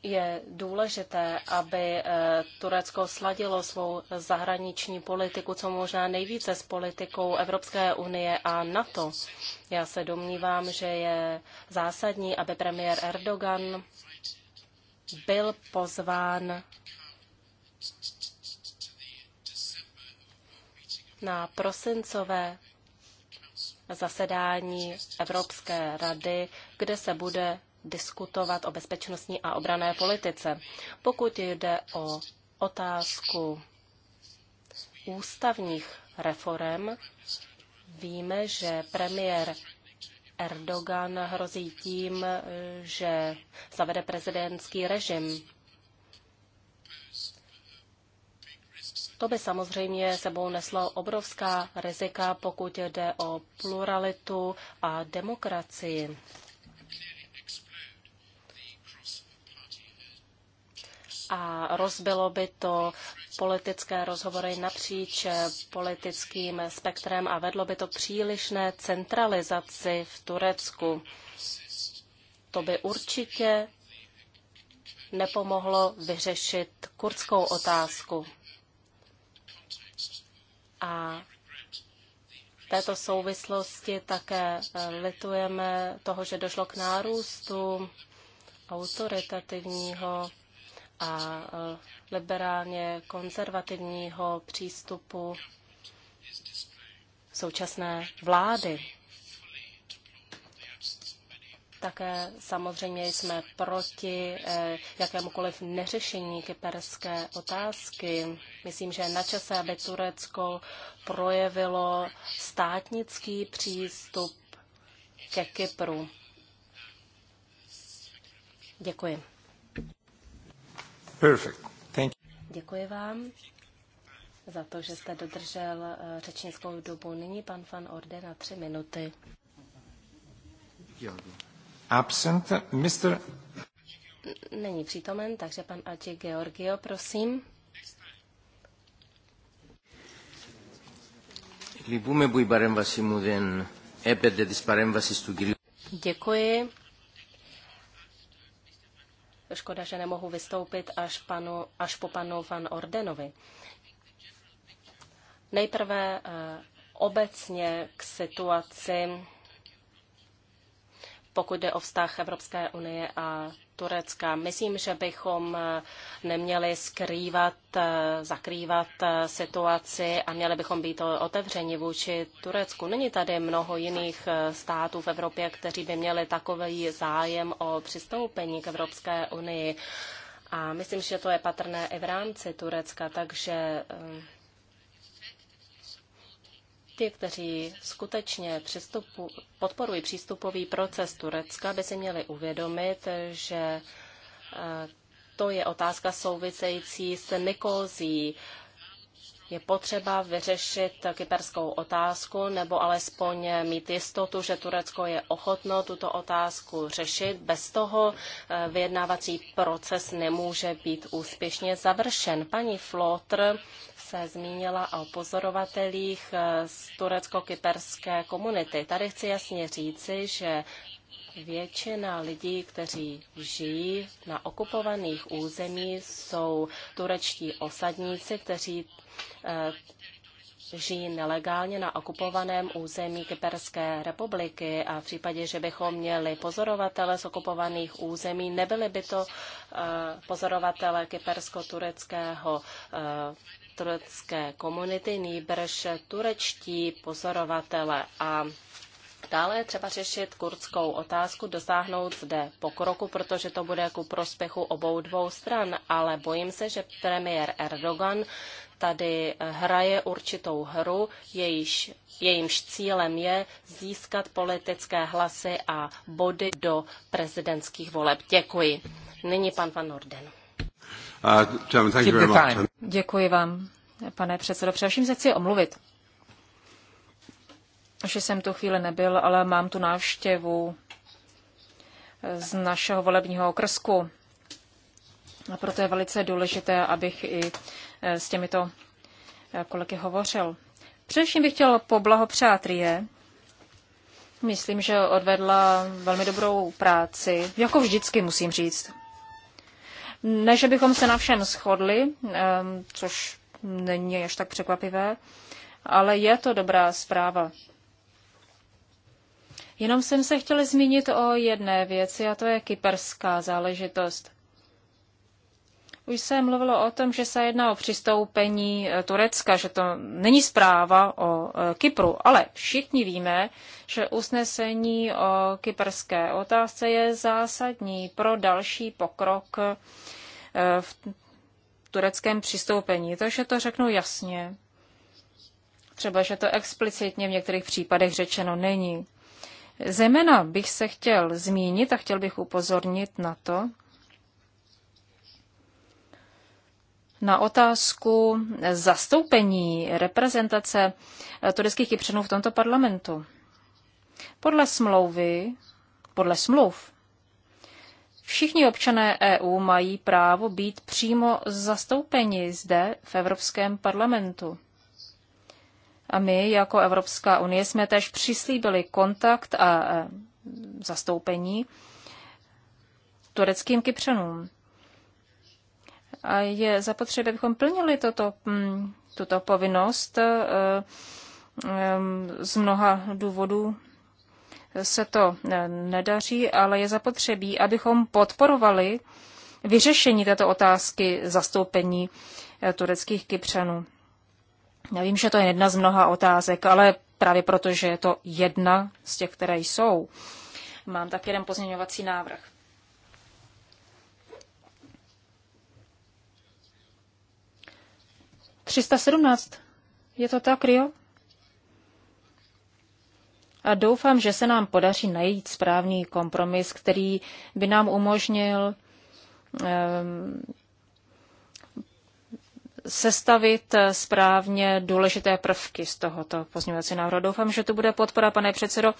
Je důležité, aby eh, Turecko sladilo svou zahraniční politiku co možná nejvíce s politikou Evropské unie a NATO. Já se domnívám, že je zásadní, aby premiér Erdogan byl pozván na prosincové zasedání Evropské rady, kde se bude diskutovat o bezpečnostní a obrané politice. Pokud jde o otázku ústavních reform, víme, že premiér Erdogan hrozí tím, že zavede prezidentský režim. To by samozřejmě sebou neslo obrovská rizika, pokud jde o pluralitu a demokracii. a rozbilo by to politické rozhovory napříč politickým spektrem a vedlo by to přílišné centralizaci v Turecku. To by určitě nepomohlo vyřešit kurdskou otázku. A této souvislosti také eh, litujeme toho, že došlo k nárůstu autoritativního a e, liberálně konzervativního přístupu současné vlády. Také samozřejmě jsme proti e, jakémukoliv neřešení kyperské otázky. Myslím, že na čase, aby Turecko projevilo státnický přístup ke Kypru. Děkuji.
Perfect.
Thank
you. Děkuji vám za to, že jste dodržel eh, řečnickou dobu. Nyní pan Van Orde na tři minuty.
Absent, Mr.
Není přítomen, takže pan Adji Georgio, prosím. Děkuji. Škoda, že nemohu vystoupit až, panu, až po panu Van Ordenovi. Nejprve eh, obecně k situaci pokud jde o vztah Evropské unie a Turecka. Myslím, že bychom neměli skrývat, zakrývat situaci a měli bychom být otevřeni vůči Turecku. Není tady mnoho jiných států v Evropě, kteří by měli takový zájem o přistoupení k Evropské unii. A myslím, že to je patrné i v rámci Turecka, takže eh, Ti, kteří skutečně přistupu, podporují přístupový proces Turecka, by si měli uvědomit, že eh, to je otázka související s Nikozí. Je potřeba vyřešit kyperskou otázku nebo alespoň mít jistotu, že Turecko je ochotno tuto otázku řešit. Bez toho eh, vyjednávací proces nemůže být úspěšně završen. Paní Flotr se zmínila o pozorovatelích eh, z turecko-kyperské komunity. Tady chci jasně říci, že většina lidí, kteří žijí na okupovaných území, jsou turečtí osadníci, kteří eh, žijí nelegálně na okupovaném území Kyperské republiky a v případě, že bychom měli pozorovatele z okupovaných území, nebyly by to eh, pozorovatele kypersko-tureckého eh, turecké komunity, nýbrž turečtí pozorovatele a Dále je třeba řešit kurdskou otázku, dosáhnout zde pokroku, protože to bude ku prospěchu obou dvou stran, ale bojím se, že premiér Erdogan tady hraje určitou hru, jejíž, jejímž cílem je získat politické hlasy a body do prezidentských voleb. Děkuji. Nyní pan Van Orden.
Uh,
Děkuji vám, pane předsedo. Především se chci omluvit,
že jsem tu chvíli nebyl, ale mám tu návštěvu z našeho volebního okrsku. A proto je velice důležité, abych i Eh, s těmito eh, kolegy hovořil. Především bych chtěl poblahopřát Rie. Myslím, že odvedla velmi dobrou práci, jako vždycky musím říct. Ne, že bychom se na všem shodli, ehm, což není až tak překvapivé, ale je to dobrá zpráva. Jenom jsem se chtěl zmínit o jedné věci, a to je kyperská záležitost. Už se mluvilo o tom, že se jedná o přistoupení eh, Turecka, že to není zpráva o eh, Kypru, ale všichni víme, že usnesení o kyperské otázce je zásadní pro další pokrok eh, v tureckém přistoupení. To, že to řeknu jasně, třeba, že to explicitně v některých případech řečeno není. Zemena bych se chtěl zmínit a chtěl bych upozornit na to, na otázku zastoupení reprezentace tureckých Kypřanů v tomto parlamentu. Podle smlouvy, podle smluv, všichni občané EU mají právo být přímo zastoupeni zde v Evropském parlamentu. A my jako Evropská unie jsme tež přislíbili kontakt a e, zastoupení tureckým Kypřanům. A je zapotřebí, abychom plnili toto, mm, tuto povinnost. Eh, eh, z mnoha důvodů se to eh, nedaří, ale je zapotřebí, abychom podporovali vyřešení této otázky zastoupení tureckých kypřanů. Já vím, že to je jedna z mnoha otázek, ale právě proto, že je to jedna z těch, které jsou, mám tak jeden pozměňovací návrh. 317. Je to tak, Rio? A doufám, že se nám podaří najít správný kompromis, který by nám umožnil um, sestavit eh, správně důležité prvky z tohoto pozměňovacího návrhu. Doufám, že to bude podpora, pane předsedo.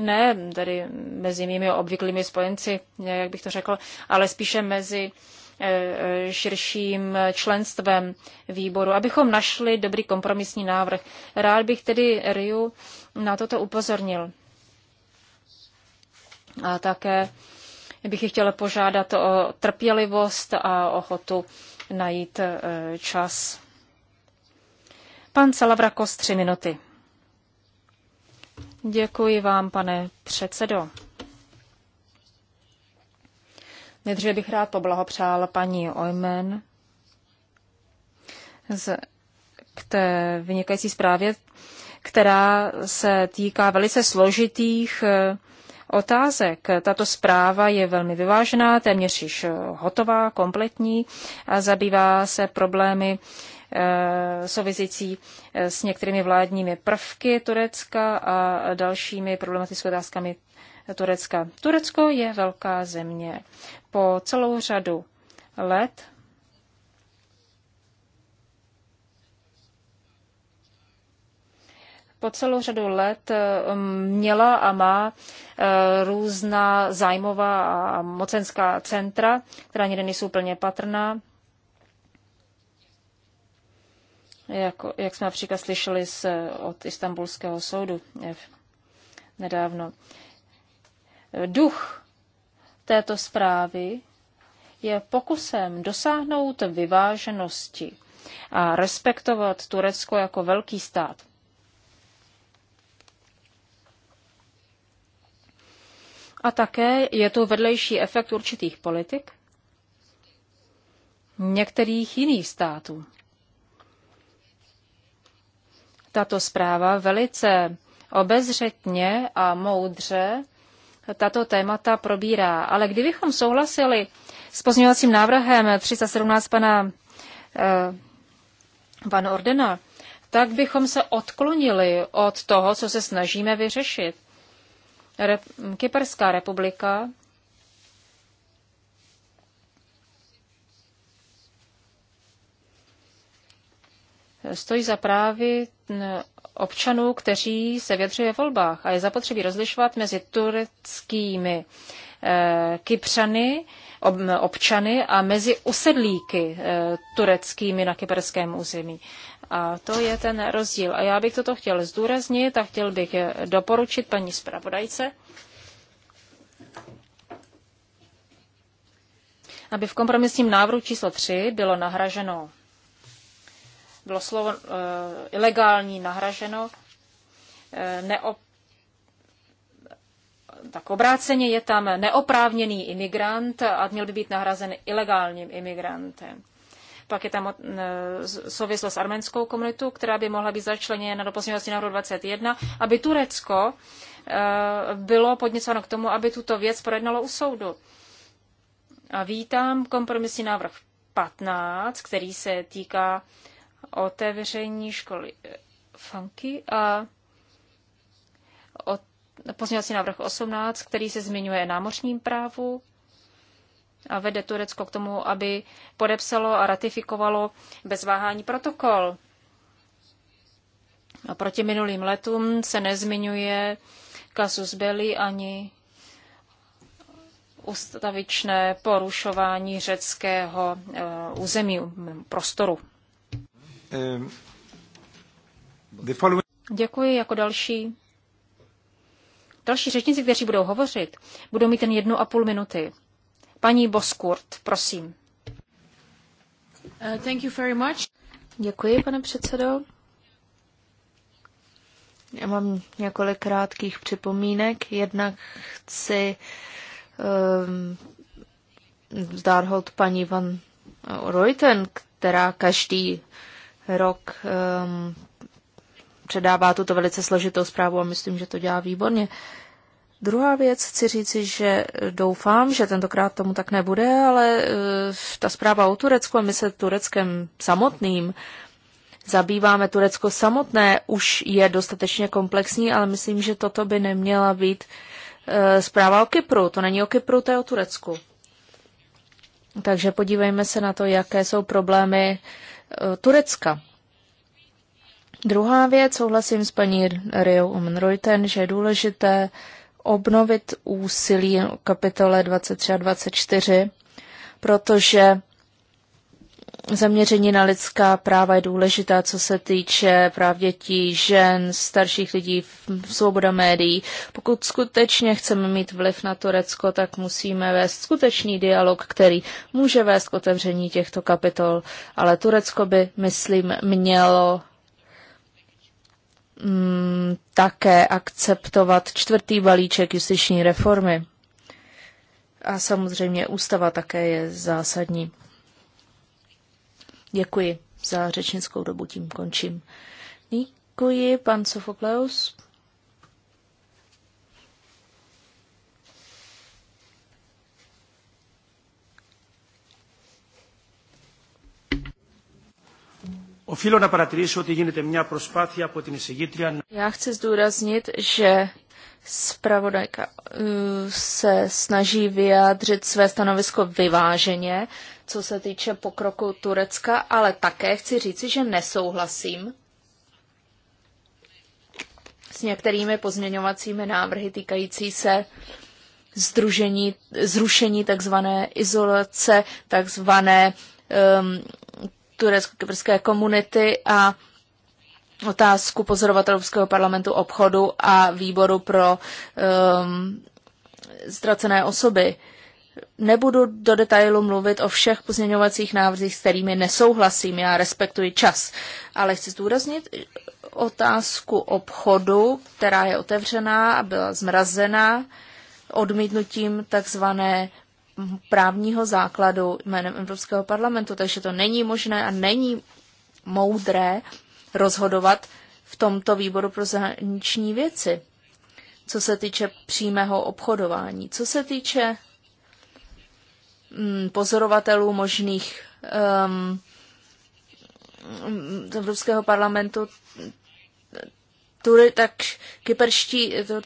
Ne, tedy mezi mými obvyklými spojenci, jak bych to řekl, ale spíše mezi E, e, širším členstvem výboru, abychom našli dobrý kompromisní návrh. Rád bych tedy Riu na toto upozornil. A také bych ji chtěla požádat o trpělivost a ochotu najít e, čas. Pan Salavrakos, tři minuty. Děkuji vám, pane předsedo. Nejdříve bych rád poblahopřál paní Ojmen z, k té vynikající zprávě, která se týká velice složitých eh, otázek. Tato zpráva je velmi vyvážená, téměř již hotová, kompletní a zabývá se problémy eh, související eh, s některými vládními prvky Turecka a dalšími problematickými otázkami Turecka. Turecko je velká země. Po celou řadu let po celou řadu let um, měla a má uh, různá zájmová a mocenská centra, která někde nejsou plně patrná. Jako, jak jsme například slyšeli z, od Istanbulského soudu eh, nedávno duch této zprávy je pokusem dosáhnout vyváženosti a respektovat Turecko jako velký stát. A také je tu vedlejší efekt určitých politik některých jiných států. Tato zpráva velice obezřetně a moudře tato témata probírá. Ale kdybychom souhlasili s pozměňovacím návrhem 317 pana Van eh, Ordena, tak bychom se odklonili od toho, co se snažíme vyřešit. Rep- Kyperská republika stojí za právy eh, občanů, kteří se vědřuje v volbách. A je zapotřebí rozlišovat mezi tureckými e, kypřany, ob, občany a mezi usedlíky e, tureckými na kyperském území. A to je ten rozdíl. A já bych toto chtěl zdůraznit a chtěl bych doporučit paní zpravodajce, aby v kompromisním návrhu číslo 3 bylo nahraženo bylo slovo uh, ilegální nahraženo. Uh, neop, tak obráceně je tam neoprávněný imigrant a měl by být nahrazen ilegálním imigrantem. Pak je tam eh, souvislost s arménskou komunitou, která by mohla být začleněna do pozměňovací návrhu 21, aby Turecko bylo podněcováno k tomu, aby tuto věc projednalo u soudu. A vítám kompromisní návrh 15, který se týká otevření školy eh, Funky a o pozměňovací návrh 18, který se zmiňuje námořním právu a vede Turecko k tomu, aby podepsalo a ratifikovalo bez váhání protokol. A proti minulým letům se nezmiňuje kasus belli ani ustavičné porušování řeckého eh, území, prostoru. Um, Děkuji jako další. Další řečníci, kteří budou hovořit, budou mít ten jednu a půl minuty. Paní Boskurt, prosím.
Uh, thank you very much. Děkuji, pane předsedo. Já mám několik krátkých připomínek. Jednak chci um, zdár paní Van Reuten, která každý rok um, předává tuto velice složitou zprávu a myslím, že to dělá výborně. Druhá věc, chci říci, že doufám, že tentokrát tomu tak nebude, ale eh, ta zpráva o Turecku a my se Tureckem samotným zabýváme. Turecko samotné už je dostatečně komplexní, ale myslím, že toto by neměla být eh, zpráva o Kypru. To není o Kypru, to je o Turecku. Takže podívejme se na to, jaké jsou problémy Eh, Turecka. Druhá věc, souhlasím s paní Rio Omenreuten, že je důležité obnovit úsilí kapitole 23 a 24, protože zaměření na lidská práva je důležitá, co se týče práv dětí, žen, starších lidí, svoboda médií. Pokud skutečně chceme mít vliv na Turecko, tak musíme vést skutečný dialog, který může vést k otevření těchto kapitol, ale Turecko by, myslím, mělo mm, také akceptovat čtvrtý balíček justiční reformy. A samozřejmě ústava také je zásadní. Děkuji za řečnickou dobu, tím končím. Děkuji, pan Sofokleus. Já chci zdůraznit, že zpravodajka uh, se snaží vyjádřit své stanovisko vyváženě co se týče pokroku Turecka, ale také chci říci, že nesouhlasím s některými pozměňovacími návrhy týkající se združení, zrušení takzvané izolace, takzvané um, turecko-kyperské komunity a otázku pozorovatelovského parlamentu obchodu a výboru pro um, ztracené osoby. Uh, Nebudu do detailu mluvit o všech pozměňovacích návrzích, s kterými nesouhlasím, já respektuji čas, ale chci zdůraznit otázku obchodu, která je otevřená a byla zmrazená odmítnutím takzvané právního základu jménem Evropského parlamentu, takže to není možné a není moudré rozhodovat v tomto výboru pro zahraniční věci, co se týče přímého obchodování. Co se týče Mm, pozorovatelů možných um, z Evropského parlamentu, tury, tak kyperští to,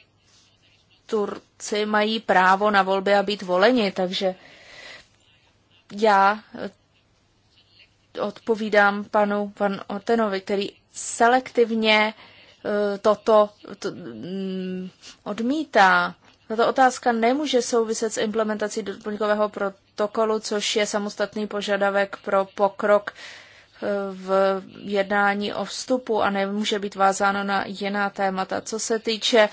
Turci mají právo na volby a být voleni, takže já eh, odpovídám panu Van Otenovi, který selektivně eh, toto to, mm, odmítá. Tato otázka nemůže souviset s implementací doplňkového protokolu, což je samostatný požadavek pro pokrok eh, v jednání o vstupu a nemůže být vázáno na jiná témata. Co se týče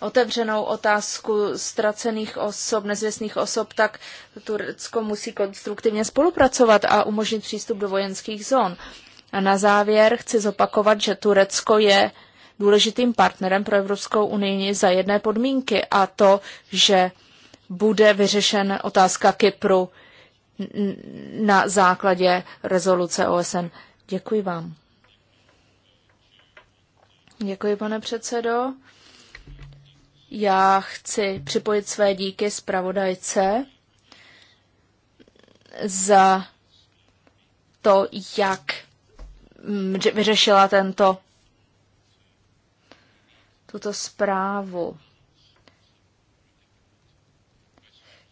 otevřenou otázku ztracených osob, nezvěstných osob, tak Turecko musí konstruktivně spolupracovat a umožnit přístup do vojenských zón. A na závěr chci zopakovat, že Turecko je důležitým partnerem pro Evropskou unii za jedné podmínky a to, že bude vyřešen otázka Kypru na základě rezoluce OSN. Děkuji vám. Děkuji, pane předsedo. Já chci připojit své díky zpravodajce za to, jak mm, vyřešila tento, tuto zprávu.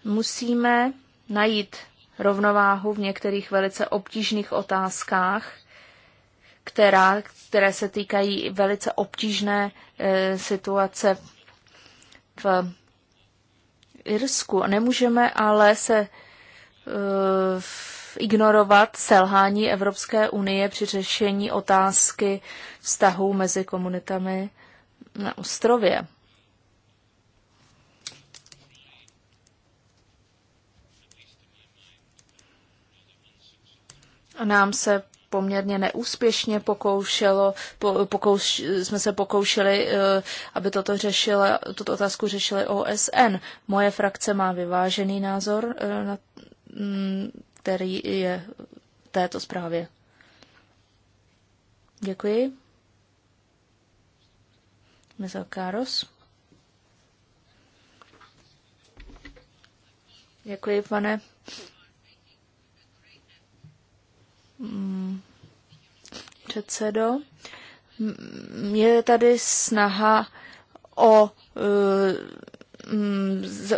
Musíme najít rovnováhu v některých velice obtížných otázkách, která, které se týkají velice obtížné e, situace v Irsku. Nemůžeme ale se e, ignorovat selhání Evropské unie při řešení otázky vztahů mezi komunitami na ostrově. nám se poměrně neúspěšně pokoušelo, po, pokouš, jsme se pokoušeli, eh, aby toto řešila, tuto otázku řešili OSN. Moje frakce má vyvážený názor, eh, na, mm, který je této zprávě. Děkuji. Mizel Káros. Děkuji, pane Mm. předsedo. Mm, je tady snaha o eh, mm,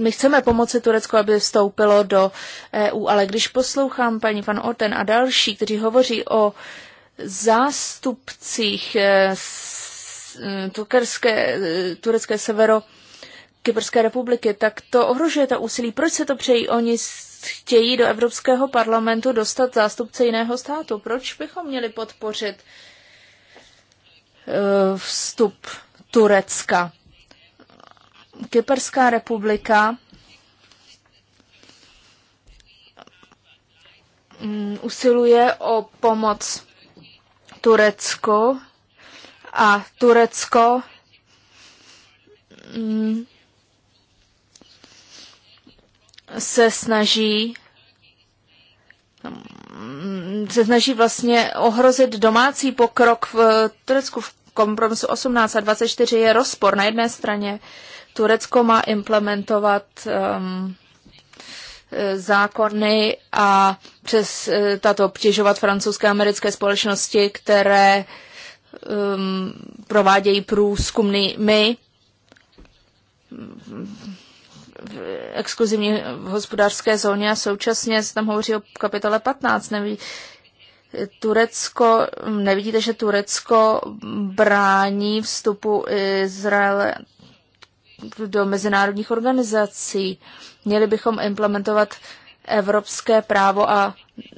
my chceme pomoci Turecku, aby vstoupilo do EU, ale když poslouchám paní Van Oten a další, kteří hovoří o zástupcích eh, eh, tukerské, turecké severo Kyperské republiky, tak to ohrožuje ta úsilí. Proč se to přejí oni chtějí do Evropského parlamentu dostat zástupce jiného státu. Proč bychom měli podpořit eh, vstup Turecka? Kyperská republika mm, usiluje o pomoc Turecku a Turecko mm, se snaží se snaží vlastně ohrozit domácí pokrok v Turecku v kompromisu 18 a 24 je rozpor. Na jedné straně Turecko má implementovat um, e, zákony a přes e, tato obtěžovat francouzské a americké společnosti, které um, provádějí my v exkluzivní v hospodářské zóně a současně se tam hovoří o kapitole 15. Neví, Turecko, nevidíte, že Turecko brání vstupu Izraele do mezinárodních organizací. Měli bychom implementovat evropské právo a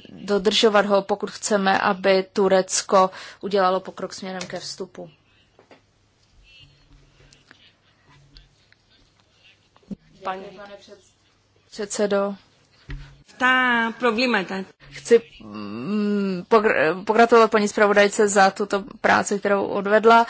dodržovat ho, pokud chceme, aby Turecko udělalo pokrok směrem ke vstupu. paní předsedo. Ta problemata. Chci mm, pogratulovat paní zpravodajce za tuto práci, kterou odvedla.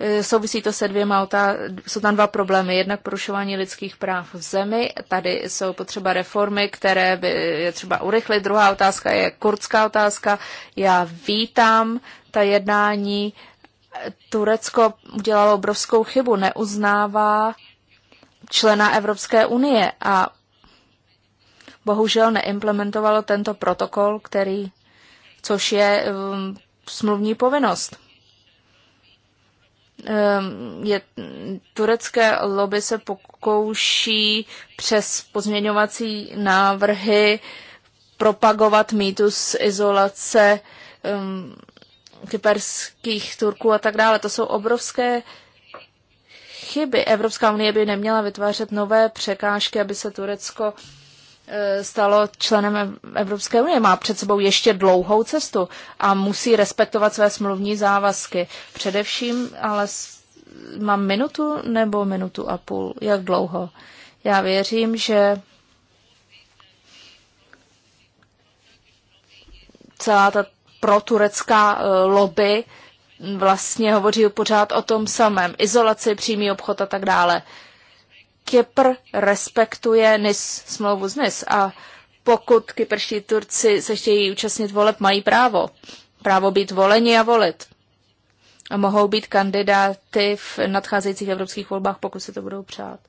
E, souvisí to se dvěma otázkami. Jsou tam dva problémy. Jednak porušování lidských práv v zemi. Tady jsou potřeba reformy, které by je třeba urychlit. Druhá otázka je kurdská otázka. Já vítám ta jednání. Turecko udělalo obrovskou chybu. Neuznává člena Evropské unie a bohužel neimplementovalo tento protokol, který, což je um, smluvní povinnost. Um, je, turecké lobby se pokouší přes pozměňovací návrhy propagovat mýtus izolace um, kyperských Turků a tak dále. To jsou obrovské chyby. Evropská unie by neměla vytvářet nové překážky, aby se Turecko e, stalo členem Evropské unie. Má před sebou ještě dlouhou cestu a musí respektovat své smluvní závazky. Především, ale mám minutu nebo minutu a půl? Jak dlouho? Já věřím, že celá ta proturecká e, lobby vlastně hovoří pořád o tom samém. Izolaci, přímý obchod a tak dále. Kypr respektuje NIS, smlouvu z NIS a pokud kyperští Turci se chtějí účastnit voleb, mají právo. Právo být voleni a volit. A mohou být kandidáty v nadcházejících evropských volbách, pokud se to budou přát.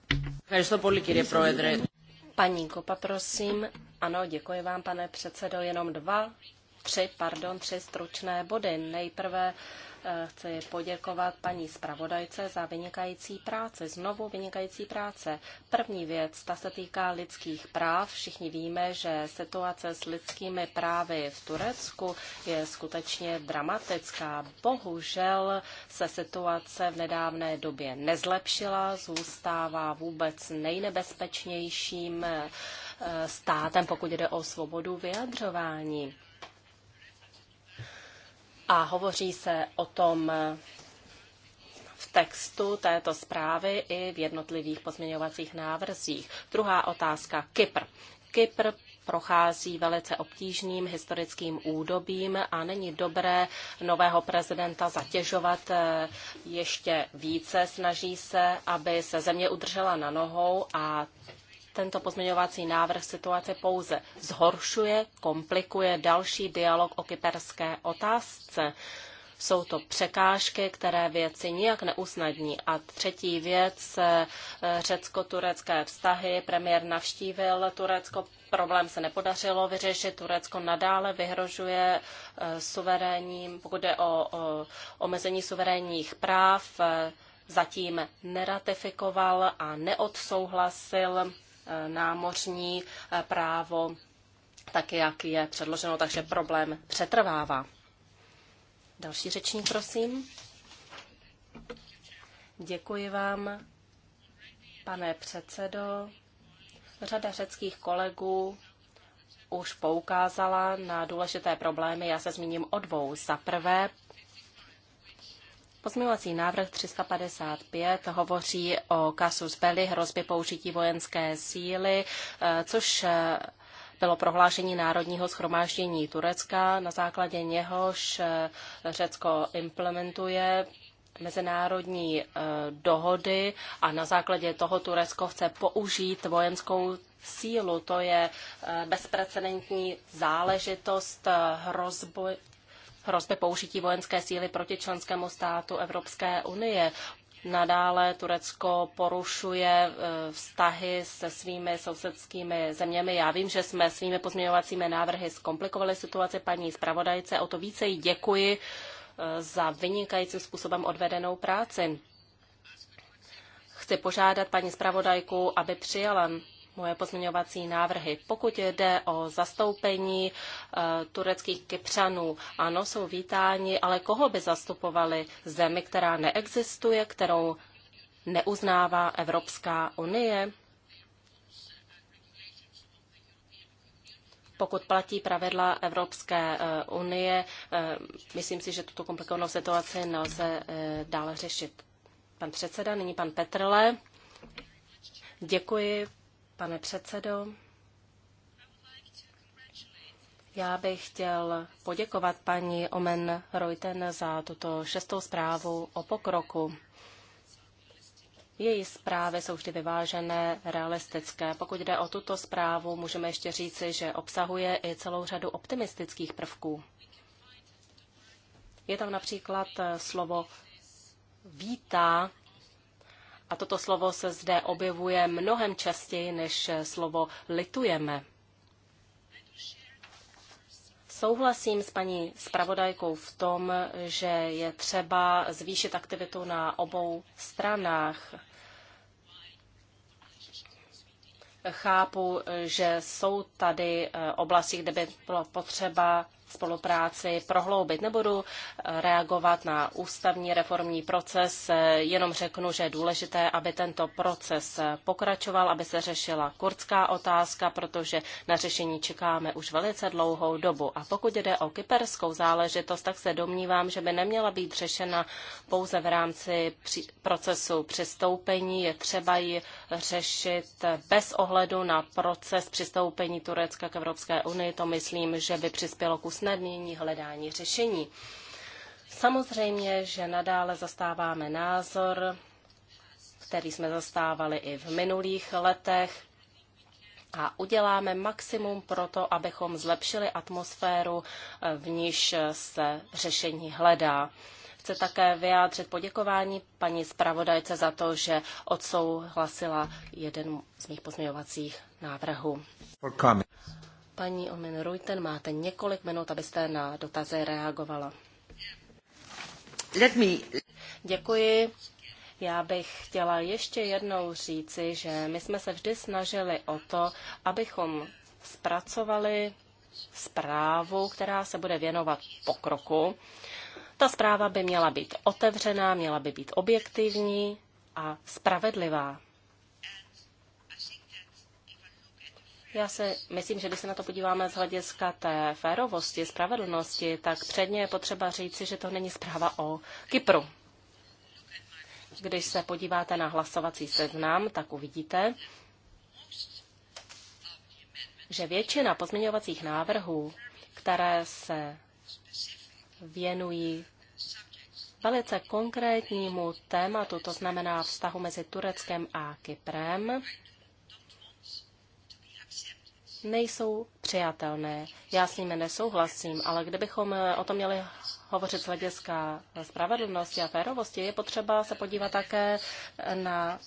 Paní Kopa, prosím. Ano, děkuji vám, pane předsedo. Jenom dva, tři, pardon, tři stručné body. Nejprve chci poděkovat paní zpravodajce za vynikající práce, znovu vynikající práce. První věc, ta se týká lidských práv. Všichni víme, že situace s lidskými právy v Turecku je skutečně dramatická. Bohužel se situace v nedávné době nezlepšila, zůstává vůbec nejnebezpečnějším eh, státem, pokud jde o svobodu vyjadřování a hovoří se o tom v textu této zprávy i v jednotlivých pozměňovacích návrzích. Druhá otázka, Kypr. Kypr prochází velice obtížným historickým údobím a není dobré nového prezidenta zatěžovat eh, ještě více. Snaží se, aby se země udržela na nohou a tento pozměňovací návrh situace pouze zhoršuje, komplikuje další dialog o kyperské otázce. Jsou to překážky, které věci nijak neusnadní. A třetí věc, eh, řecko-turecké vztahy. Premiér navštívil Turecko, problém se nepodařilo vyřešit. Turecko nadále vyhrožuje eh, suverénním, pokud je o, o omezení suverénních práv, eh, zatím neratifikoval a neodsouhlasil námořní eh, právo, tak jak je předloženo, takže problém přetrvává. Další řečník, prosím. Děkuji vám, pane předsedo. Řada řeckých kolegů už poukázala na důležité problémy. Já se zmíním o dvou. Za prvé Pozměňovací návrh 355 hovoří o kasus belli, hrozbě použití vojenské síly, eh, což eh, bylo prohlášení Národního schromáždění Turecka, na základě něhož eh, Řecko implementuje mezinárodní dohody a na základě toho Turecko chce použít vojenskou sílu. To je bezprecedentní záležitost hrozby, hrozby použití vojenské síly proti členskému státu Evropské unie. Nadále Turecko porušuje e, vztahy se svými sousedskými zeměmi. Já vím, že jsme svými pozměňovacími návrhy zkomplikovali situaci paní zpravodajce. O to více jí děkuji e, za vynikajícím způsobem odvedenou práci. Chci požádat paní zpravodajku, aby přijala moje pozměňovací návrhy. Pokud jde o zastoupení eh, tureckých kypřanů, ano, jsou vítáni, ale koho by zastupovali zemi, která neexistuje, kterou neuznává Evropská unie? pokud platí pravidla Evropské eh, unie, eh, myslím si, že tuto komplikovanou situaci nelze dále řešit. Pan předseda, nyní pan Petrle. Děkuji, pane předsedo. Já bych chtěl poděkovat paní Omen Reuten za tuto šestou zprávu o pokroku. Její zprávy jsou vždy vyvážené, realistické. Pokud jde o tuto zprávu, můžeme ještě říci, že obsahuje i celou řadu optimistických prvků. Je tam například slovo vítá toto slovo se zde objevuje mnohem častěji než slovo litujeme. Souhlasím s paní zpravodajkou v tom, že je třeba zvýšit aktivitu na obou stranách. Chápu, že jsou tady eh, oblasti, kde by bylo potřeba spolupráci prohloubit. Nebudu eh, reagovat na ústavní reformní proces, eh, jenom řeknu, že je důležité, aby tento proces eh, pokračoval, aby se řešila kurdská otázka, protože na řešení čekáme už velice dlouhou dobu. A pokud jde o kyperskou záležitost, tak se domnívám, že by neměla být řešena pouze v rámci procesu přistoupení. Je třeba ji řešit bez ohledu na proces přistoupení Turecka k Evropské unii. To myslím, že by přispělo k usnesení usnadnění hledání řešení. Samozřejmě, že nadále zastáváme názor, který jsme zastávali i v minulých letech, a uděláme maximum pro to, abychom zlepšili atmosféru, v níž se řešení hledá. Chci také vyjádřit poděkování paní zpravodajce za to, že odsouhlasila jeden z mých pozměňovacích návrhů. Paní Omen Ruiten, máte několik minut, abyste na dotazy reagovala. Let me... Děkuji. Já bych chtěla ještě jednou říci, že my jsme se vždy snažili o to, abychom zpracovali zprávu, která se bude věnovat pokroku. Ta zpráva by měla být otevřená, měla by být objektivní a spravedlivá. Já se myslím, že když se na to podíváme z hlediska té férovosti, spravedlnosti, tak předně je potřeba říci, že to není zpráva o Kypru. Když se podíváte na hlasovací seznam, tak uvidíte, že většina pozměňovacích návrhů, které se věnují velice konkrétnímu tématu, to znamená vztahu mezi Tureckem a Kyprem, nejsou přijatelné. Já s nimi nesouhlasím, ale kdybychom eh, o tom měli hovořit z hlediska eh, spravedlnosti a férovosti, je potřeba se podívat také eh, na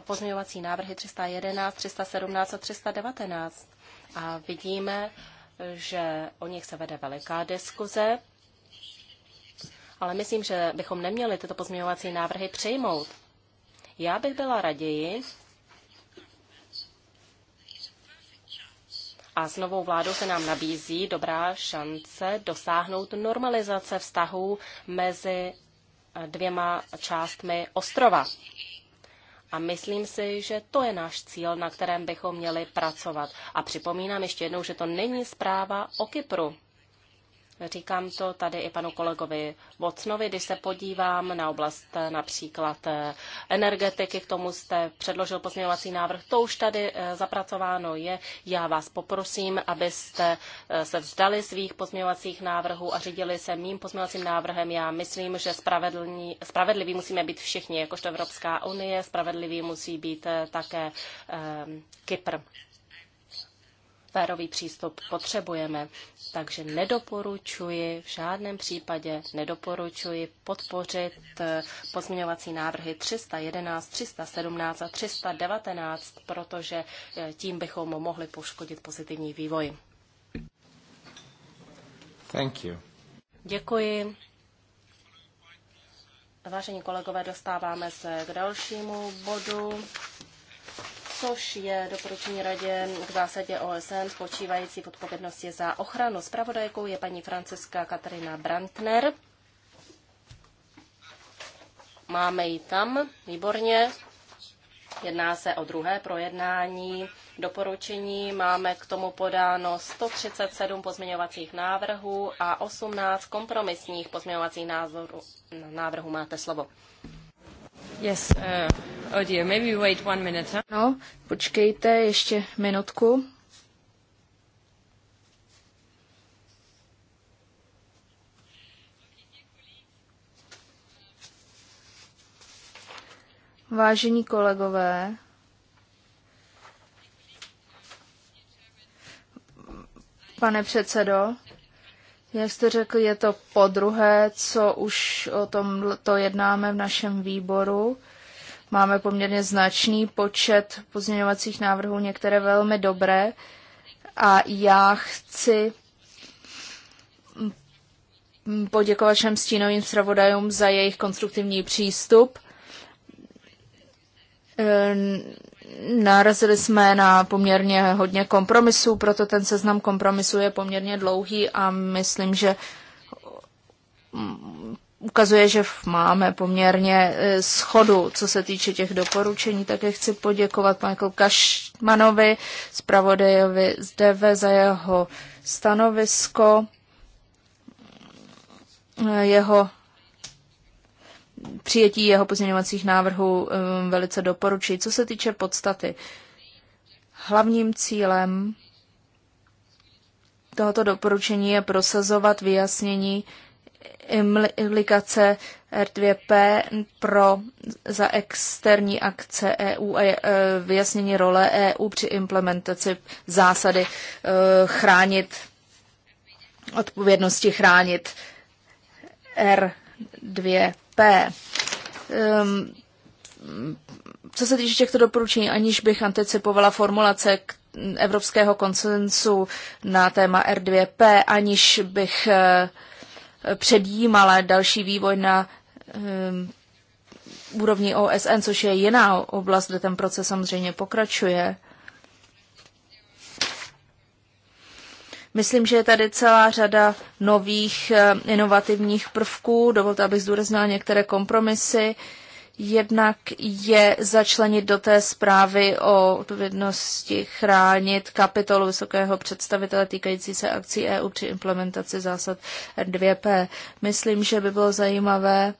pozměňovací návrhy 311, 317 a 319. A vidíme, že o nich se vede veliká diskuze, ale myslím, že bychom neměli tyto pozměňovací návrhy přijmout. Já bych byla raději, a s novou vládou se nám nabízí dobrá šance dosáhnout normalizace vztahů mezi dvěma částmi ostrova. A myslím si, že to je náš cíl, na kterém bychom měli pracovat. A připomínám ještě jednou, že to není zpráva o Kypru. Říkám to tady i panu kolegovi Vocnovi, když se podívám na oblast eh, například eh, energetiky, k tomu jste předložil pozměňovací návrh, to už tady eh, zapracováno je. Já vás poprosím, abyste se vzdali svých pozměňovacích návrhů a řídili se mým pozměňovacím návrhem. Já myslím, že spravedliví musíme být všichni, jakožto Evropská unie, Spravedliví musí být také eh, Kypr férový přístup potřebujeme. Takže nedoporučuji, v žádném případě nedoporučuji podpořit eh, pozměňovací návrhy 311, 317 a 319, protože eh, tím bychom mohli poškodit pozitivní vývoj. Thank you. Děkuji. Vážení kolegové, dostáváme se k dalšímu bodu což je doporučení radě k zásadě OSN spočívající v odpovědnosti za ochranu. Spravodajkou je paní Franceska Katarina Brantner. Máme ji tam, výborně. Jedná se o druhé projednání doporučení. Máme k tomu podáno 137 pozměňovacích návrhů a 18 kompromisních pozměňovacích názorů. návrhů. Máte slovo.
Yes,
uh, oh dear, maybe wait one minute. Huh? No,
počkejte ještě minutku. Vážení kolegové, pane předsedo, jak jste řekl, je to po druhé, co už o tom to jednáme v našem výboru. Máme poměrně značný počet pozměňovacích návrhů, některé velmi dobré. A já chci poděkovat všem stínovým zpravodajům za jejich konstruktivní přístup. Narazili jsme na poměrně hodně kompromisů, proto ten seznam kompromisů je poměrně dlouhý a myslím, že mm, ukazuje, že máme poměrně e, schodu, co se týče těch doporučení. Také chci poděkovat Michael Kašmanovi, zpravodajovi z DV za jeho stanovisko. E, jeho přijetí jeho pozměňovacích návrhů um, velice doporučuji. Co se týče podstaty, hlavním cílem tohoto doporučení je prosazovat vyjasnění implikace R2P pro za externí akce EU a e, vyjasnění role EU při implementaci zásady e, chránit odpovědnosti chránit R2 P. Um, co se týče těchto doporučení, aniž bych anticipovala formulace k evropského konsensu na téma R2P, aniž bych uh, předjímala další vývoj na um, úrovni OSN, což je jiná oblast, kde ten proces samozřejmě pokračuje, Myslím, že je tady celá řada nových eh, inovativních prvků. Dovolte, abych zdůraznila některé kompromisy. Jednak je začlenit do té zprávy o odpovědnosti chránit kapitolu vysokého představitele týkající se akcí EU při implementaci zásad R2P. Myslím, že by bylo zajímavé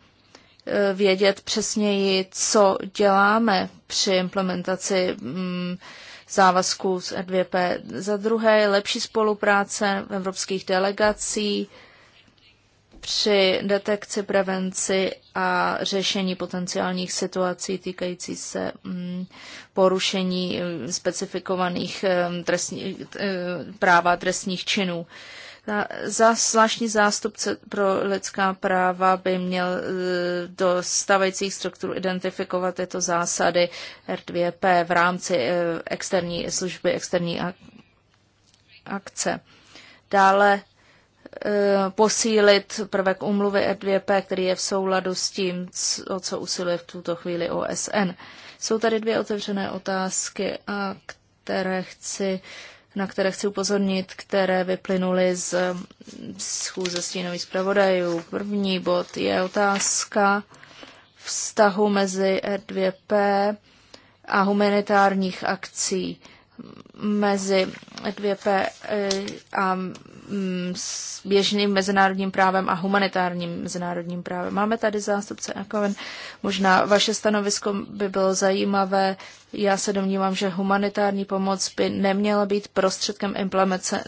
eh, vědět přesněji, co děláme při implementaci mm, závazků z R2P. E Za druhé, lepší spolupráce v evropských delegací při detekci, prevenci a řešení potenciálních situací týkající se mm, porušení mm, specifikovaných mm, trestní, e, práva trestních činů. Za zvláštní zástupce pro lidská práva by měl e, do stavajících struktur identifikovat tyto zásady R2P v rámci e, externí služby, externí akce. Dále e, posílit prvek umluvy R2P, který je v souladu s tím, o co usiluje v tuto chvíli OSN. Jsou tady dvě otevřené otázky, a které chci na které chci upozornit, které vyplynuly z um, schůze stínových zpravodajů. První bod je otázka vztahu mezi R2P a humanitárních akcí mezi 2P eh, a Mm, s běžným mezinárodním právem a humanitárním mezinárodním právem. Máme tady zástupce Akoven. Možná vaše stanovisko by bylo zajímavé. Já se domnívám, že humanitární pomoc by neměla být prostředkem implementace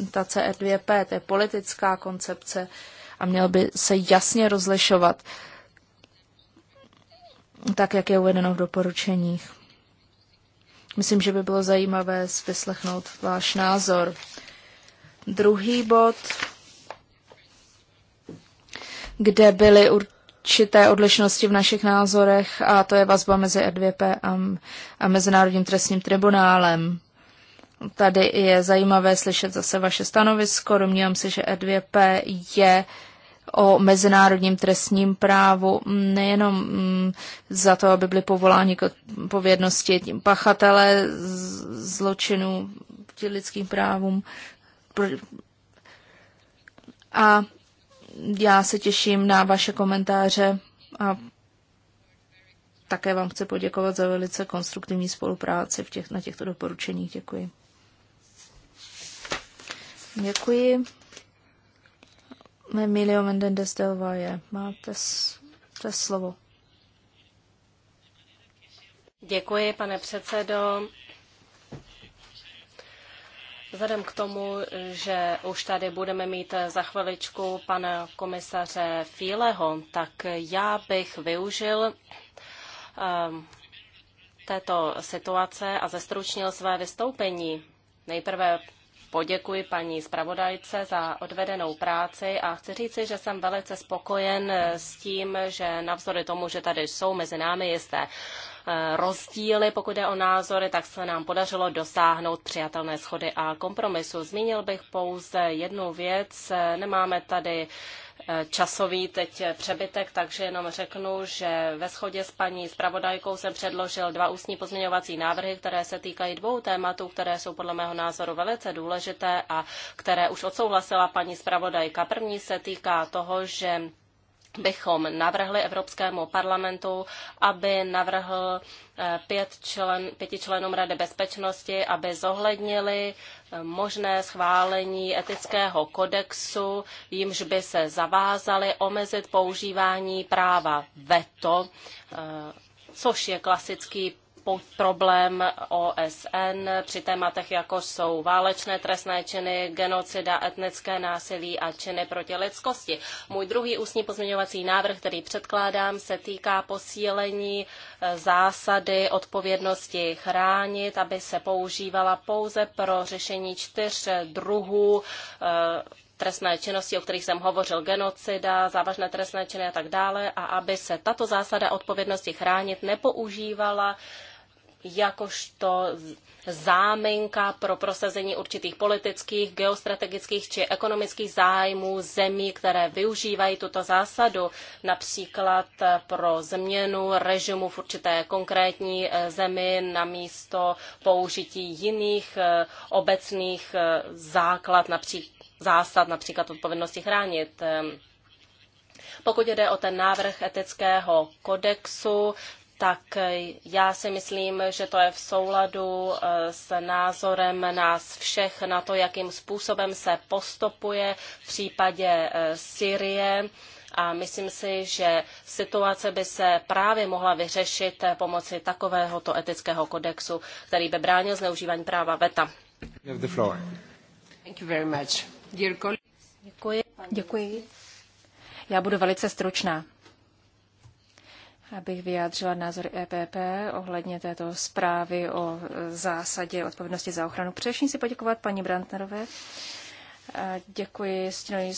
R2P, to je politická koncepce a měl by se jasně rozlišovat, tak jak je uvedeno v doporučeních. Myslím, že by bylo zajímavé vyslechnout váš názor. Druhý bod, kde byly určité odlišnosti v našich názorech, a to je vazba mezi R2P a, a Mezinárodním trestním tribunálem. Tady je zajímavé slyšet zase vaše stanovisko. Domnívám se, že R2P je o mezinárodním trestním právu, nejenom mm, za to, aby byly povoláni k odpovědnosti pachatele zločinů proti lidským právům, a já se těším na vaše komentáře a také vám chci poděkovat za velice konstruktivní spolupráci v těch, na těchto doporučeních. Děkuji. Děkuji. Emilio Mendendez del Valle, máte, to slovo.
Děkuji, pane předsedo. Vzhledem k tomu, že už tady budeme mít za chviličku pana komisaře Fíleho, tak já bych využil um, této situace a zestručnil své vystoupení. Nejprve poděkuji paní zpravodajce za odvedenou práci a chci říci, že jsem velice spokojen s tím, že navzdory tomu, že tady jsou mezi námi jisté Eh, rozdíly, pokud jde o názory, tak se nám podařilo dosáhnout přijatelné schody a kompromisu. Zmínil bych pouze jednu věc. Nemáme tady eh, časový teď přebytek, takže jenom řeknu, že ve shodě s paní zpravodajkou jsem předložil dva ústní pozměňovací návrhy, které se týkají dvou tématů, které jsou podle mého názoru velice důležité a které už odsouhlasila paní zpravodajka. První se týká toho, že bychom navrhli Evropskému parlamentu, aby navrhl eh, pět člen, pěti členům Rady bezpečnosti, aby zohlednili eh, možné schválení etického kodexu, jimž by se zavázali omezit používání práva veto, eh, což je klasický problém OSN při tématech, jako jsou válečné trestné činy, genocida, etnické násilí a činy proti lidskosti. Můj druhý ústní pozměňovací návrh, který předkládám, se týká posílení e, zásady odpovědnosti chránit, aby se používala pouze pro řešení čtyř druhů e, trestné činnosti, o kterých jsem hovořil, genocida, závažné trestné činy a tak dále, a aby se tato zásada odpovědnosti chránit nepoužívala jakožto záminka pro prosazení určitých politických, geostrategických či ekonomických zájmů zemí, které využívají tuto zásadu, například pro změnu režimu v určité konkrétní eh, zemi na místo použití jiných eh, obecných eh, základ, například zásad, například odpovědnosti chránit. Ehm, pokud jde o ten návrh etického kodexu, tak já si myslím, že to je v souladu eh, s názorem nás všech na to, jakým způsobem se postupuje v případě eh, Syrie. A myslím si, že situace by se právě mohla vyřešit eh, pomocí takovéhoto etického kodexu, který by bránil zneužívání práva VETA. Děkuji. Děkuji.
Já budu velice stručná abych vyjádřila názor EPP ohledně této zprávy o e, zásadě odpovědnosti za ochranu. Především si poděkovat paní Brantnerové. Děkuji stěnovým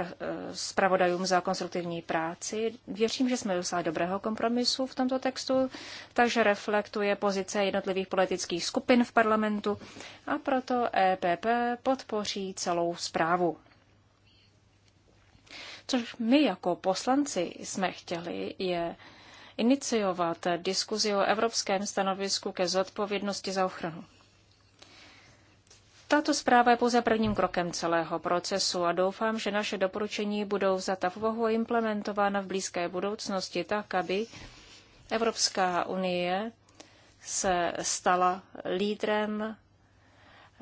e, zpravodajům za konstruktivní práci. Věřím, že jsme dosáhli dobrého kompromisu v tomto textu, takže reflektuje pozice jednotlivých politických skupin v parlamentu a proto EPP podpoří celou zprávu. Což my jako poslanci jsme chtěli, je iniciovat diskuzi o evropském stanovisku ke zodpovědnosti za ochranu. Tato zpráva je pouze prvním krokem celého procesu a doufám, že naše doporučení budou vzata v úvahu a implementována v blízké budoucnosti tak, aby Evropská unie se stala lídrem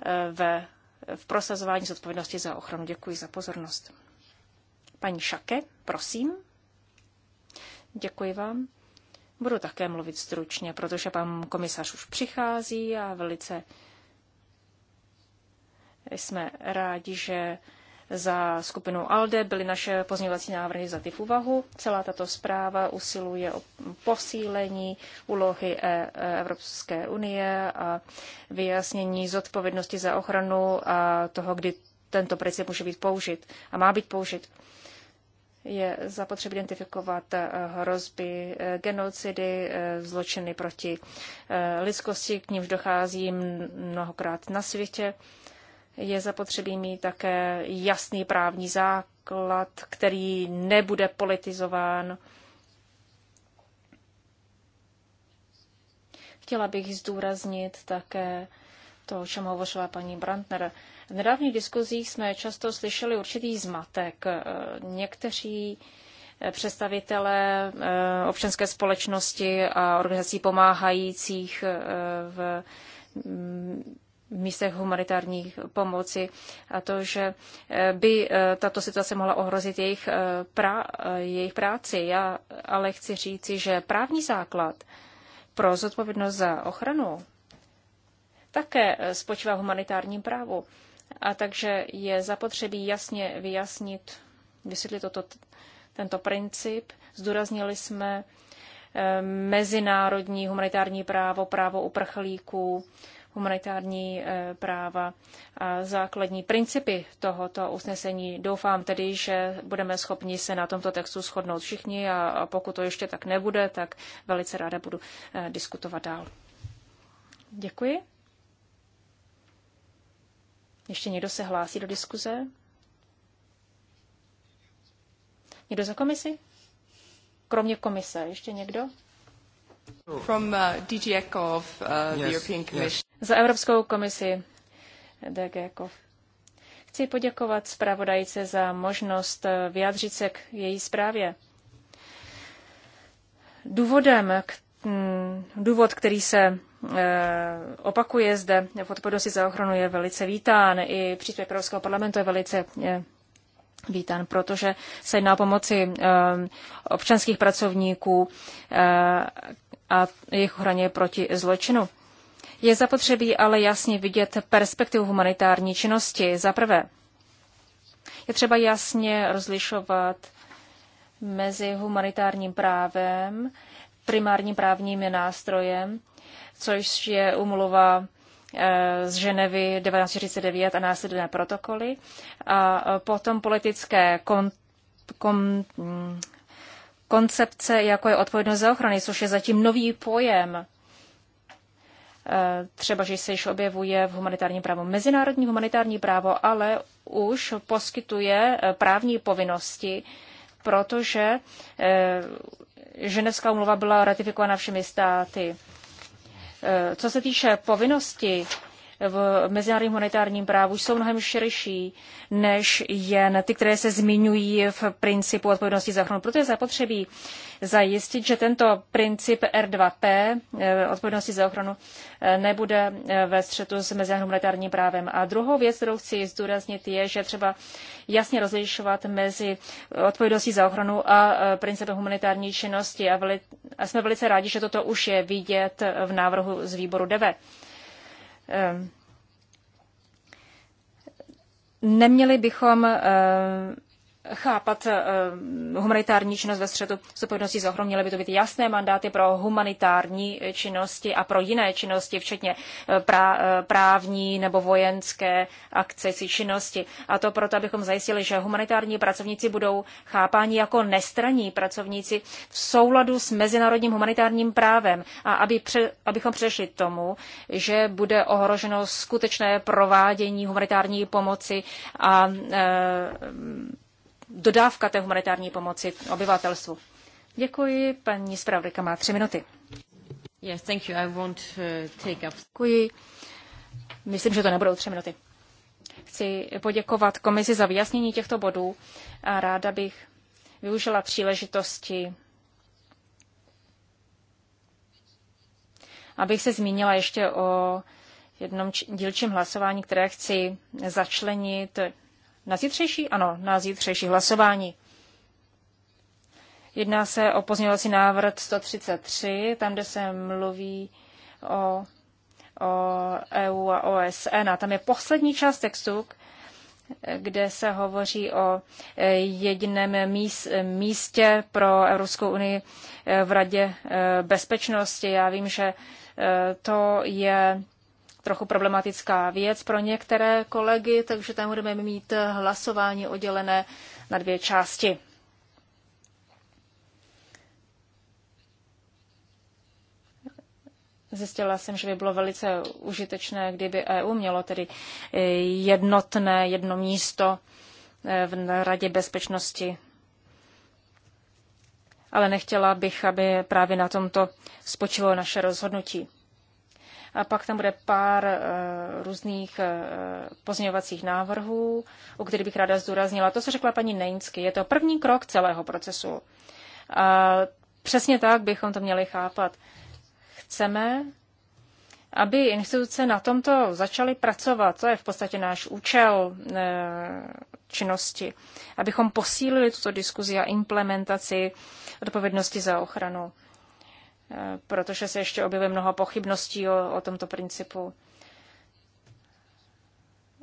eh, ve, v prosazování zodpovědnosti za ochranu. Děkuji za pozornost. Paní Šake, prosím. Děkuji vám. Budu také mluvit stručně, protože pan komisař už přichází a velice jsme rádi, že za skupinu ALDE byly naše pozměňovací návrhy za v úvahu. Celá tato zpráva usiluje o posílení úlohy e- Evropské unie a vyjasnění zodpovědnosti za ochranu a toho, kdy tento princip může být použit a má být použit je zapotřebí identifikovat eh, hrozby eh, genocidy, eh, zločiny proti lidskosti, k nímž dochází mnohokrát na světě. Je zapotřebí mít také jasný právní základ, který nebude politizován. Chtěla bych zdůraznit také to, o čem hovořila paní Brandner, v nedávných diskuzích jsme často slyšeli určitý zmatek. Eh, někteří eh, představitelé eh, občanské společnosti a organizací pomáhajících v mm, místech humanitární pomoci a to, že by tato situace mohla ohrozit jejich, pra, jejich práci. Já ale chci říci, že právní základ pro zodpovědnost za ochranu také spočívá v humanitárním právu. A takže je zapotřebí jasně vyjasnit, vysvětlit toto, tento princip. Zdůraznili jsme eh, mezinárodní humanitární právo, právo uprchlíků, humanitární eh, práva a základní principy tohoto usnesení. Doufám tedy, že budeme schopni se na tomto textu shodnout všichni a pokud to ještě tak nebude, tak velice ráda budu eh, diskutovat dál. Děkuji. Ještě někdo se hlásí do diskuze? Někdo za komisi? Kromě komise, ještě někdo? From uh, DG Ekov, uh, yes, the European Commission. Yes. Za Evropskou komisi DG Ekov. Chci poděkovat zpravodajce za možnost uh, vyjádřit se k její zprávě. Důvodem, k Mm, důvod, který se eh, opakuje zde v odpovědnosti za ochranu, je velice vítán. I příspěvek Evropského parlamentu je velice eh, vítán, protože se jedná o pomoci eh, občanských pracovníků a jejich ochraně proti zločinu. Je zapotřebí ale jasně vidět perspektivu humanitární činnosti. Za prvé, je třeba jasně rozlišovat mezi humanitárním právem primárním právním nástrojem, což je umluva eh, z Ženevy 1949 a následné protokoly. A eh, potom politické kon, kon, hm, koncepce, jako je odpovědnost za ochrany, což je zatím nový pojem. Eh, třeba, že se již objevuje v humanitárním právu. Mezinárodní humanitární právo ale už poskytuje právní povinnosti, protože Ženevská umluva byla ratifikována všemi státy. E, co se týče povinnosti v mezinárodním humanitárním právu jsou mnohem širší než jen ty, které se zmiňují v principu odpovědnosti za ochranu. Proto je zapotřebí zajistit, že tento princip R2P eh, odpovědnosti za ochranu eh, nebude eh, ve střetu s mezinárodním humanitárním právem. A druhou věc, kterou chci zdůraznit, je, že třeba jasně rozlišovat mezi odpovědností za ochranu a principem humanitární činnosti. A, veli- a jsme velice rádi, že toto už je vidět v návrhu z výboru DEVE. Ehm, neměli bychom ehm, chápat eh, humanitární činnost ve střetu s odpovědností za ochranu. Měly by to být jasné mandáty pro humanitární činnosti a pro jiné činnosti, včetně eh, prá, eh, právní nebo vojenské akce či činnosti. A to proto, abychom zajistili, že humanitární pracovníci budou chápáni jako nestraní pracovníci v souladu s mezinárodním humanitárním právem a aby pře, abychom přešli tomu, že bude ohroženo skutečné provádění humanitární pomoci a dodávka té humanitární pomoci obyvatelstvu. Děkuji, paní zpravodajka má tři minuty. Yes, thank you. I won't, uh, take up... Děkuji. Myslím, že to nebudou tři minuty. Chci poděkovat komisi za vyjasnění těchto bodů a ráda bych využila příležitosti, abych se zmínila ještě o jednom dílčím hlasování, které chci začlenit na zítřejší? Ano, na zítřejší hlasování. Jedná se o pozměňovací návrh 133, tam, kde se mluví o, o EU a OSN. A tam je poslední část textu, kde se hovoří o e, jediném místě pro Evropskou unii e, v Radě e, bezpečnosti. Já vím, že to je trochu problematická věc pro některé kolegy, takže tam budeme mít hlasování oddělené na dvě části. Zjistila jsem, že by bylo velice užitečné, kdyby EU mělo tedy e, jednotné jedno místo e, v Radě bezpečnosti. Ale nechtěla bych, aby právě na tomto spočilo naše rozhodnutí. A pak tam bude pár eh, různých eh, pozměňovacích návrhů, u kterých bych ráda zdůraznila to, co řekla paní Nejnsky. Je to první krok celého procesu. A přesně tak bychom to měli chápat. Chceme, aby instituce na tomto začaly pracovat. To je v podstatě náš účel eh, činnosti, abychom posílili tuto diskuzi a implementaci odpovědnosti za ochranu protože se ještě objevuje mnoho pochybností o, o tomto principu.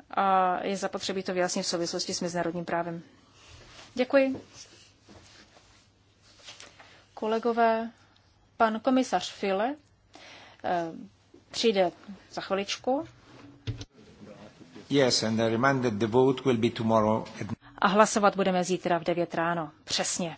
A je zapotřebí to vyjasnit v souvislosti s mezinárodním právem. Děkuji. Kolegové, pan komisař File eh, přijde za chviličku.
Yes, and I reminded the vote will be tomorrow.
A hlasovat budeme zítra v 9 ráno. Přesně.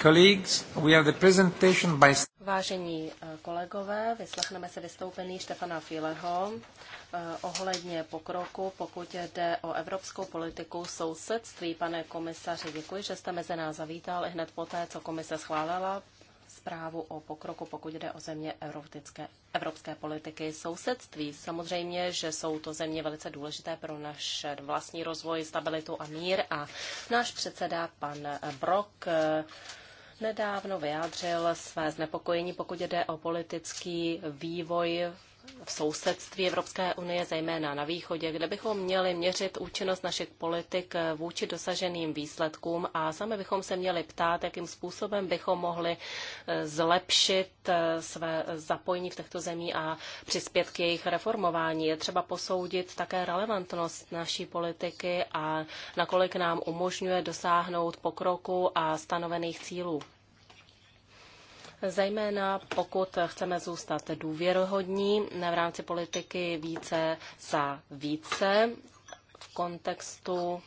Colleagues, we have the presentation by...
Vážení eh, kolegové, vyslechneme se vystoupení Štefana Fileho eh, ohledně pokroku, pokud jde o evropskou politiku sousedství. Pane komisaři, děkuji, že jste mezi nás zavítal i hned poté, co komise schválila zprávu o pokroku, pokud jde o země evropské, evropské politiky sousedství. Samozřejmě, že jsou to země velice důležité pro náš vlastní rozvoj, stabilitu a mír a náš předseda, pan Brok, eh, nedávno vyjádřil své znepokojení, pokud jde o politický vývoj v sousedství Evropské unie, zejména na východě, kde bychom měli měřit účinnost našich politik vůči dosaženým výsledkům a sami bychom se měli ptát, jakým způsobem bychom mohli eh, zlepšit eh, své zapojení v těchto zemí a přispět k jejich reformování. Je třeba posoudit také relevantnost naší politiky a nakolik nám umožňuje dosáhnout pokroku a stanovených cílů zejména pokud chceme zůstat důvěrohodní v rámci politiky více za více v kontextu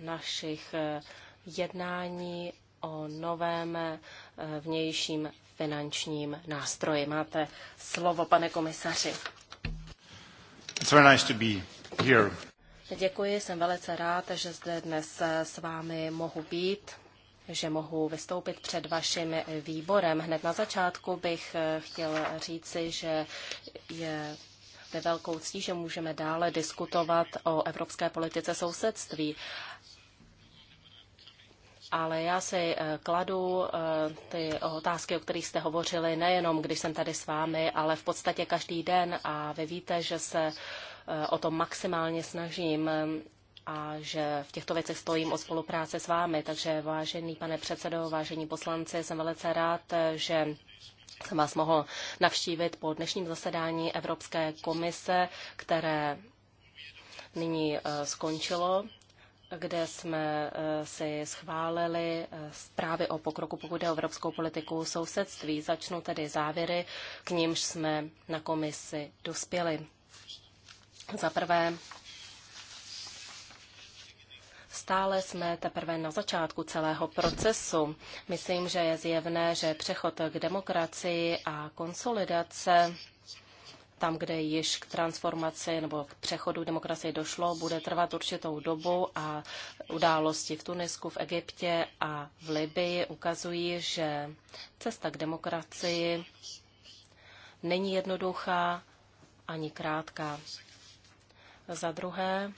našich eh, jednání o novém eh, vnějším finančním nástroji. Máte slovo, pane komisaři.
It's very nice to be here.
Děkuji, jsem velice rád, že zde dnes eh, s vámi mohu být že mohu vystoupit před vaším výborem. Hned na začátku bych eh, chtěl říci, že je ve velkou ctí, že můžeme dále diskutovat o evropské politice sousedství. Ale já si eh, kladu eh, ty otázky, o kterých jste hovořili, nejenom když jsem tady s vámi, ale v podstatě každý den a vy víte, že se o to maximálně snažím a že v těchto věcech stojím o spolupráce s vámi. Takže vážený pane předsedo, vážení poslanci, jsem velice rád, že jsem vás mohl navštívit po dnešním zasedání Evropské komise, které nyní eh, skončilo kde jsme eh, si schválili eh, zprávy o pokroku, pokud je o evropskou politiku sousedství. Začnu tedy závěry, k nímž jsme na komisi dospěli. Za prvé, Stále jsme teprve na začátku celého procesu. Myslím, že je zjevné, že přechod k demokracii a konsolidace tam, kde již k transformaci nebo k přechodu demokracie došlo, bude trvat určitou dobu a události v Tunisku, v Egyptě a v Libii ukazují, že cesta k demokracii není jednoduchá ani krátká. Za druhé,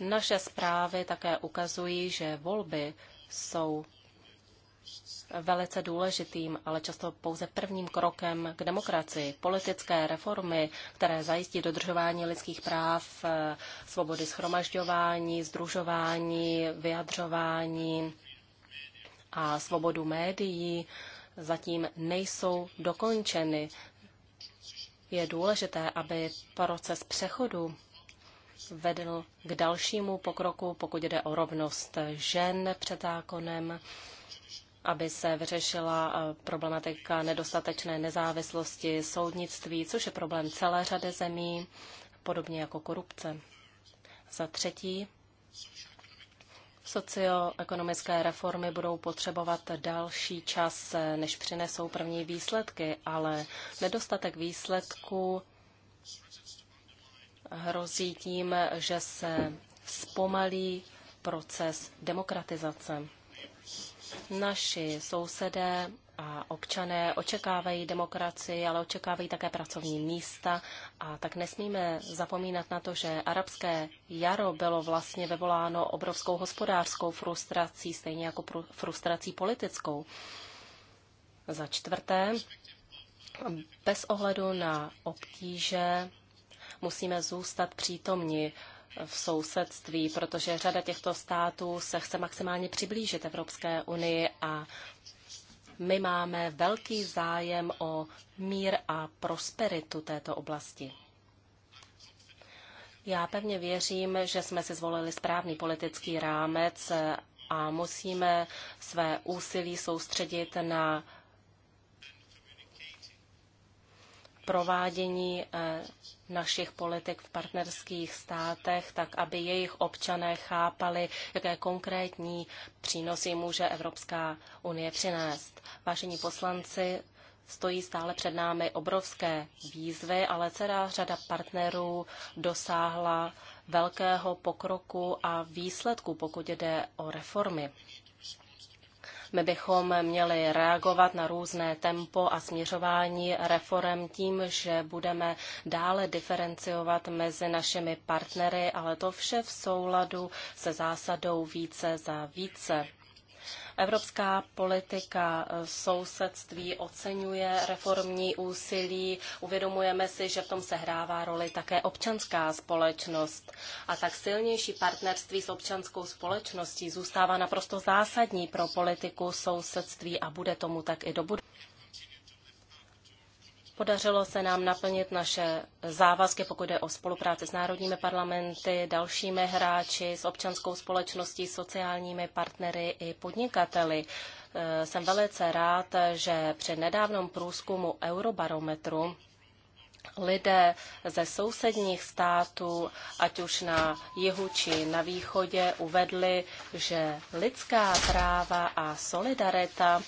naše zprávy také ukazují, že volby jsou velice důležitým, ale často pouze prvním krokem k demokracii. Politické reformy, které zajistí dodržování lidských práv, svobody schromažďování, združování, vyjadřování a svobodu médií, zatím nejsou dokončeny. Je důležité, aby proces přechodu vedl k dalšímu pokroku, pokud jde o rovnost žen před zákonem, aby se vyřešila eh, problematika nedostatečné nezávislosti soudnictví, což je problém celé řady zemí, podobně jako korupce. Za třetí, socioekonomické reformy budou potřebovat další čas, eh, než přinesou první výsledky, ale nedostatek výsledků hrozí tím, že se zpomalí proces demokratizace. Naši sousedé a občané očekávají demokracii, ale očekávají také pracovní místa a tak nesmíme zapomínat na to, že arabské jaro bylo vlastně vyvoláno obrovskou hospodářskou frustrací, stejně jako frustrací politickou. Za čtvrté, bez ohledu na obtíže musíme zůstat přítomni v sousedství, protože řada těchto států se chce maximálně přiblížit Evropské unii a my máme velký zájem o mír a prosperitu této oblasti. Já pevně věřím, že jsme si zvolili správný politický rámec a musíme své úsilí soustředit na provádění eh, našich politik v partnerských státech, tak aby jejich občané chápali, jaké konkrétní přínosy může Evropská unie přinést. Vážení poslanci, stojí stále před námi obrovské výzvy, ale celá řada partnerů dosáhla velkého pokroku a výsledku, pokud jde o reformy. My bychom měli reagovat na různé tempo a směřování reform tím, že budeme dále diferenciovat mezi našimi partnery, ale to vše v souladu se zásadou více za více. Evropská politika eh, sousedství oceňuje reformní úsilí, uvědomujeme si, že v tom sehrává roli také občanská společnost. A tak silnější partnerství s občanskou společností zůstává naprosto zásadní pro politiku sousedství a bude tomu tak i do budoucna. Podařilo se nám naplnit naše závazky, pokud jde o spolupráci s národními parlamenty, dalšími hráči, s občanskou společností, sociálními partnery i podnikateli. Eh, jsem velice rád, že při nedávnom průzkumu Eurobarometru lidé ze sousedních států, ať už na jihu či na východě, uvedli, že lidská práva a solidarita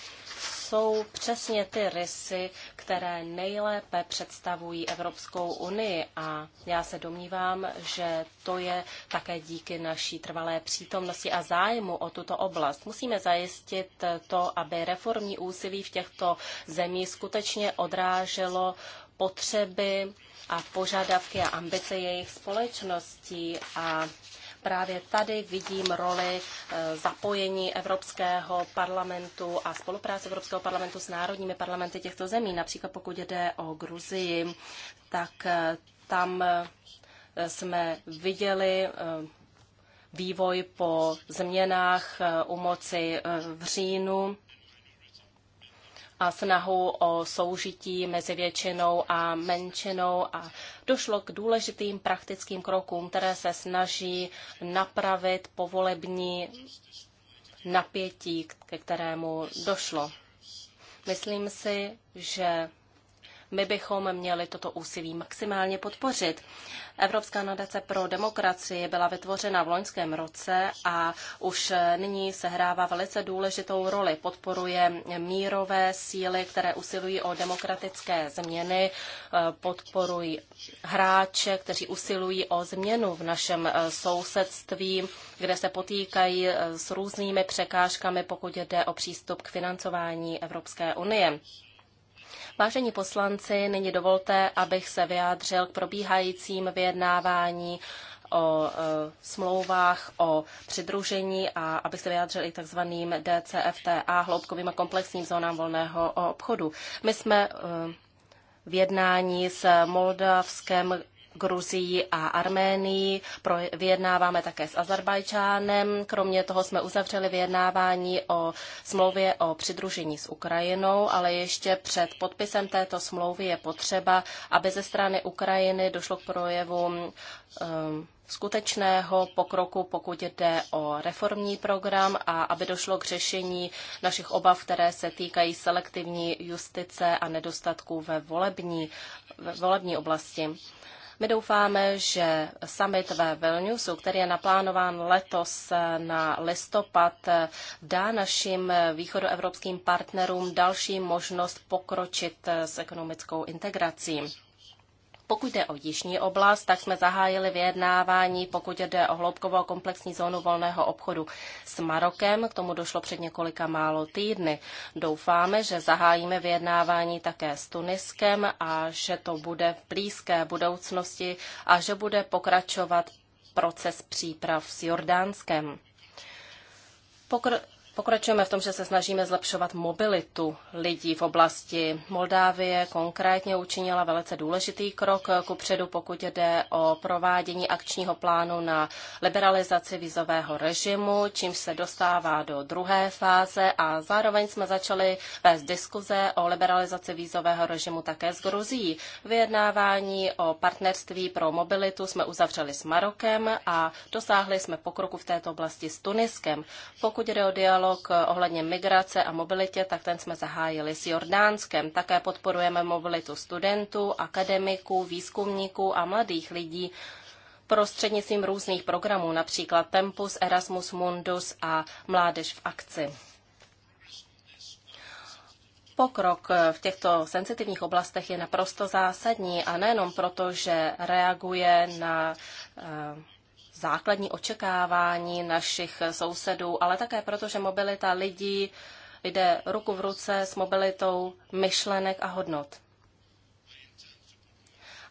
jsou přesně ty rysy, které nejlépe představují Evropskou unii a já se domnívám, že to je také díky naší trvalé přítomnosti a zájmu o tuto oblast. Musíme zajistit to, aby reformní úsilí v těchto zemích skutečně odráželo potřeby a požadavky a ambice jejich společností a Právě tady vidím roli eh, zapojení Evropského parlamentu a spolupráce Evropského parlamentu s národními parlamenty těchto zemí. Například pokud jde o Gruzii, tak eh, tam eh, jsme viděli vývoj po změnách u moci v říjnu a snahu o soužití mezi většinou a menšinou a došlo k důležitým praktickým krokům, které se snaží napravit povolební napětí, ke kterému došlo. Myslím si, že my bychom měli toto úsilí maximálně podpořit. Evropská nadace pro demokracii byla vytvořena v loňském roce a už nyní sehrává velice důležitou roli. Podporuje mírové síly, které usilují o demokratické změny, eh, podporují hráče, kteří usilují o změnu v našem eh, sousedství, kde se potýkají eh, s různými překážkami, pokud jde o přístup k financování Evropské unie. Vážení poslanci, nyní dovolte, abych se vyjádřil k probíhajícím vyjednávání o e, smlouvách o přidružení a aby se vyjádřil i takzvaným DCFTA, hloubkovým a komplexním zónám volného obchodu. My jsme e, v jednání s Moldavskem Gruzii a Arménii. Pro, vyjednáváme také s Azerbajčánem. Kromě toho jsme uzavřeli vyjednávání o smlouvě o přidružení s Ukrajinou, ale ještě před podpisem této smlouvy je potřeba, aby ze strany Ukrajiny došlo k projevu um, skutečného pokroku, pokud jde o reformní program a aby došlo k řešení našich obav, které se týkají selektivní justice a nedostatků ve volební, ve volební oblasti. My doufáme, že summit ve Vilniusu, který je naplánován letos na listopad, dá našim východoevropským partnerům další možnost pokročit s ekonomickou integrací. Pokud jde o jižní oblast, tak jsme zahájili vyjednávání, pokud jde o hloubkovou komplexní zónu volného obchodu s Marokem. K tomu došlo před několika málo týdny. Doufáme, že zahájíme vyjednávání také s Tuniskem a že to bude v blízké budoucnosti a že bude pokračovat proces příprav s Jordánskem. Pokr- Pokračujeme v tom, že se snažíme zlepšovat mobilitu lidí v oblasti Moldávie. Konkrétně učinila velice důležitý krok ku předu, pokud jde o provádění akčního plánu na liberalizaci vízového režimu, čím se dostává do druhé fáze a zároveň jsme začali vést diskuze o liberalizaci vízového režimu také s Gruzí. Vyjednávání o partnerství pro mobilitu jsme uzavřeli s Marokem a dosáhli jsme pokroku v této oblasti s Tuniskem. Pokud jde o dialog, dialog eh, ohledně migrace a mobilitě, tak ten jsme zahájili s Jordánskem. Také podporujeme mobilitu studentů, akademiků, výzkumníků a mladých lidí prostřednictvím různých programů, například Tempus, Erasmus Mundus a Mládež v akci. Pokrok eh, v těchto senzitivních oblastech je naprosto zásadní a nejenom proto, že reaguje na eh, základní očekávání našich sousedů, ale také proto, že mobilita lidí jde ruku v ruce s mobilitou myšlenek a hodnot.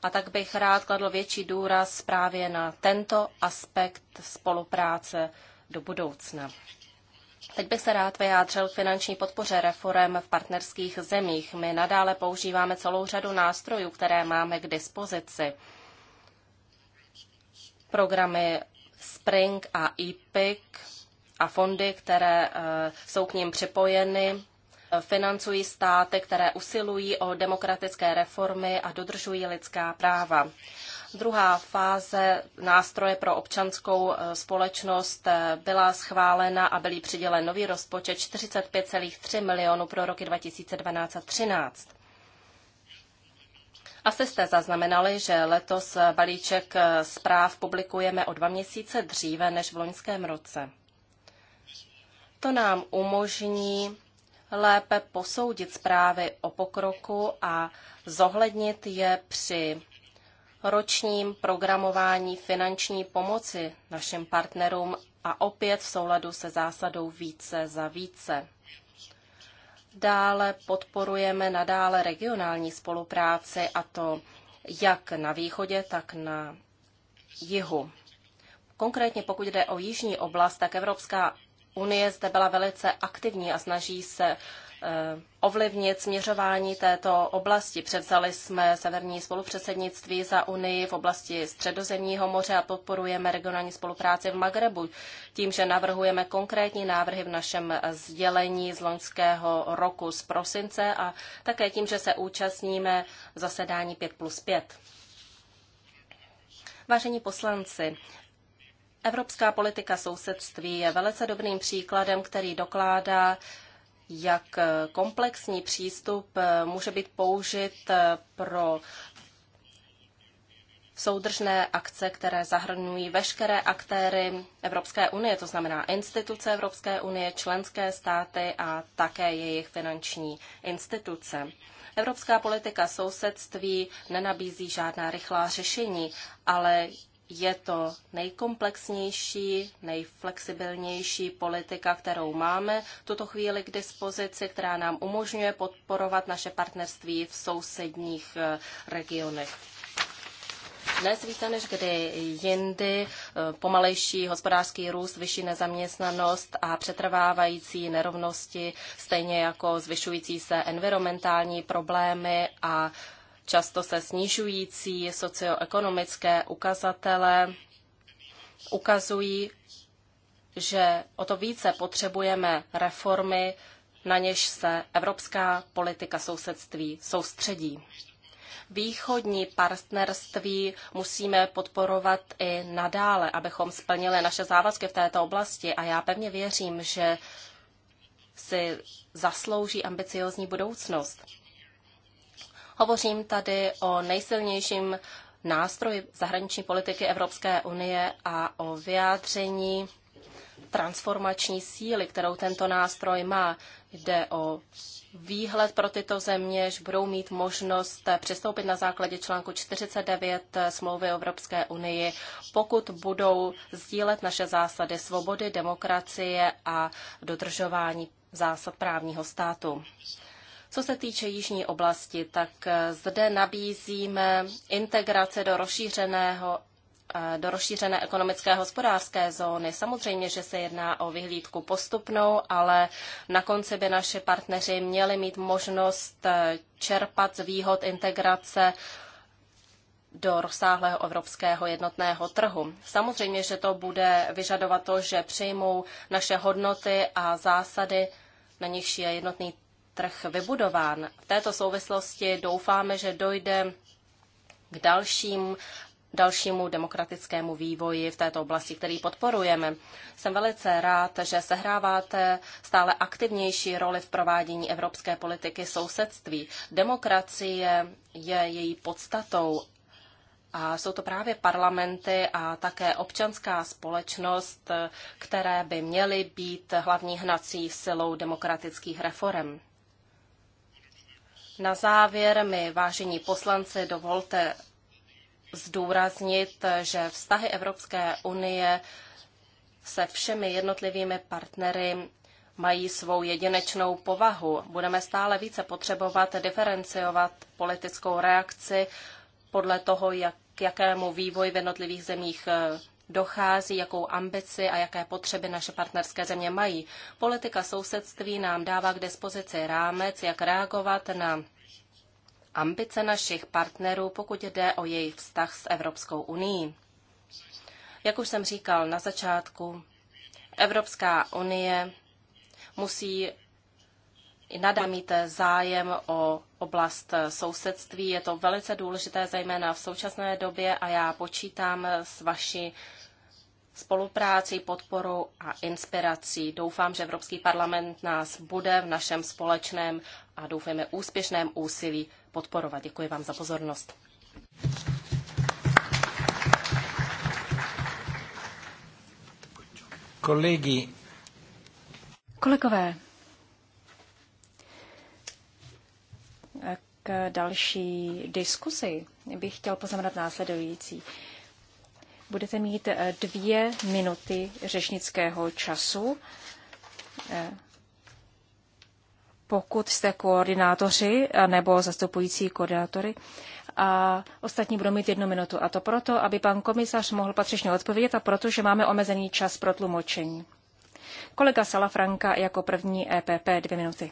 A tak bych rád kladl větší důraz právě na tento aspekt spolupráce do budoucna. Teď bych se rád vyjádřil k finanční podpoře reform v partnerských zemích. My nadále používáme celou řadu nástrojů, které máme k dispozici programy Spring a EPIC a fondy, které e, jsou k ním připojeny, e, financují státy, které usilují o demokratické reformy a dodržují lidská práva. Druhá fáze nástroje pro občanskou e, společnost byla schválena a byl přidělen nový rozpočet 45,3 milionů pro roky 2012 a 2013. Asi jste zaznamenali, že letos balíček zpráv publikujeme o dva měsíce dříve než v loňském roce. To nám umožní lépe posoudit zprávy o pokroku a zohlednit je při ročním programování finanční pomoci našim partnerům a opět v souladu se zásadou více za více. Dále podporujeme nadále regionální spolupráci, a to jak na východě, tak na jihu. Konkrétně pokud jde o jižní oblast, tak Evropská unie zde byla velice aktivní a snaží se Eh, ovlivnit směřování této oblasti. Převzali jsme severní spolupředsednictví za Unii v oblasti středozemního moře a podporujeme regionální spolupráci v Magrebu tím, že navrhujeme konkrétní návrhy v našem sdělení z loňského roku z prosince a také tím, že se účastníme zasedání 5 plus 5. Vážení poslanci, Evropská politika sousedství je velice dobrým příkladem, který dokládá, jak komplexní přístup může být použit pro soudržné akce, které zahrnují veškeré aktéry Evropské unie, to znamená instituce Evropské unie, členské státy a také jejich finanční instituce. Evropská politika sousedství nenabízí žádná rychlá řešení, ale je to nejkomplexnější, nejflexibilnější politika, kterou máme tuto chvíli k dispozici, která nám umožňuje podporovat naše partnerství v sousedních eh, regionech. Dnes více než kdy jindy eh, pomalejší hospodářský růst, vyšší nezaměstnanost a přetrvávající nerovnosti, stejně jako zvyšující se environmentální problémy a často se snižující socioekonomické ukazatele ukazují, že o to více potřebujeme reformy, na něž se evropská politika sousedství soustředí. Východní partnerství musíme podporovat i nadále, abychom splnili naše závazky v této oblasti a já pevně věřím, že si zaslouží ambiciozní budoucnost. Hovořím tady o nejsilnějším nástroji zahraniční politiky Evropské unie a o vyjádření transformační síly, kterou tento nástroj má. Jde o výhled pro tyto země, že budou mít možnost přistoupit na základě článku 49 smlouvy Evropské unii, pokud budou sdílet naše zásady svobody, demokracie a dodržování zásad právního státu. Co se týče jižní oblasti, tak eh, zde nabízíme integrace do rozšířeného eh, do rozšířené ekonomické hospodářské zóny. Samozřejmě, že se jedná o vyhlídku postupnou, ale na konci by naše partneři měli mít možnost eh, čerpat z výhod integrace do rozsáhlého evropského jednotného trhu. Samozřejmě, že to bude vyžadovat to, že přijmou naše hodnoty a zásady, na nichž je jednotný trh vybudován. V této souvislosti doufáme, že dojde k dalším dalšímu demokratickému vývoji v této oblasti, který podporujeme. Jsem velice rád, že sehráváte stále aktivnější roli v provádění evropské politiky sousedství. Demokracie je její podstatou a jsou to právě parlamenty a také občanská společnost, které by měly být hlavní hnací silou demokratických reform. Na závěr mi, vážení poslanci, dovolte zdůraznit, že vztahy Evropské unie se všemi jednotlivými partnery mají svou jedinečnou povahu. Budeme stále více potřebovat diferenciovat politickou reakci podle toho, jak, k jakému vývoji v jednotlivých zemích eh, dochází, jakou ambici a jaké potřeby naše partnerské země mají. Politika sousedství nám dává k dispozici rámec, jak reagovat na ambice našich partnerů, pokud jde o jejich vztah s Evropskou unii. Jak už jsem říkal na začátku, Evropská unie musí i nadále mít zájem o oblast sousedství. Je to velice důležité, zejména v současné době a já počítám s vaší spolupráci, podporu a inspirací. Doufám, že Evropský parlament nás bude v našem společném a doufejme úspěšném úsilí podporovat. Děkuji vám za pozornost.
Kolegy.
Kolegové, k další diskusi. bych chtěl poznamenat následující. Budete mít eh, dvě minuty řečnického času. Eh, pokud jste koordinátoři eh, nebo zastupující koordinátory, a ostatní budou mít jednu minutu. A to proto, aby pan komisař mohl patřičně odpovědět a protože máme omezený čas pro tlumočení. Kolega Salafranka jako první EPP dvě minuty.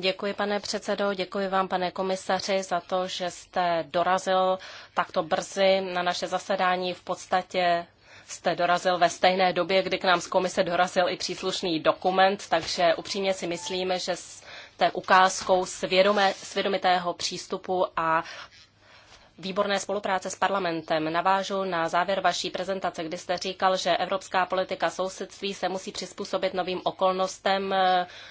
Děkuji, pane předsedo, děkuji vám, pane komisaři, za to, že jste dorazil takto brzy na naše zasedání. V podstatě jste dorazil ve stejné době, kdy k nám z komise dorazil i příslušný dokument, takže upřímně si myslíme, že jste ukázkou svědomé, svědomitého přístupu a výborné spolupráce s parlamentem. Navážu na závěr vaší prezentace, kdy jste říkal, že evropská politika sousedství se musí přizpůsobit novým okolnostem.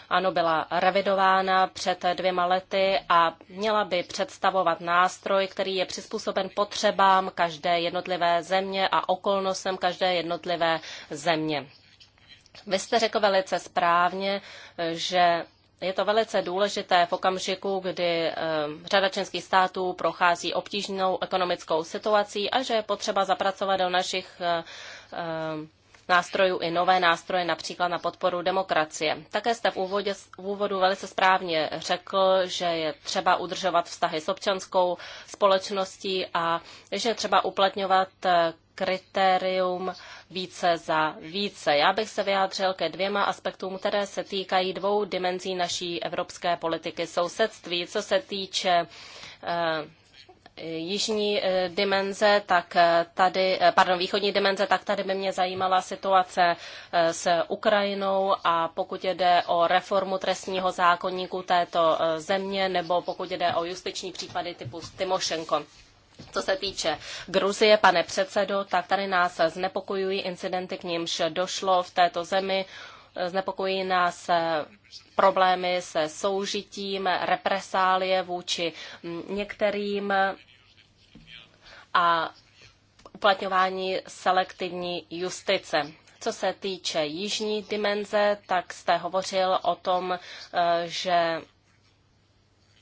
Ano, byla revidována před dvěma lety a měla by představovat nástroj, který je přizpůsoben potřebám každé jednotlivé země a okolnostem každé jednotlivé země. Vy jste řekl velice správně, že je to velice důležité v okamžiku, kdy eh, řada členských států prochází obtížnou ekonomickou situací a že je potřeba zapracovat do našich eh, eh, nástrojů i nové nástroje, například na podporu demokracie. Také jste v, úvodě, v úvodu velice správně řekl, že je třeba udržovat vztahy s občanskou společností a že je třeba uplatňovat kritérium více za více. Já bych se vyjádřil ke dvěma aspektům, které se týkají dvou dimenzí naší evropské politiky sousedství. Co se týče eh, jižní eh, dimenze, tak eh, tady, pardon, východní dimenze, tak tady by mě zajímala situace s Ukrajinou a pokud jde o reformu trestního zákonníku této země nebo pokud jde o justiční případy typu Timošenko. Co se týče Gruzie, pane předsedo, tak tady nás znepokojují incidenty, k nímž došlo v této zemi. Znepokojí nás eh, problémy se soužitím, represálie vůči mm, některým a uplatňování selektivní justice. Co se týče jižní dimenze, tak jste hovořil o tom, eh, že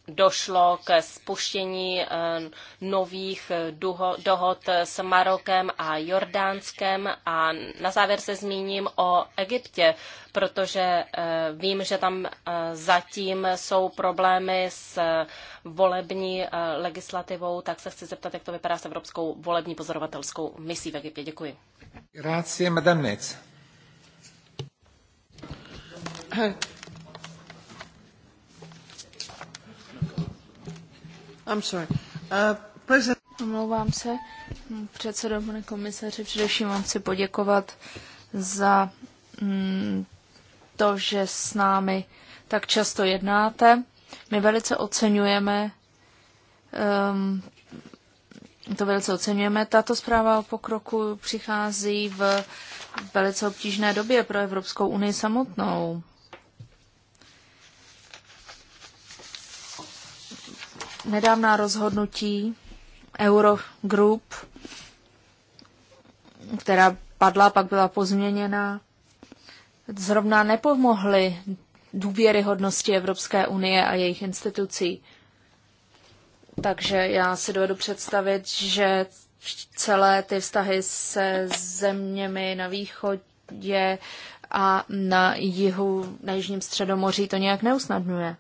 došlo k spuštění eh, nových eh, dohod eh, s Marokem a Jordánskem a na závěr se zmíním o Egyptě, protože vím, že tam zatím jsou problémy s volební legislativou, tak se chci zeptat, jak to vypadá s Evropskou volební pozorovatelskou misí v Egyptě. Děkuji.
Grazie, Madame Metz.
I'm sorry. Uh, Omlouvám se, předsedo, pane komisaři, především vám chci poděkovat za mm, to, že s námi tak často jednáte. My velice oceňujeme, um, to velice oceňujeme. Tato zpráva o pokroku přichází v velice obtížné době pro Evropskou unii samotnou. nedávná rozhodnutí Eurogroup, která padla, pak byla pozměněna, zrovna nepomohly důvěryhodnosti Evropské unie a jejich institucí. Takže já si dovedu představit, že celé ty vztahy se zeměmi na východě a na jihu, na jižním středomoří to nějak neusnadňuje.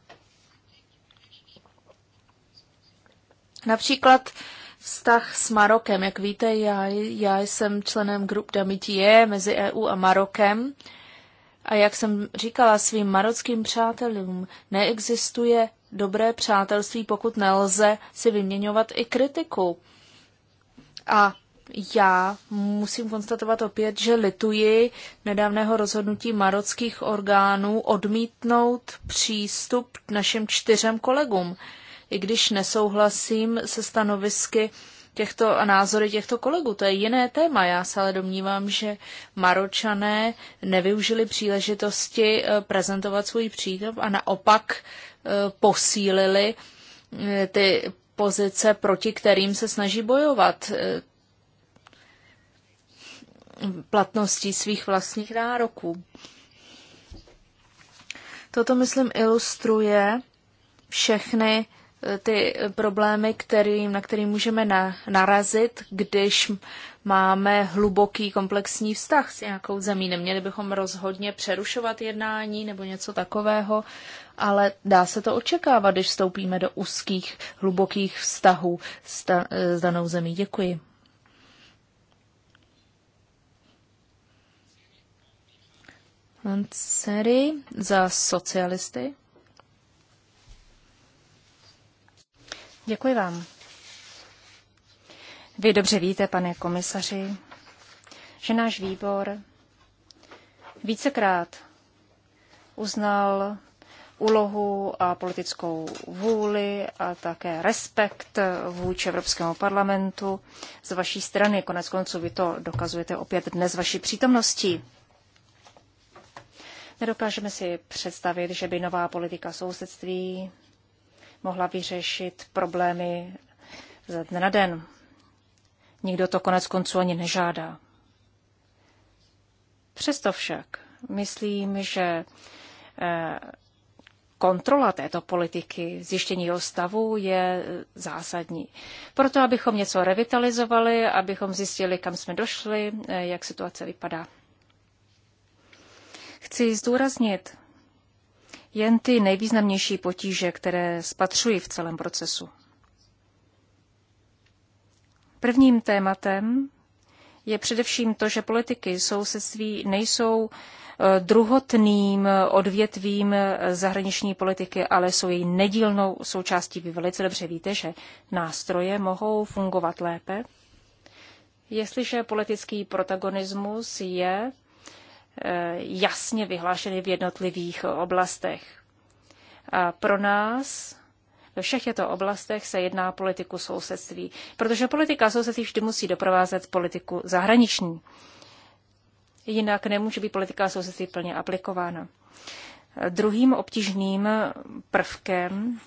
Například vztah s Marokem. Jak víte, já, já jsem členem Group DAMITIE mezi EU a Marokem. A jak jsem říkala svým marockým přátelům, neexistuje dobré přátelství, pokud nelze si vyměňovat i kritiku. A já musím konstatovat opět, že lituji nedávného rozhodnutí marockých orgánů odmítnout přístup našim čtyřem kolegům i když nesouhlasím se stanovisky těchto a názory těchto kolegů. To je jiné téma. Já se ale domnívám, že Maročané nevyužili příležitosti eh, prezentovat svůj přítom a naopak eh, posílili eh, ty pozice, proti kterým se snaží bojovat platností svých vlastních nároků. Toto, myslím, ilustruje všechny ty problémy, kterým, na který můžeme na, narazit, když máme hluboký komplexní vztah s nějakou zemí. Neměli bychom rozhodně přerušovat jednání nebo něco takového, ale dá se to očekávat, když vstoupíme do úzkých, hlubokých vztahů s, ta, s danou zemí. Děkuji. Lanceri za socialisty.
Děkuji vám. Vy dobře víte, pane komisaři, že náš výbor vícekrát uznal úlohu a politickou vůli a také respekt vůči Evropskému parlamentu z vaší strany. Konec konců vy to dokazujete opět dnes vaší přítomností. Nedokážeme si představit, že by nová politika sousedství mohla vyřešit problémy ze dne na den. Nikdo to konec konců ani nežádá. Přesto však myslím, že eh, kontrola této politiky, zjištění jeho stavu je zásadní. Proto, abychom něco revitalizovali, abychom zjistili, kam jsme došli, eh, jak situace vypadá. Chci zdůraznit, jen ty nejvýznamnější potíže, které spatřuji v celém procesu. Prvním tématem je především to, že politiky sousedství nejsou e, druhotným e, odvětvím e, zahraniční politiky, ale jsou její nedílnou součástí. Vy velice dobře víte, že nástroje mohou fungovat lépe, jestliže politický protagonismus je Eh, jasně vyhlášeny v jednotlivých oblastech. A pro nás ve všech těchto oblastech se jedná politiku sousedství, protože politika sousedství vždy musí doprovázet politiku zahraniční. Jinak nemůže být politika sousedství plně aplikována. Druhým obtížným prvkem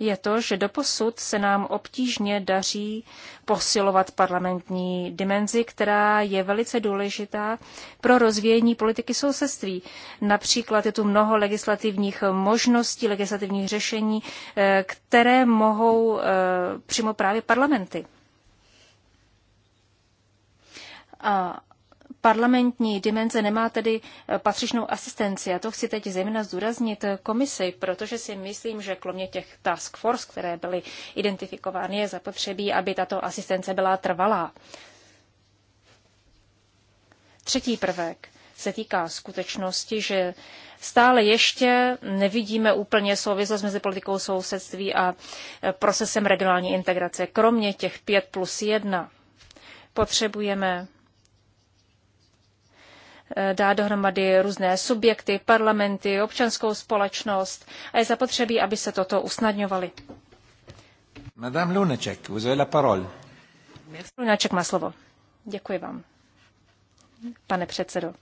je to, že doposud se nám obtížně daří posilovat parlamentní dimenzi, která je velice důležitá pro rozvíjení politiky sousedství. Například je tu mnoho legislativních možností, legislativních řešení, eh, které mohou eh, přímo právě parlamenty. A Parlamentní dimenze nemá tedy eh, patřičnou asistenci. A to chci teď zejména zdůraznit eh, komisi, protože si myslím, že kromě těch task force, které byly identifikovány, je zapotřebí, aby tato asistence byla trvalá. Třetí prvek se týká skutečnosti, že stále ještě nevidíme úplně souvislost mezi politikou sousedství a eh, procesem regionální integrace. Kromě těch 5 plus 1 potřebujeme Eh, dá dohromady různé subjekty, parlamenty, občanskou společnost a je zapotřebí, aby se toto usnadňovali.
Madame Lunacek, vous avez la parole.
Lunacek má slovo. Děkuji vám. Pane předsedo.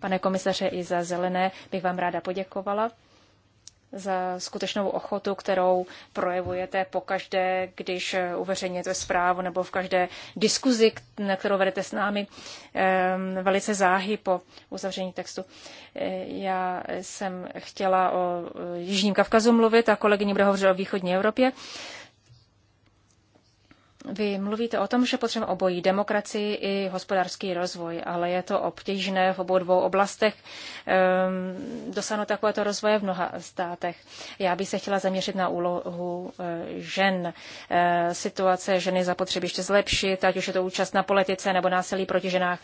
Pane komisaře i za zelené bych vám ráda poděkovala za skutečnou ochotu, kterou projevujete pokaždé, když uveřejňujete zprávu nebo v každé diskuzi, na kterou vedete s námi, ehm, velice záhy po uzavření textu. Eh, já jsem chtěla o eh, Jižním Kavkazu mluvit a kolegyně bude hovořit o východní Evropě. Vy mluvíte o tom, že potřebujeme obojí demokracii i hospodářský rozvoj, ale je to obtížné v obou dvou oblastech um, dosáhnout takovéto rozvoje v mnoha státech. Já bych se chtěla zaměřit na úlohu eh, žen. Eh, situace ženy zapotřebí ještě zlepšit, ať už je to účast na politice nebo násilí proti ženách.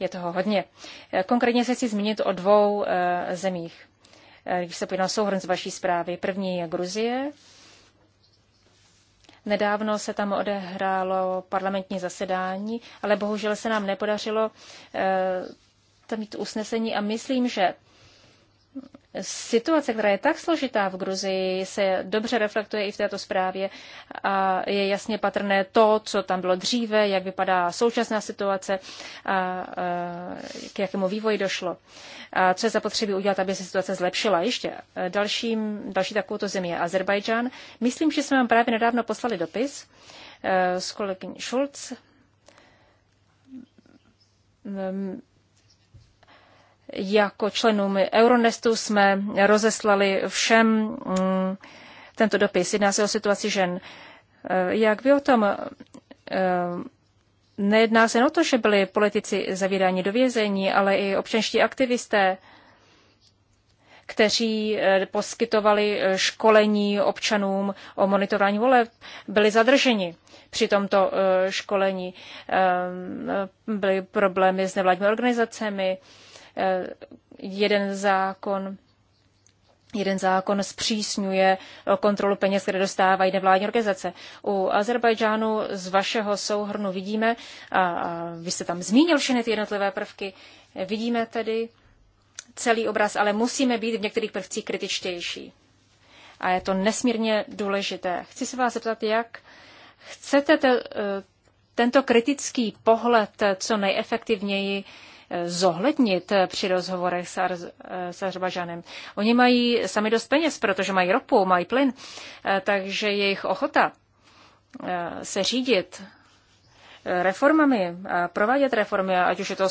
Je toho hodně. Eh, konkrétně se chci zmínit o dvou zemích. Když se podívám souhrn z vaší zprávy. První je Gruzie, Nedávno se tam odehrálo parlamentní zasedání, ale bohužel se nám nepodařilo eh, tam mít usnesení a myslím, že Situace, která je tak složitá v Gruzii, se dobře reflektuje i v této zprávě a je jasně patrné to, co tam bylo dříve, jak vypadá současná situace a k jakému vývoji došlo. A co je zapotřebí udělat, aby se situace zlepšila ještě. E, dalším, další takovouto zemi je Azerbajdžán. Myslím, že jsme vám právě nedávno poslali dopis e, s kolegyní Schulz jako členům Euronestu jsme rozeslali všem mm, tento dopis. Jedná se o situaci žen. Eh, jak by o tom eh, nejedná se o to, že byli politici zavíráni do vězení, ale i občanští aktivisté, kteří eh, poskytovali školení občanům o monitorování voleb, byli zadrženi při tomto školení. Byly problémy s nevládními organizacemi, Eh, jeden zákon Jeden zákon zpřísňuje eh, kontrolu peněz, které dostávají nevládní organizace. U Azerbajdžánu z vašeho souhrnu vidíme, a vy jste tam zmínil všechny ty jednotlivé prvky, vidíme tedy celý obraz, ale musíme být v některých prvcích kritičtější. A je to nesmírně důležité. Chci se vás zeptat, jak chcete te, eh, tento kritický pohled co nejefektivněji zohlednit při rozhovorech s, Ar- s Arbažanem. Oni mají sami dost peněz, protože mají ropu, mají plyn, eh, takže jejich ochota eh, se řídit eh, reformami, provádět reformy, ať už je to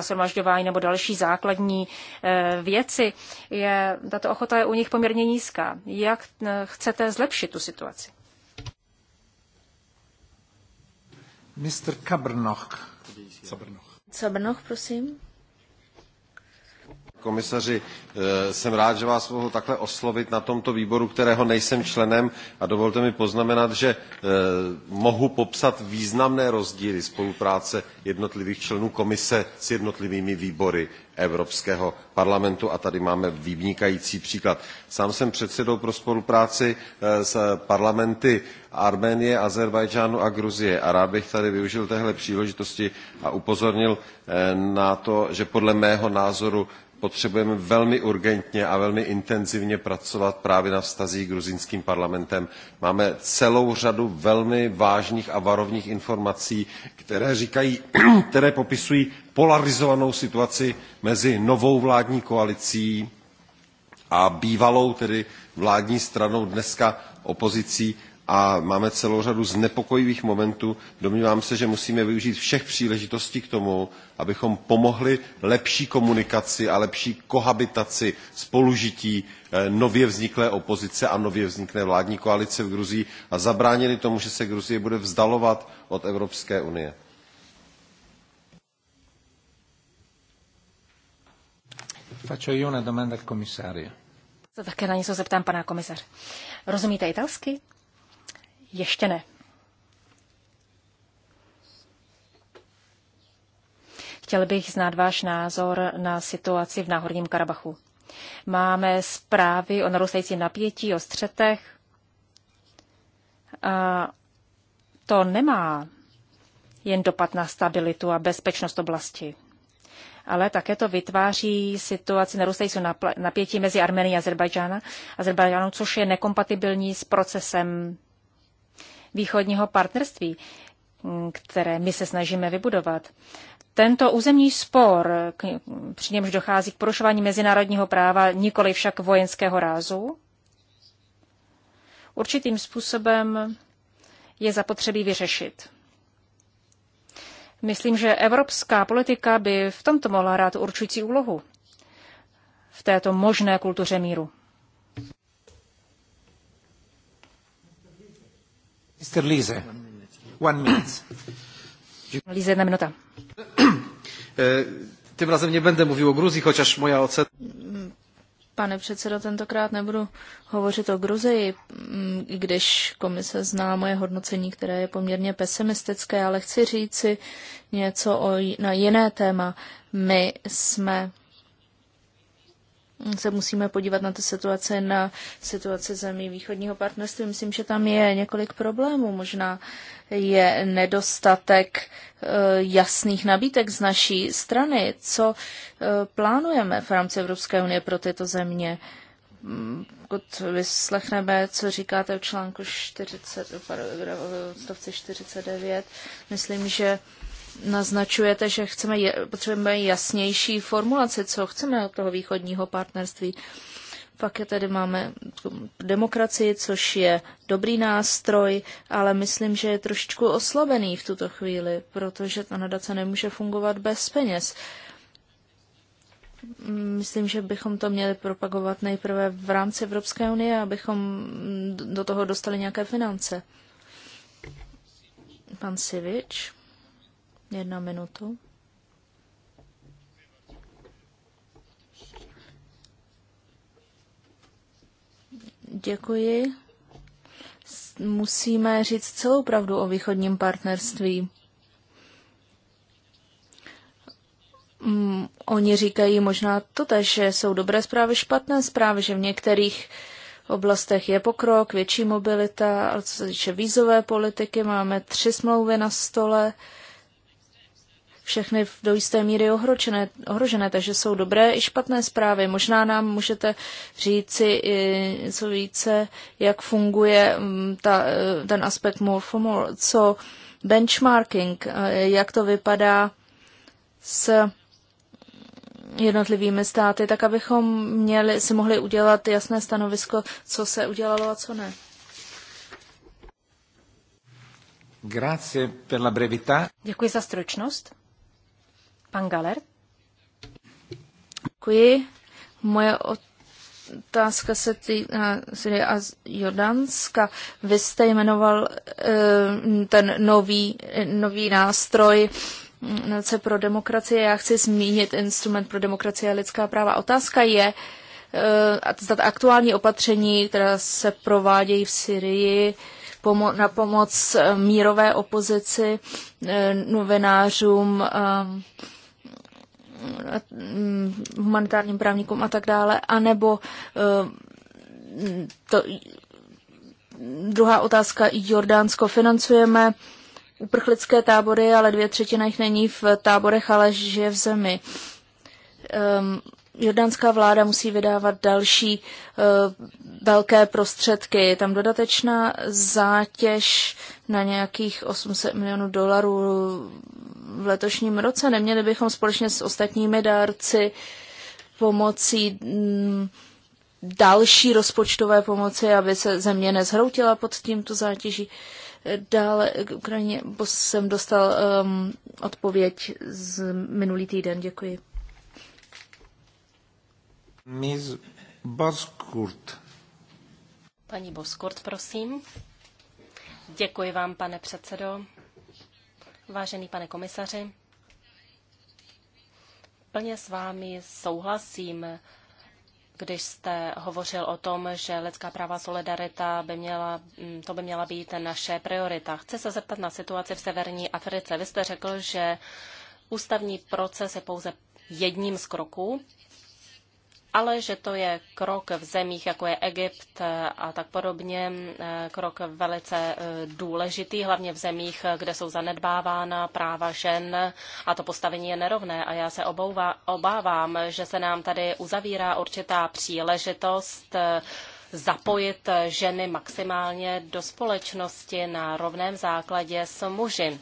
shromažďování nebo další základní věci, je, tato ochota je u nich poměrně nízká. Jak
chcete zlepšit tu situaci?
Mr. Kabrnoch.
Cabrnoch.
Cabrnoch, prosím.
Komisaři, eh, jsem rád, že vás mohu takhle oslovit na tomto výboru, kterého nejsem členem a dovolte mi poznamenat, že eh, mohu popsat významné rozdíly spolupráce jednotlivých členů komise s jednotlivými výbory Evropského parlamentu a tady máme vynikající příklad. Sám jsem předsedou pro spolupráci eh, s parlamenty Arménie, Azerbajdžánu a Gruzie a rád bych tady využil téhle příležitosti a upozornil na to, že podle mého názoru potřebujeme velmi urgentně a velmi intenzivně pracovat právě na vztazích s gruzínským parlamentem. Máme celou řadu velmi vážných a varovných informací, které, říkají, které popisují polarizovanou situaci mezi novou vládní koalicí a bývalou tedy vládní stranou dneska opozicí a máme celou řadu znepokojivých momentů. Domnívám se, že musíme využít všech příležitostí k tomu, abychom pomohli lepší komunikaci a lepší kohabitaci spolužití eh, nově vzniklé opozice a nově vzniklé vládní koalice v Gruzii a zabránili tomu, že se Gruzie bude vzdalovat od Evropské unie.
Faccio io una domanda al commissario.
Také na něco zeptám pana komisaře. Rozumíte italsky? ještě ne. Chtěl bych znát váš názor na situaci v Náhorním Karabachu. Máme zprávy o narůstající napětí, o střetech. A to nemá jen dopad na stabilitu a bezpečnost oblasti, ale také to vytváří situaci narůstající napětí mezi Armenií a Azerbajdžánem, což je nekompatibilní s procesem východního partnerství, které my se snažíme vybudovat. Tento územní spor, při němž dochází k porušování mezinárodního práva, nikoli však vojenského rázu, určitým způsobem je zapotřebí vyřešit. Myslím, že evropská politika by v tomto mohla hrát určující úlohu v této možné kultuře míru.
Mr. one minute. jedna minuta. Eh, tym razem nie będę mówił o Gruzji, chociaż moja ocena...
Pane předsedo, tentokrát nebudu hovořit o Gruzii, mm, i když komise zná moje hodnocení, které je poměrně pesimistické, ale chci říci něco o, na jiné téma. My jsme se musíme podívat na ty situace, na situace zemí východního partnerství. Myslím, že tam je několik problémů. Možná je nedostatek eh, jasných nabídek z naší strany. Co eh, plánujeme v rámci Evropské unie pro tyto země? Pokud mm, vyslechneme, co říkáte v článku 40, odstavci 49, myslím, že naznačujete, že chceme, potřebujeme jasnější formulaci, co chceme od toho východního partnerství. Pak je tady máme demokracii, což je dobrý nástroj, ale myslím, že je trošičku oslabený v tuto chvíli, protože ta nadace nemůže fungovat bez peněz. Myslím, že bychom to měli propagovat nejprve v rámci Evropské unie, abychom do toho dostali nějaké finance. Pan Sivič. Jedna minutu. Děkuji. Musíme říct celou pravdu o východním partnerství. Mm, oni říkají možná to že jsou dobré zprávy, špatné zprávy, že v některých oblastech je pokrok, větší mobilita, ale co se týče vízové politiky, máme tři smlouvy na stole všechny do jisté míry ohročené, ohrožené, takže jsou dobré i špatné zprávy. Možná nám můžete říci co více, jak funguje mm, ta, eh, ten aspekt more for more, co benchmarking, eh, jak to vypadá s jednotlivými státy, tak abychom měli, si mohli udělat jasné stanovisko, co se udělalo a co ne.
Grazie per la brevità.
Děkuji za stručnost. Pan Galer? Děkuji. Moje otázka se týká Syrie a Jordánska. Vy jste jmenoval eh, ten nový, nový nástroj Nadace pro demokracie. Já chci zmínit instrument pro demokracie a lidská práva. Otázka je, eh, zda aktuální opatření, která se provádějí v Syrii, pomo- na pomoc eh, mírové opozici, novinářům, Mm, humanitárním právníkům a tak dále, anebo eh, to, druhá otázka, Jordánsko financujeme uprchlické tábory, ale dvě třetina jich není v táborech, ale žije v zemi. Ehm, jordánská vláda musí vydávat další eh, velké prostředky. Je tam dodatečná zátěž na nějakých 800 milionů dolarů v letošním roce. Neměli bychom společně s ostatními dárci pomocí mm, další rozpočtové pomoci, aby se země nezhroutila pod tímto zátěží. Dále k Ukrajině jsem dostal um, odpověď z minulý týden. Děkuji.
Ms. Boskurt.
Paní Boskurt, prosím. Děkuji vám, pane předsedo. Vážený pane komisaři, plně s vámi souhlasím, když jste hovořil o tom, že lidská práva solidarita by měla, mm, to by měla být naše priorita. Chci se zeptat na situaci v severní Africe. Vy jste řekl, že ústavní proces je pouze jedním z kroků ale že to je krok v zemích, jako je Egypt a tak podobně, eh, krok velice eh, důležitý, hlavně v zemích, eh, kde jsou zanedbávána práva žen a to postavení je nerovné. A já se obouva, obávám, že se nám tady uzavírá určitá příležitost zapojit ženy maximálně do společnosti na rovném základě s muži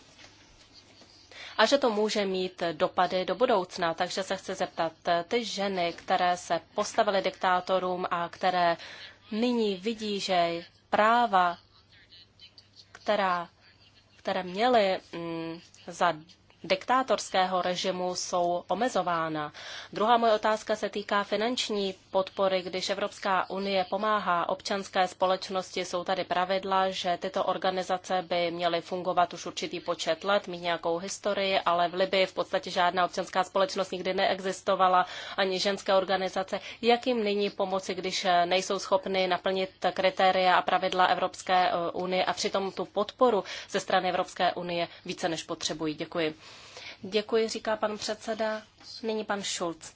a že to může mít dopady do budoucna. Takže se chci zeptat, ty ženy, které se postavily diktátorům a které nyní vidí, že práva, která, které měly mm, za diktátorského režimu jsou omezována. Druhá moje otázka se týká finanční podpory, když Evropská unie pomáhá občanské společnosti, jsou tady pravidla, že tyto organizace by měly fungovat už určitý počet let, mít nějakou historii, ale v Libii v podstatě žádná občanská společnost nikdy neexistovala, ani ženské organizace. Jak jim nyní pomoci, když nejsou schopny naplnit kritéria a pravidla Evropské eh, unie a přitom tu podporu ze strany Evropské unie více než potřebují? Děkuji. Děkuji, říká pan předseda. Nyní pan Schulz.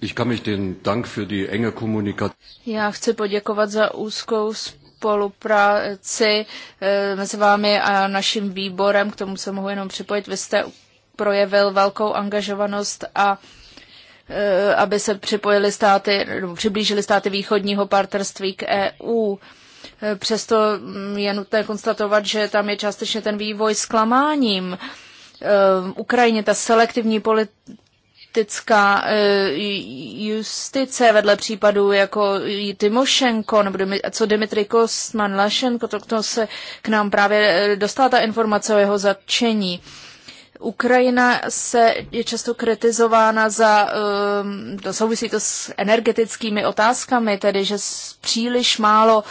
Ich kann mich den Dank für die enge Kommunikation.
Já chci poděkovat za úzkou spolupráci eh, mezi vámi a naším výborem, k tomu se mohu jenom připojit. Vy jste projevil velkou angažovanost a eh, aby se připojili státy, přiblížili státy východního partnerství k EU. Eh, přesto mm, je nutné konstatovat, že tam je částečně ten vývoj zklamáním. Ukrajině ta selektivní politika politická eh, justice vedle případů jako Timošenko nebo co Dimitri Kostman, Lašenko, to, to se k nám právě eh, dostala ta informace o jeho zatčení. Ukrajina se je často kritizována za, ehm, to souvisí to s energetickými otázkami, tedy že příliš málo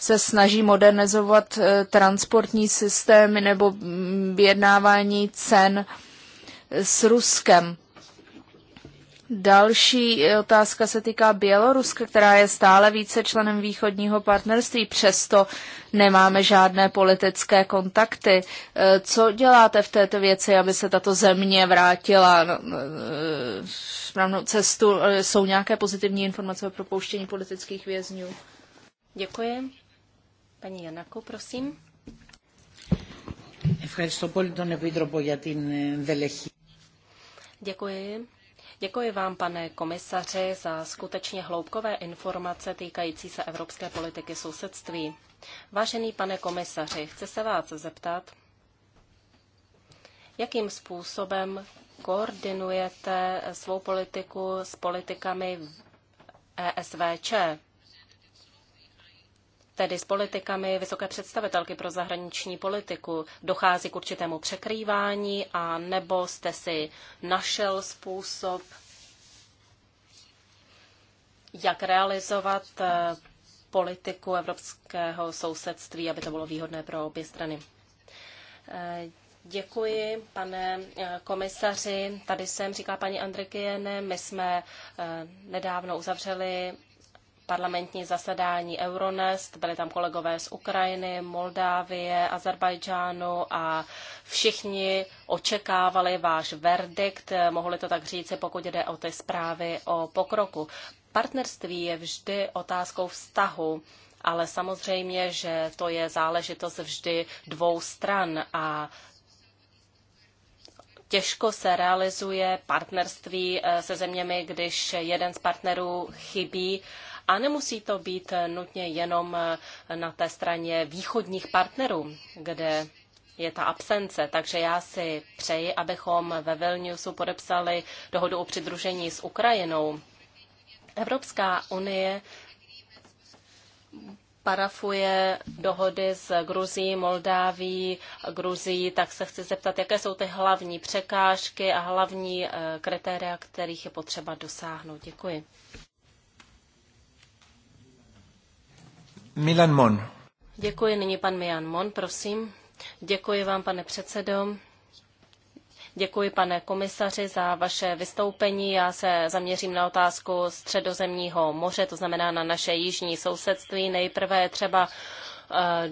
se snaží modernizovat eh, transportní systémy nebo mm, vyjednávání cen s Ruskem. Další eh, otázka se týká Běloruska, která je stále více členem východního partnerství, přesto nemáme žádné politické kontakty. Eh, co děláte v této věci, aby se tato země vrátila eh, správnou cestu? Jsou nějaké pozitivní informace o propouštění politických vězňů? Děkuji. Paní Janaku, prosím.
Děkuji.
Děkuji Děkuji vám, pane komisaři, za skutečně hloubkové informace týkající se evropské politiky sousedství. Vážený pane komisaři, chci se vás zeptat, jakým způsobem koordinujete svou politiku s politikami ESVČ? tedy s politikami vysoké představitelky pro zahraniční politiku. Dochází k určitému překrývání a nebo jste si našel způsob, jak realizovat eh, politiku evropského sousedství, aby to bylo výhodné pro obě strany. Eh, děkuji, pane eh, komisaři. Tady jsem, říká paní Andrikiene, my jsme nedávno uzavřeli parlamentní zasedání Euronest. Byli tam kolegové z Ukrajiny, Moldávie, Azerbajdžánu a všichni očekávali váš verdikt, mohli to tak říci, pokud jde o ty zprávy o pokroku. Partnerství je vždy otázkou vztahu, ale samozřejmě, že to je záležitost vždy dvou stran a těžko se realizuje partnerství eh, se zeměmi, když jeden z partnerů chybí a nemusí to být nutně jenom na té straně východních partnerů, kde je ta absence. Takže já si přeji, abychom ve Vilniusu podepsali dohodu o přidružení s Ukrajinou. Evropská unie parafuje dohody s Gruzí, Moldáví, Gruzí, tak se chci zeptat, jaké jsou ty hlavní překážky a hlavní eh, kritéria, kterých je potřeba dosáhnout. Děkuji.
Milan Mon.
Děkuji, nyní pan Milan Mon, prosím. Děkuji vám, pane předsedo. Děkuji, pane komisaři, za vaše vystoupení. Já se zaměřím na otázku středozemního moře, to znamená na naše jižní sousedství. Nejprve třeba eh,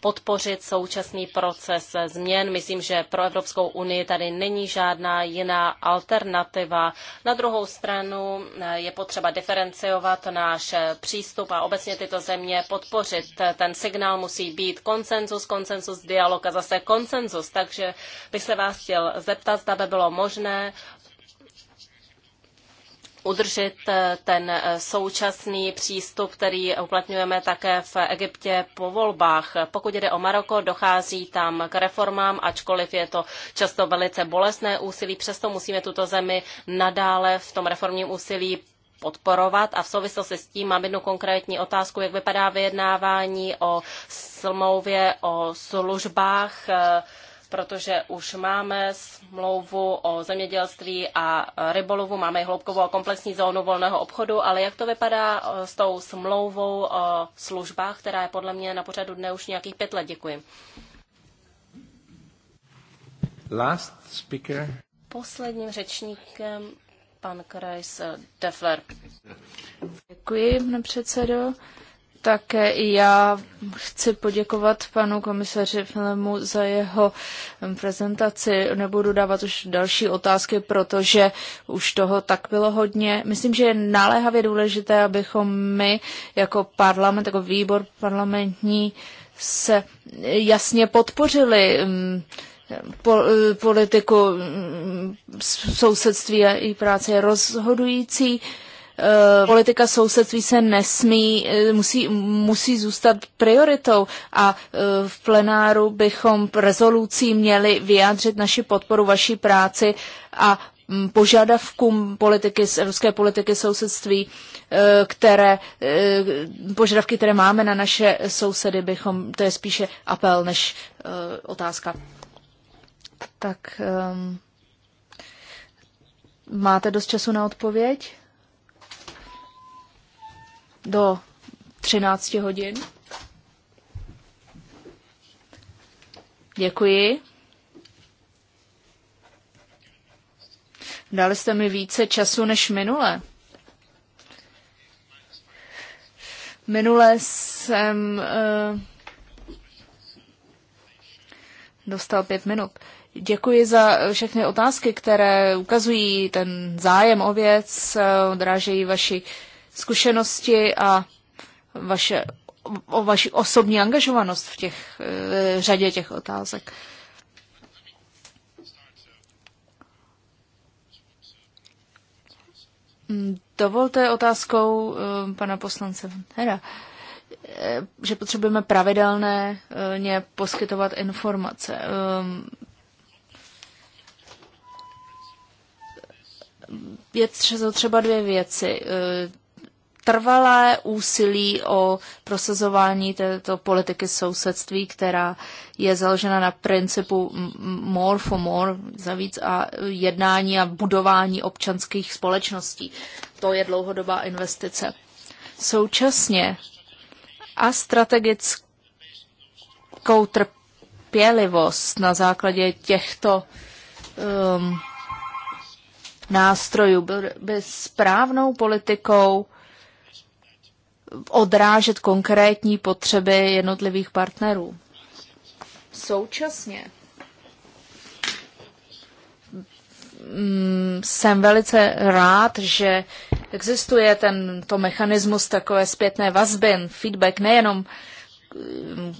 podpořit současný proces změn. Myslím, že pro Evropskou unii tady není žádná jiná alternativa. Na druhou stranu eh, je potřeba diferenciovat náš eh, přístup a obecně tyto země podpořit. Ten signál musí být konsenzus, konsenzus dialog a zase konsenzus. Takže bych se vás chtěl zeptat, zda by bylo možné udržet eh, ten eh, současný přístup, který uplatňujeme také v Egyptě po volbách. Pokud jde o Maroko, dochází tam k reformám, ačkoliv je to často velice bolestné úsilí, přesto musíme tuto zemi nadále v tom reformním úsilí podporovat a v souvislosti s tím mám jednu konkrétní otázku, jak vypadá vyjednávání o smlouvě o službách eh, protože už máme smlouvu o zemědělství a rybolovu, máme i hloubkovou a komplexní zónu volného obchodu, ale jak to vypadá eh, s tou smlouvou o službách, která je podle mě na pořadu dne už nějakých pět let? Děkuji.
Last speaker.
Posledním řečníkem pan Krajs Defler.
Děkuji, pane předsedo. Také i já chci poděkovat panu komisaři Filemu za jeho prezentaci. Nebudu dávat už další otázky, protože už toho tak bylo hodně. Myslím, že je naléhavě důležité, abychom my jako parlament, jako výbor parlamentní se jasně podpořili e, politiku sousedství a její práce je rozhodující Eh, politika sousedství se nesmí, eh, musí, musí zůstat prioritou a eh, v plenáru bychom rezolucí měli vyjádřit naši podporu vaší práci a mm, požadavkům politiky, ruské politiky sousedství, které, požadavky, které máme na naše sousedy, bychom, to je spíše apel než otázka. Tak um, máte dost času na odpověď? do 13 hodin. Děkuji. Dali jste mi více času než minule. Minule jsem uh, dostal pět minut. Děkuji za všechny otázky, které ukazují ten zájem o věc, eh, odrážejí vaši uh, zkušenosti a vaše, o vaši osobní angažovanost v těch v e, řadě těch otázek. Dovolte otázkou e, pana poslance Hera, e, že potřebujeme pravidelné ně poskytovat informace. Je třeba dvě věci trvalé úsilí o prosazování této politiky sousedství, která je založena na principu more for more, za víc a jednání a budování občanských společností. To je dlouhodobá investice. Současně a strategickou trpělivost na základě těchto um, nástrojů by, by správnou politikou odrážet konkrétní potřeby jednotlivých partnerů. Současně mm, jsem velice rád, že existuje tento mechanismus takové zpětné vazby, feedback, nejenom mm,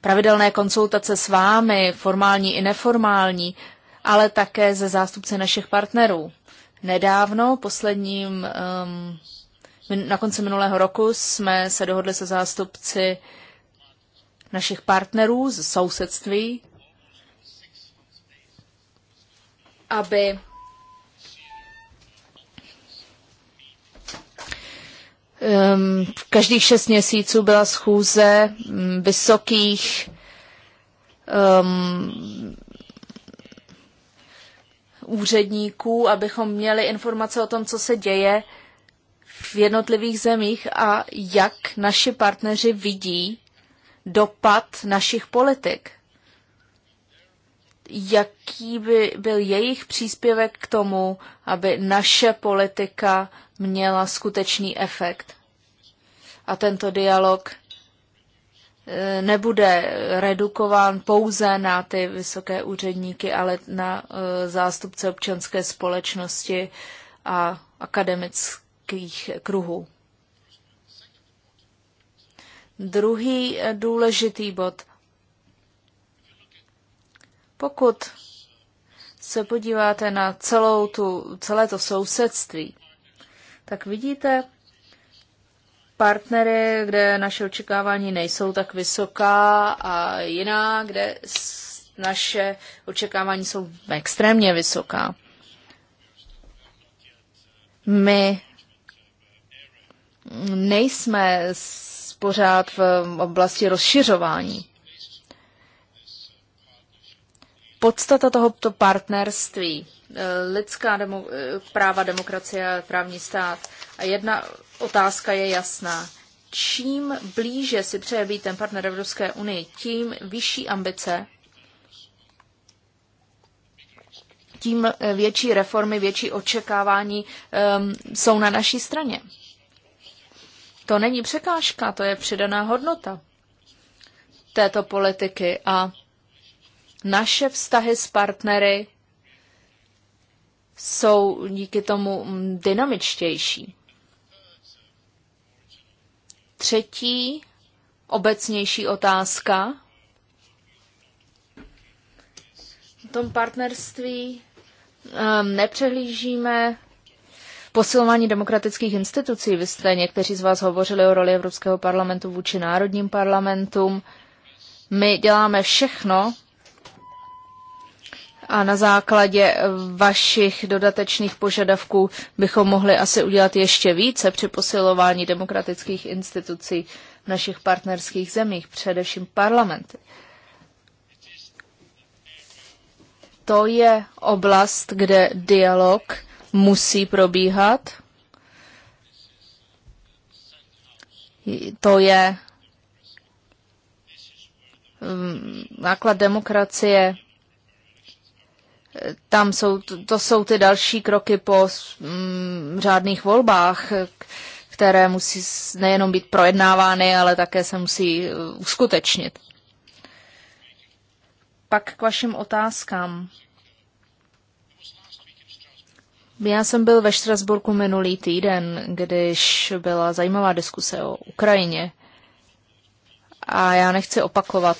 pravidelné konzultace s vámi, formální i neformální, ale také ze zástupce našich partnerů. Nedávno, posledním um, na konci minulého roku jsme se dohodli se zástupci našich partnerů z sousedství, aby v každých šest měsíců byla schůze mm, vysokých
um,
úředníků, abychom měli informace o tom, co se děje v jednotlivých zemích a jak naši partneři vidí dopad našich politik. Jaký by byl jejich příspěvek k tomu, aby naše politika měla skutečný efekt? A tento dialog eh, nebude redukován pouze na ty vysoké úředníky, ale na eh, zástupce občanské společnosti a akademické úzkých kruhů. Druhý důležitý bod. Pokud se podíváte na celou tu, celé to sousedství, tak vidíte partnery, kde naše očekávání nejsou tak vysoká a jiná, kde naše očekávání jsou extrémně vysoká. My nejsme pořád v oblasti rozšiřování. Podstata tohoto partnerství, eh, lidská demo, eh, práva, demokracie, právní stát. A jedna otázka je jasná. Čím blíže si přeje být ten partner Evropské unii, tím vyšší ambice, tím eh, větší reformy, větší očekávání um, jsou na naší straně. To není překážka, to je přidaná hodnota této politiky a naše vztahy s partnery jsou díky tomu dynamičtější. Třetí obecnější otázka. V tom partnerství ehm, nepřehlížíme Posilování demokratických institucí, vy jste někteří z vás hovořili o roli Evropského parlamentu vůči národním parlamentům. My děláme všechno a na základě vašich dodatečných požadavků bychom mohli asi udělat ještě více při posilování demokratických institucí v našich partnerských zemích, především parlamenty. To je oblast, kde dialog musí probíhat. To je mm, náklad demokracie. Tam jsou, to jsou ty další kroky po mm, řádných volbách, které musí nejenom být projednávány, ale také se musí uh, uskutečnit. Pak k vašim otázkám. Já jsem byl ve Štrasburku minulý týden, když byla zajímavá diskuse o Ukrajině. A já nechci opakovat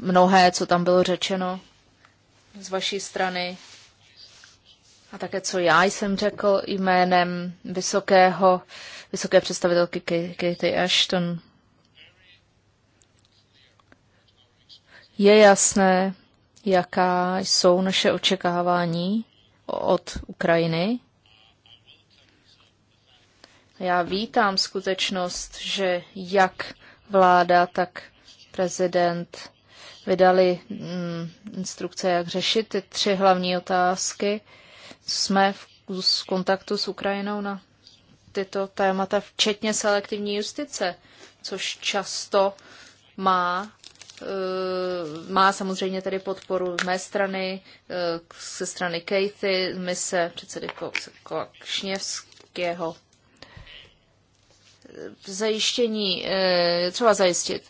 mnohé, co tam bylo řečeno z vaší strany. A také, co já jsem řekl jménem vysokého, vysoké představitelky Katie Ashton. Je jasné, jaká jsou naše očekávání od Ukrajiny. Já vítám skutečnost, že jak vláda, tak prezident vydali mm, instrukce, jak řešit ty tři hlavní otázky. Jsme v kontaktu s Ukrajinou na tyto témata, včetně selektivní justice, což často má Eh, má samozřejmě tedy podporu z mé strany, eh, ze strany Kathy, mise předsedy Kokšněvského. Eh, zajištění, třeba zajistit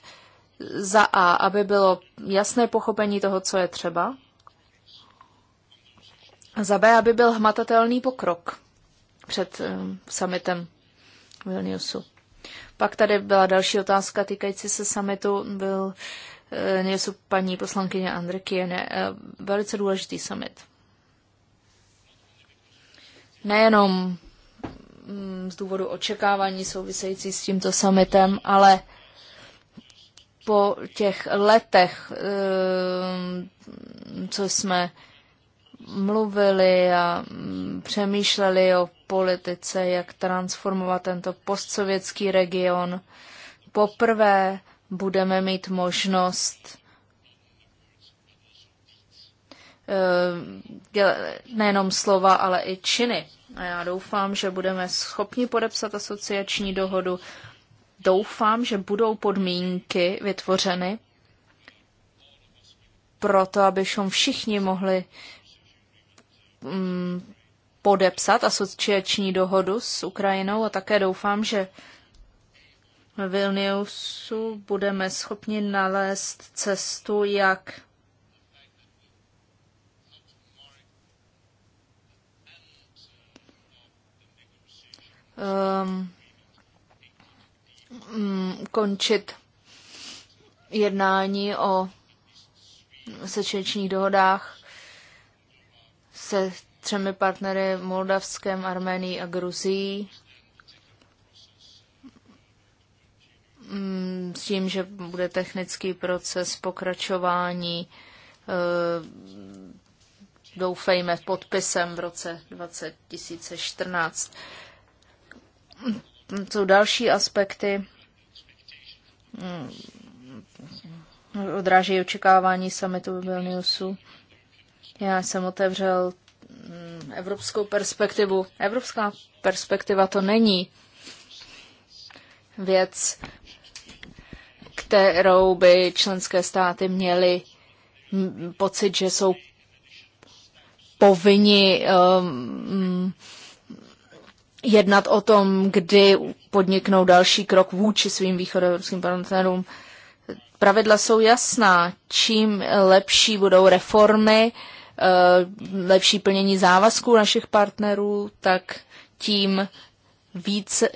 za A, aby bylo jasné pochopení toho, co je třeba, a za B, aby byl hmatatelný pokrok před summitem Vilniusu. Pak tady byla další otázka týkající se summitu, byl Eh, něco paní poslankyně Andrekiene. Eh, velice důležitý summit. Nejenom mm, z důvodu očekávání související s tímto summitem, ale po těch letech, eh, co jsme mluvili a mm, přemýšleli o politice, jak transformovat tento postsovětský region. Poprvé budeme mít možnost eh, nejenom slova, ale i činy. A já doufám, že budeme schopni podepsat asociační dohodu. Doufám, že budou podmínky vytvořeny proto, abychom všichni mohli mm, podepsat asociační dohodu s Ukrajinou a také doufám, že Vilniusu budeme schopni nalézt cestu, jak um, mm, končit jednání o sečečních dohodách se třemi partnery Moldavském, Arménií a Gruzií. Mm, s tím, že bude technický proces pokračování, eh, doufejme, podpisem v roce 2014. Mm, jsou další aspekty, mm, odrážejí očekávání summitu v Vilniusu. Já jsem otevřel evropskou perspektivu. Evropská perspektiva to není věc kterou by členské státy měly pocit, že jsou povinni um, jednat o tom, kdy podniknou další krok vůči svým východoevropským partnerům. Pravidla jsou jasná. Čím lepší budou reformy, uh, lepší plnění závazků našich partnerů, tak tím více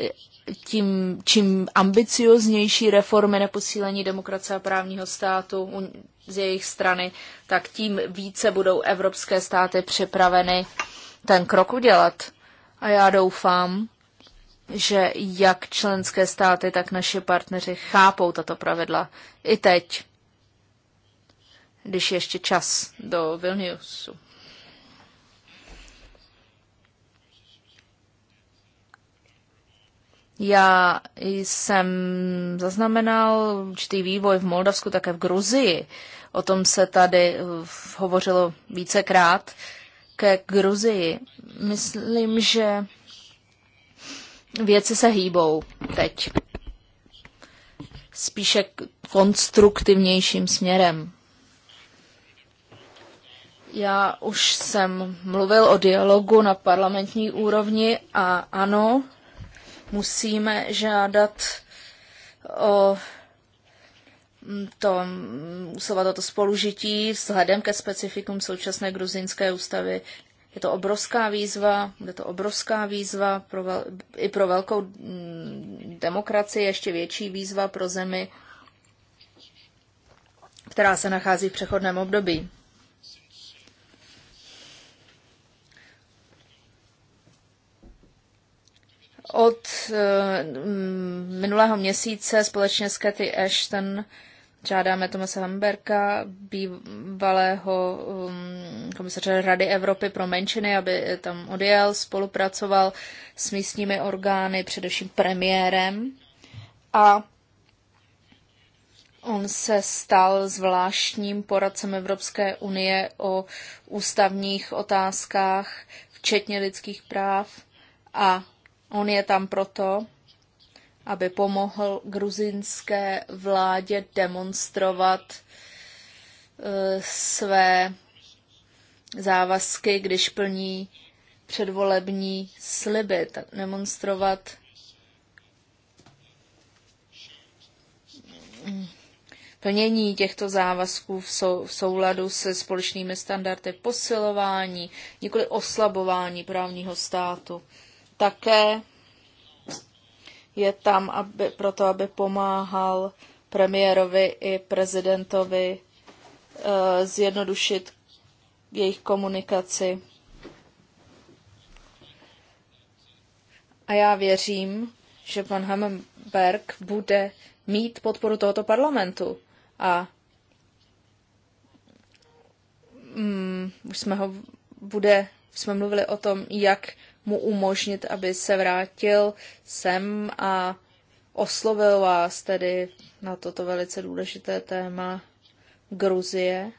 tím, čím ambicioznější reformy na posílení demokracie a právního státu z jejich strany, tak tím více budou evropské státy připraveny ten krok udělat. A já doufám, že jak členské státy, tak naši partneři chápou tato pravidla. I teď, když ještě čas do Vilniusu. Já jsem zaznamenal určitý vývoj v Moldavsku, také v Gruzii. O tom se tady eh, hovořilo vícekrát ke Gruzii. Myslím, že věci se hýbou teď. Spíše konstruktivnějším směrem. Já už jsem mluvil o dialogu na parlamentní úrovni a ano, musíme žádat o to usilovat o to spolužití vzhledem ke specifikům současné gruzinské ústavy. Je to obrovská výzva, bude to obrovská výzva pro vel, i pro velkou mm, demokracii, ještě větší výzva pro zemi, která se nachází v přechodném období. Od eh, mm, minulého měsíce společně s Cathy Ashton žádáme Tomase Hamberka, bývalého mm, komisaře Rady Evropy pro menšiny, aby tam odjel, spolupracoval s místními orgány, především premiérem. A on se stal zvláštním poradcem Evropské unie o ústavních otázkách, včetně lidských práv a On je tam proto, aby pomohl gruzinské vládě demonstrovat eh, své závazky, když plní předvolební sliby, tak demonstrovat mm, plnění těchto závazků v, sou, v souladu se společnými standardy posilování, nikoli oslabování právního státu také je tam aby, proto, aby pomáhal premiérovi i prezidentovi uh, zjednodušit jejich komunikaci. A já věřím, že pan Hammerberg bude mít podporu tohoto parlamentu. A mm, už jsme ho bude, jsme mluvili o tom, jak mu umožnit, aby se vrátil sem a oslovil vás tedy na toto velice důležité téma Gruzie,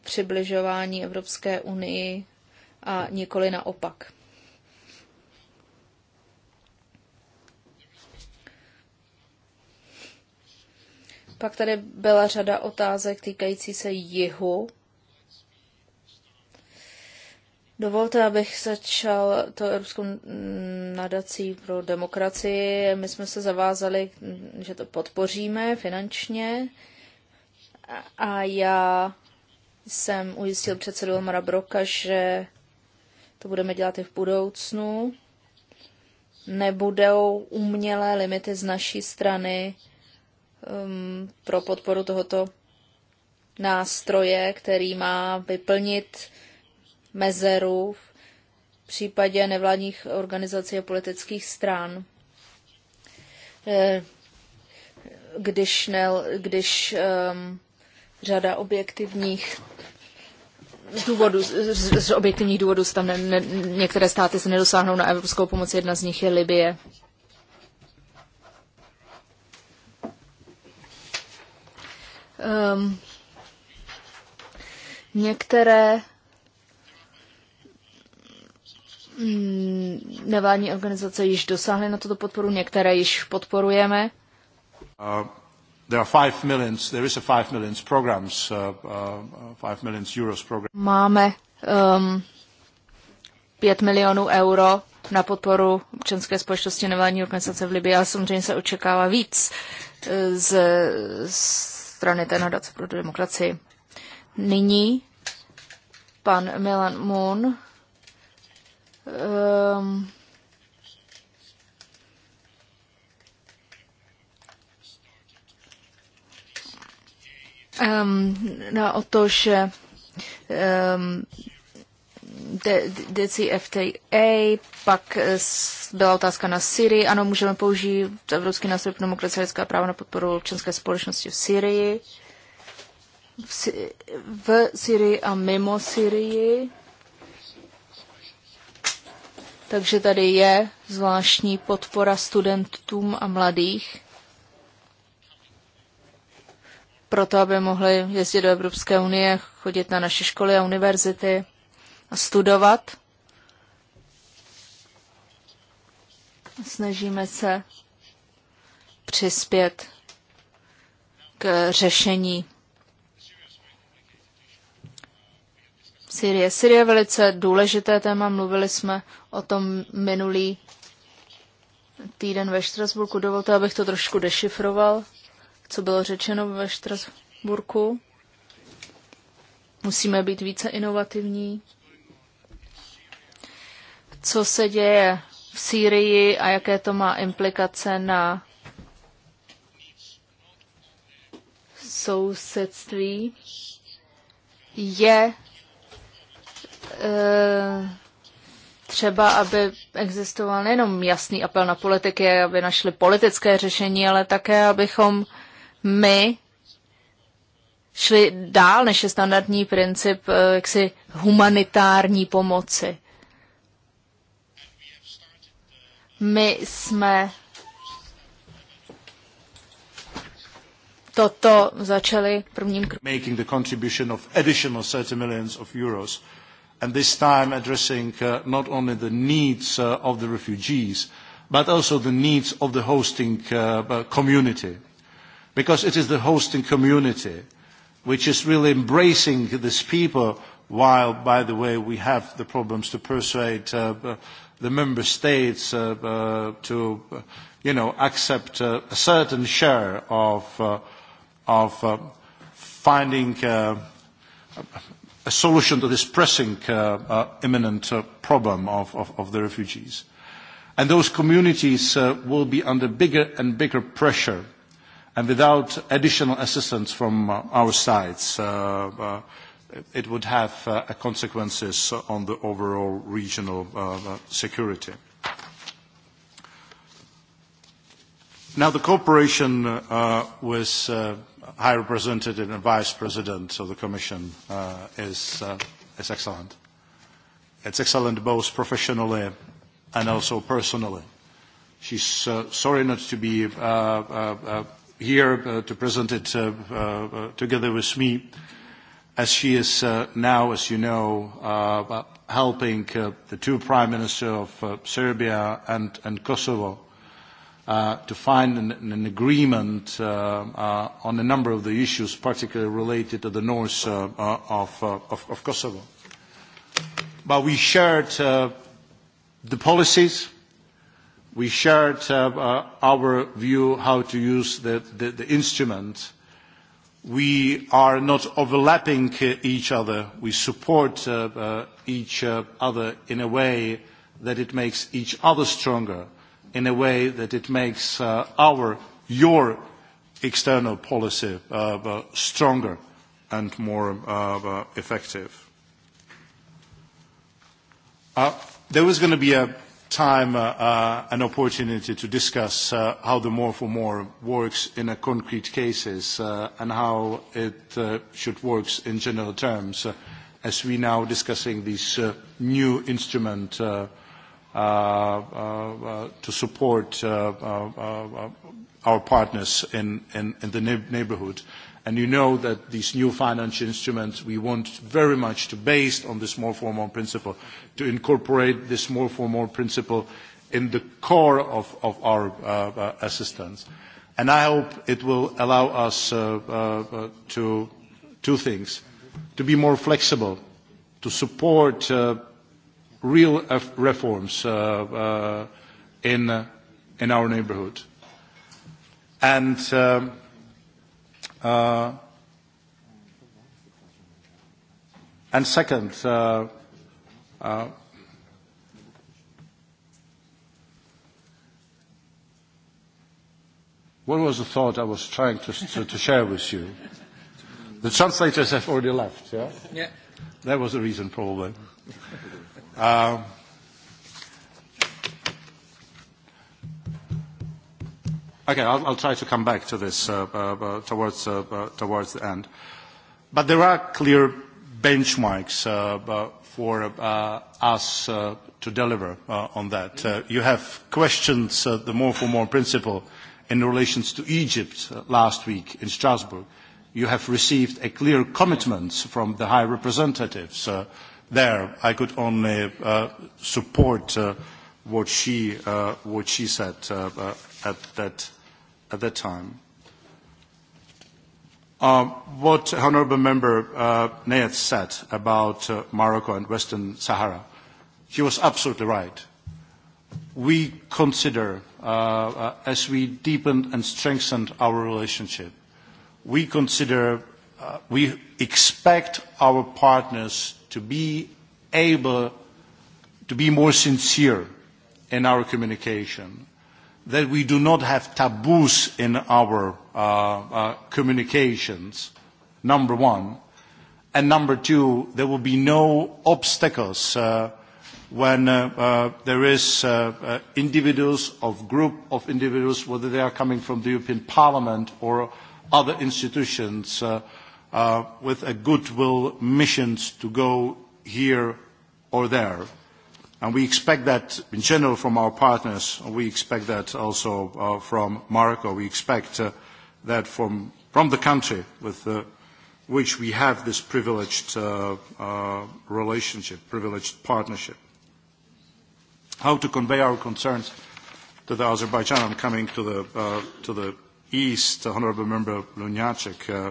přibližování Evropské unii a nikoli naopak. Pak tady byla řada otázek týkající se jihu Dovolte, abych začal to Evropskou nadací pro demokracii. My jsme se zavázali, že to podpoříme finančně a já jsem ujistil předsedu Elmara Broka, že to budeme dělat i v budoucnu. Nebudou umělé limity z naší strany um, pro podporu tohoto nástroje, který má vyplnit mezeru v případě nevládních organizací a politických stran. Eh, když, ne, když um, řada objektivních z, z, z objektivních důvodů tam ne, ne, některé státy se nedosáhnou na evropskou pomoc, jedna z nich je Libie. Um, některé Mm, nevládní organizace již dosáhly na tuto podporu, některé již podporujeme.
Uh, there are five millions, there is a five millions programs, uh, uh, five millions euros program.
Máme um, pět milionů euro na podporu občanské společnosti nevládní organizace v Libii, ale samozřejmě se očekává víc z, eh, z strany té nadace pro demokracii. Nyní pan Milan Moon Um, um, na o to, že um, ehm, DCFTA, pak eh, byla otázka na Syrii. Ano, můžeme použít Evropský nástroj pro lidská práva na podporu občanské společnosti v Syrii. V, v Syrii a mimo Syrii. Takže tady je zvláštní podpora studentům a mladých, proto aby mohli jezdit do Evropské unie, chodit na naše školy a univerzity a studovat. Snažíme se přispět k řešení Syrie. Syrie je velice důležité téma, mluvili jsme o tom minulý týden ve Štrasburku. Dovolte, abych to trošku dešifroval, co bylo řečeno ve Štrasburku. Musíme být více inovativní. Co se děje v Sýrii a jaké to má implikace na sousedství, je Eh, třeba, aby existoval nejenom jasný apel na politiky, aby našli politické řešení, ale také, abychom my šli dál než je standardní princip eh, jaksi humanitární pomoci. My jsme
toto začali prvním krokem and this time addressing uh, not only the needs uh, of the refugees, but also the needs of the hosting uh, uh community. Because it is the hosting community which is really embracing these people, while, by the way, we have the problems to persuade uh, uh the member states uh, uh, to, uh, you know, accept uh, a certain share of, uh, of uh, finding uh, a solution to this pressing uh, uh, imminent uh, problem of, of, of the refugees. And those communities uh, will be under bigger and bigger pressure and without additional assistance from uh, our sides, uh, uh, it would have uh, consequences on the overall regional uh, uh security. Now, the cooperation uh, with uh, High Representative and Vice President of the Commission uh, is, uh, is excellent. It's excellent both professionally and also personally. She's uh, sorry not to be uh, uh, uh, here uh, to present it uh, uh, together with me, as she is uh, now, as you know, uh, helping uh, the two prime ministers of uh, Serbia and, and Kosovo uh, Uh, to find an, an agreement uh, uh, on a number of the issues, particularly related to the north uh, uh, of, uh, of, of Kosovo. But we shared uh, the policies. We shared uh, uh, our view how to use the, the, the instrument. We are not overlapping each other. We support uh, uh, each uh, other in a way that it makes each other stronger in a way that it makes uh, our, your external policy uh, uh stronger and more uh, uh, effective. Uh, there was going to be a time, uh, uh, an opportunity to discuss uh, how the more for more works in a concrete cases uh, and how it uh, should work in general terms uh, as we now discussing this uh, new instrument uh, Uh, uh, uh, to support our partners in, the neighborhood. And you know that these new financial instruments, we want very much to, based on this more for more principle, to incorporate this more for more principle in the core of, of our uh, uh, assistance. And I hope it will allow us uh, to two things, to be more flexible, to support real uh, reforms uh, uh in, uh, in our neighbourhood. And um, uh, and second, uh, uh, what was the thought I was trying to, to, to share with you? The translators have already left, yeah? Yeah. That was the reason, probably. Uh, okay, I'll, I'll try to come back to this uh, uh, uh, towards, uh, uh, towards the end. But there are clear benchmarks uh, uh, for uh, us uh, to deliver uh, on that. Uh, you have questions uh, the more for more principle in relation to Egypt uh, last week in Strasbourg. You have received a clear commitment from the high representatives uh, there I could only uh, support uh, what she uh, what she said uh, uh, at that at that time. Um, what Honourable Member uh, Nayat said about uh, Morocco and Western Sahara, she was absolutely right. We consider, uh, uh, as we deepened and strengthened our relationship, we consider we expect our partners to be able to be more sincere in our communication, that we do not have taboos in our uh, uh, communications, number one. And number two, there will be no obstacles uh, when uh, uh, there is uh, uh individuals of group of individuals, whether they are coming from the European Parliament or other institutions, uh, Uh, with a goodwill missions to go here or there. And we expect that in general from our partners. We expect that also uh, from Morocco. We expect uh, that from, from the country with uh, which we have this privileged uh, uh, relationship, privileged partnership. How to convey our concerns to the Azerbaijan? I'm coming to the, uh, to the east, Honourable Member Lunacek. Uh,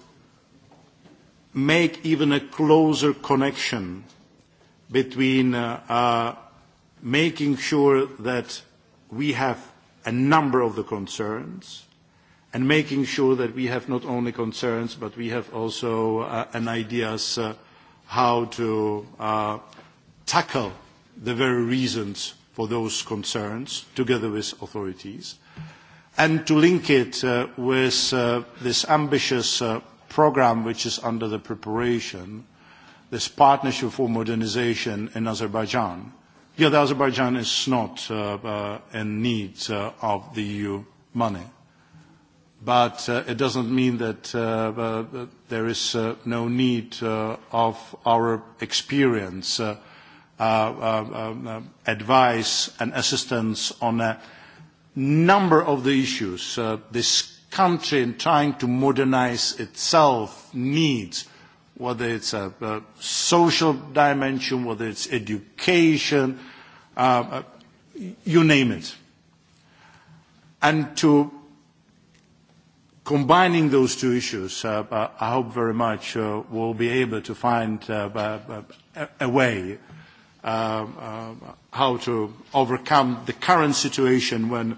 make even a closer connection between uh, uh, making sure that we have a number of the concerns and making sure that we have not only concerns, but we have also uh, an ideas uh, how to uh, tackle the very reasons for those concerns together with authorities, and to link it uh, with uh, this ambitious uh, program which is under the preparation, this partnership for modernization in Azerbaijan. Yet Azerbaijan is not uh, uh, in need uh, of the EU money. But uh, it doesn't mean that there is no need uh, of our experience, um, advice and assistance on a number of the issues. Uh, this country in trying to modernize itself needs, whether it's a, a social dimension, whether it's education, uh, uh you name it. And to combining those two issues, uh, uh, I hope very much uh, we'll be able to find uh, a, uh, a way uh, uh, how to overcome the current situation when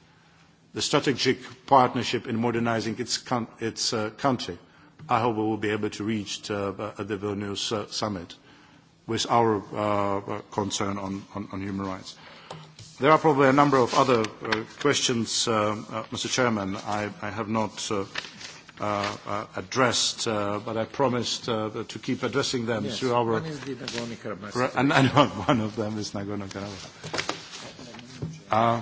the strategic partnership in modernizing its, its uh, country. I hope we will be able to reach to, uh, at uh, the Vilnius uh, summit with our uh, uh, concern on, on, on human rights. There are probably a number of other uh, questions, uh, uh, Mr. Chairman, I, I have not uh, uh, addressed, uh, but I promised uh, to keep addressing them yes, through our... One
is the Nagorno-Karabakh. And, and one
of them is Nagorno-Karabakh. Uh,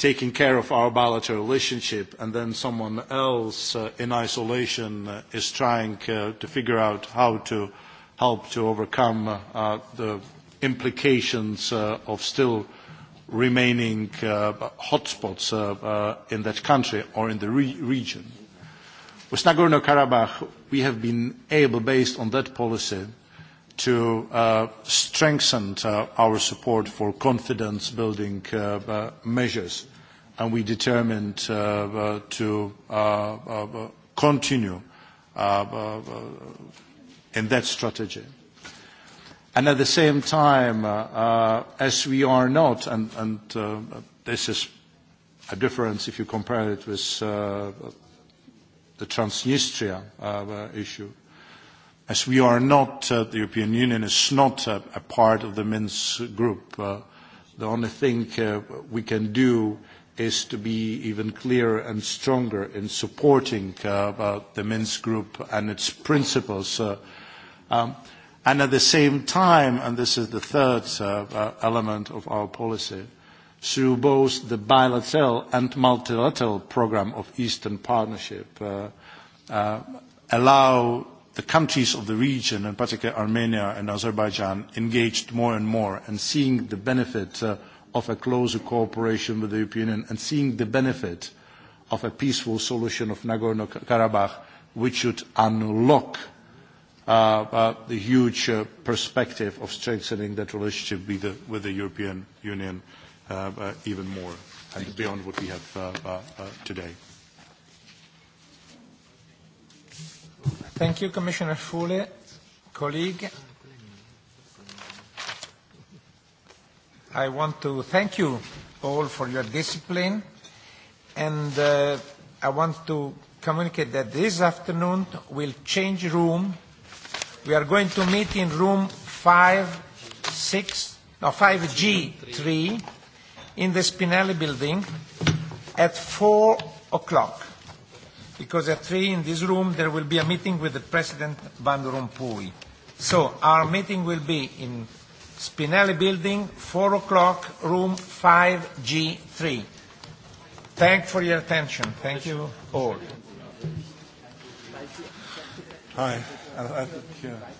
taking care of our bilateral relationship and then someone else uh, in isolation uh, is trying uh, to figure out how to help to overcome uh, the implications uh, of still remaining uh, hotspots uh, uh, in that country or in the re region. With Nagorno-Karabakh, we have been able, based on that policy, to uh, strengthen uh, our support for confidence-building uh, uh measures and we determined uh, uh, to uh, continue in that strategy. And at the same time, as we are not, and, this is a difference if you compare it with the Transnistria issue, as we are not, the European Union is not a, part of the Minsk group, the only thing we can do is to be even clearer and stronger in supporting uh, uh the Minsk Group and its principles. Uh, um, and at the same time, and this is the third uh, uh element of our policy, through both the bilateral and multilateral program of Eastern Partnership, uh, allow the countries of the region, in particular Armenia and Azerbaijan, engaged more and more and seeing the benefit uh, of a closer cooperation with the European Union and seeing the benefit of a peaceful solution of Nagorno-Karabakh, which should unlock uh, uh, the huge uh, perspective of strengthening that relationship with the, European Union even more and beyond what we have today.
Thank you, Commissioner Füle, Colleague, I want to thank you all for your discipline, and uh, I want to communicate that this afternoon we'll change room. We are going to meet in room 5, 6, no, 5G3 in the Spinelli building at 4 o'clock, because at 3 in this room there will be a meeting with the President Van Rompuy. So our meeting will be in Spinelli Building, 4 o'clock, room 5G3. Thank for your attention. Thank you all.
Hi. I, I think,
yeah.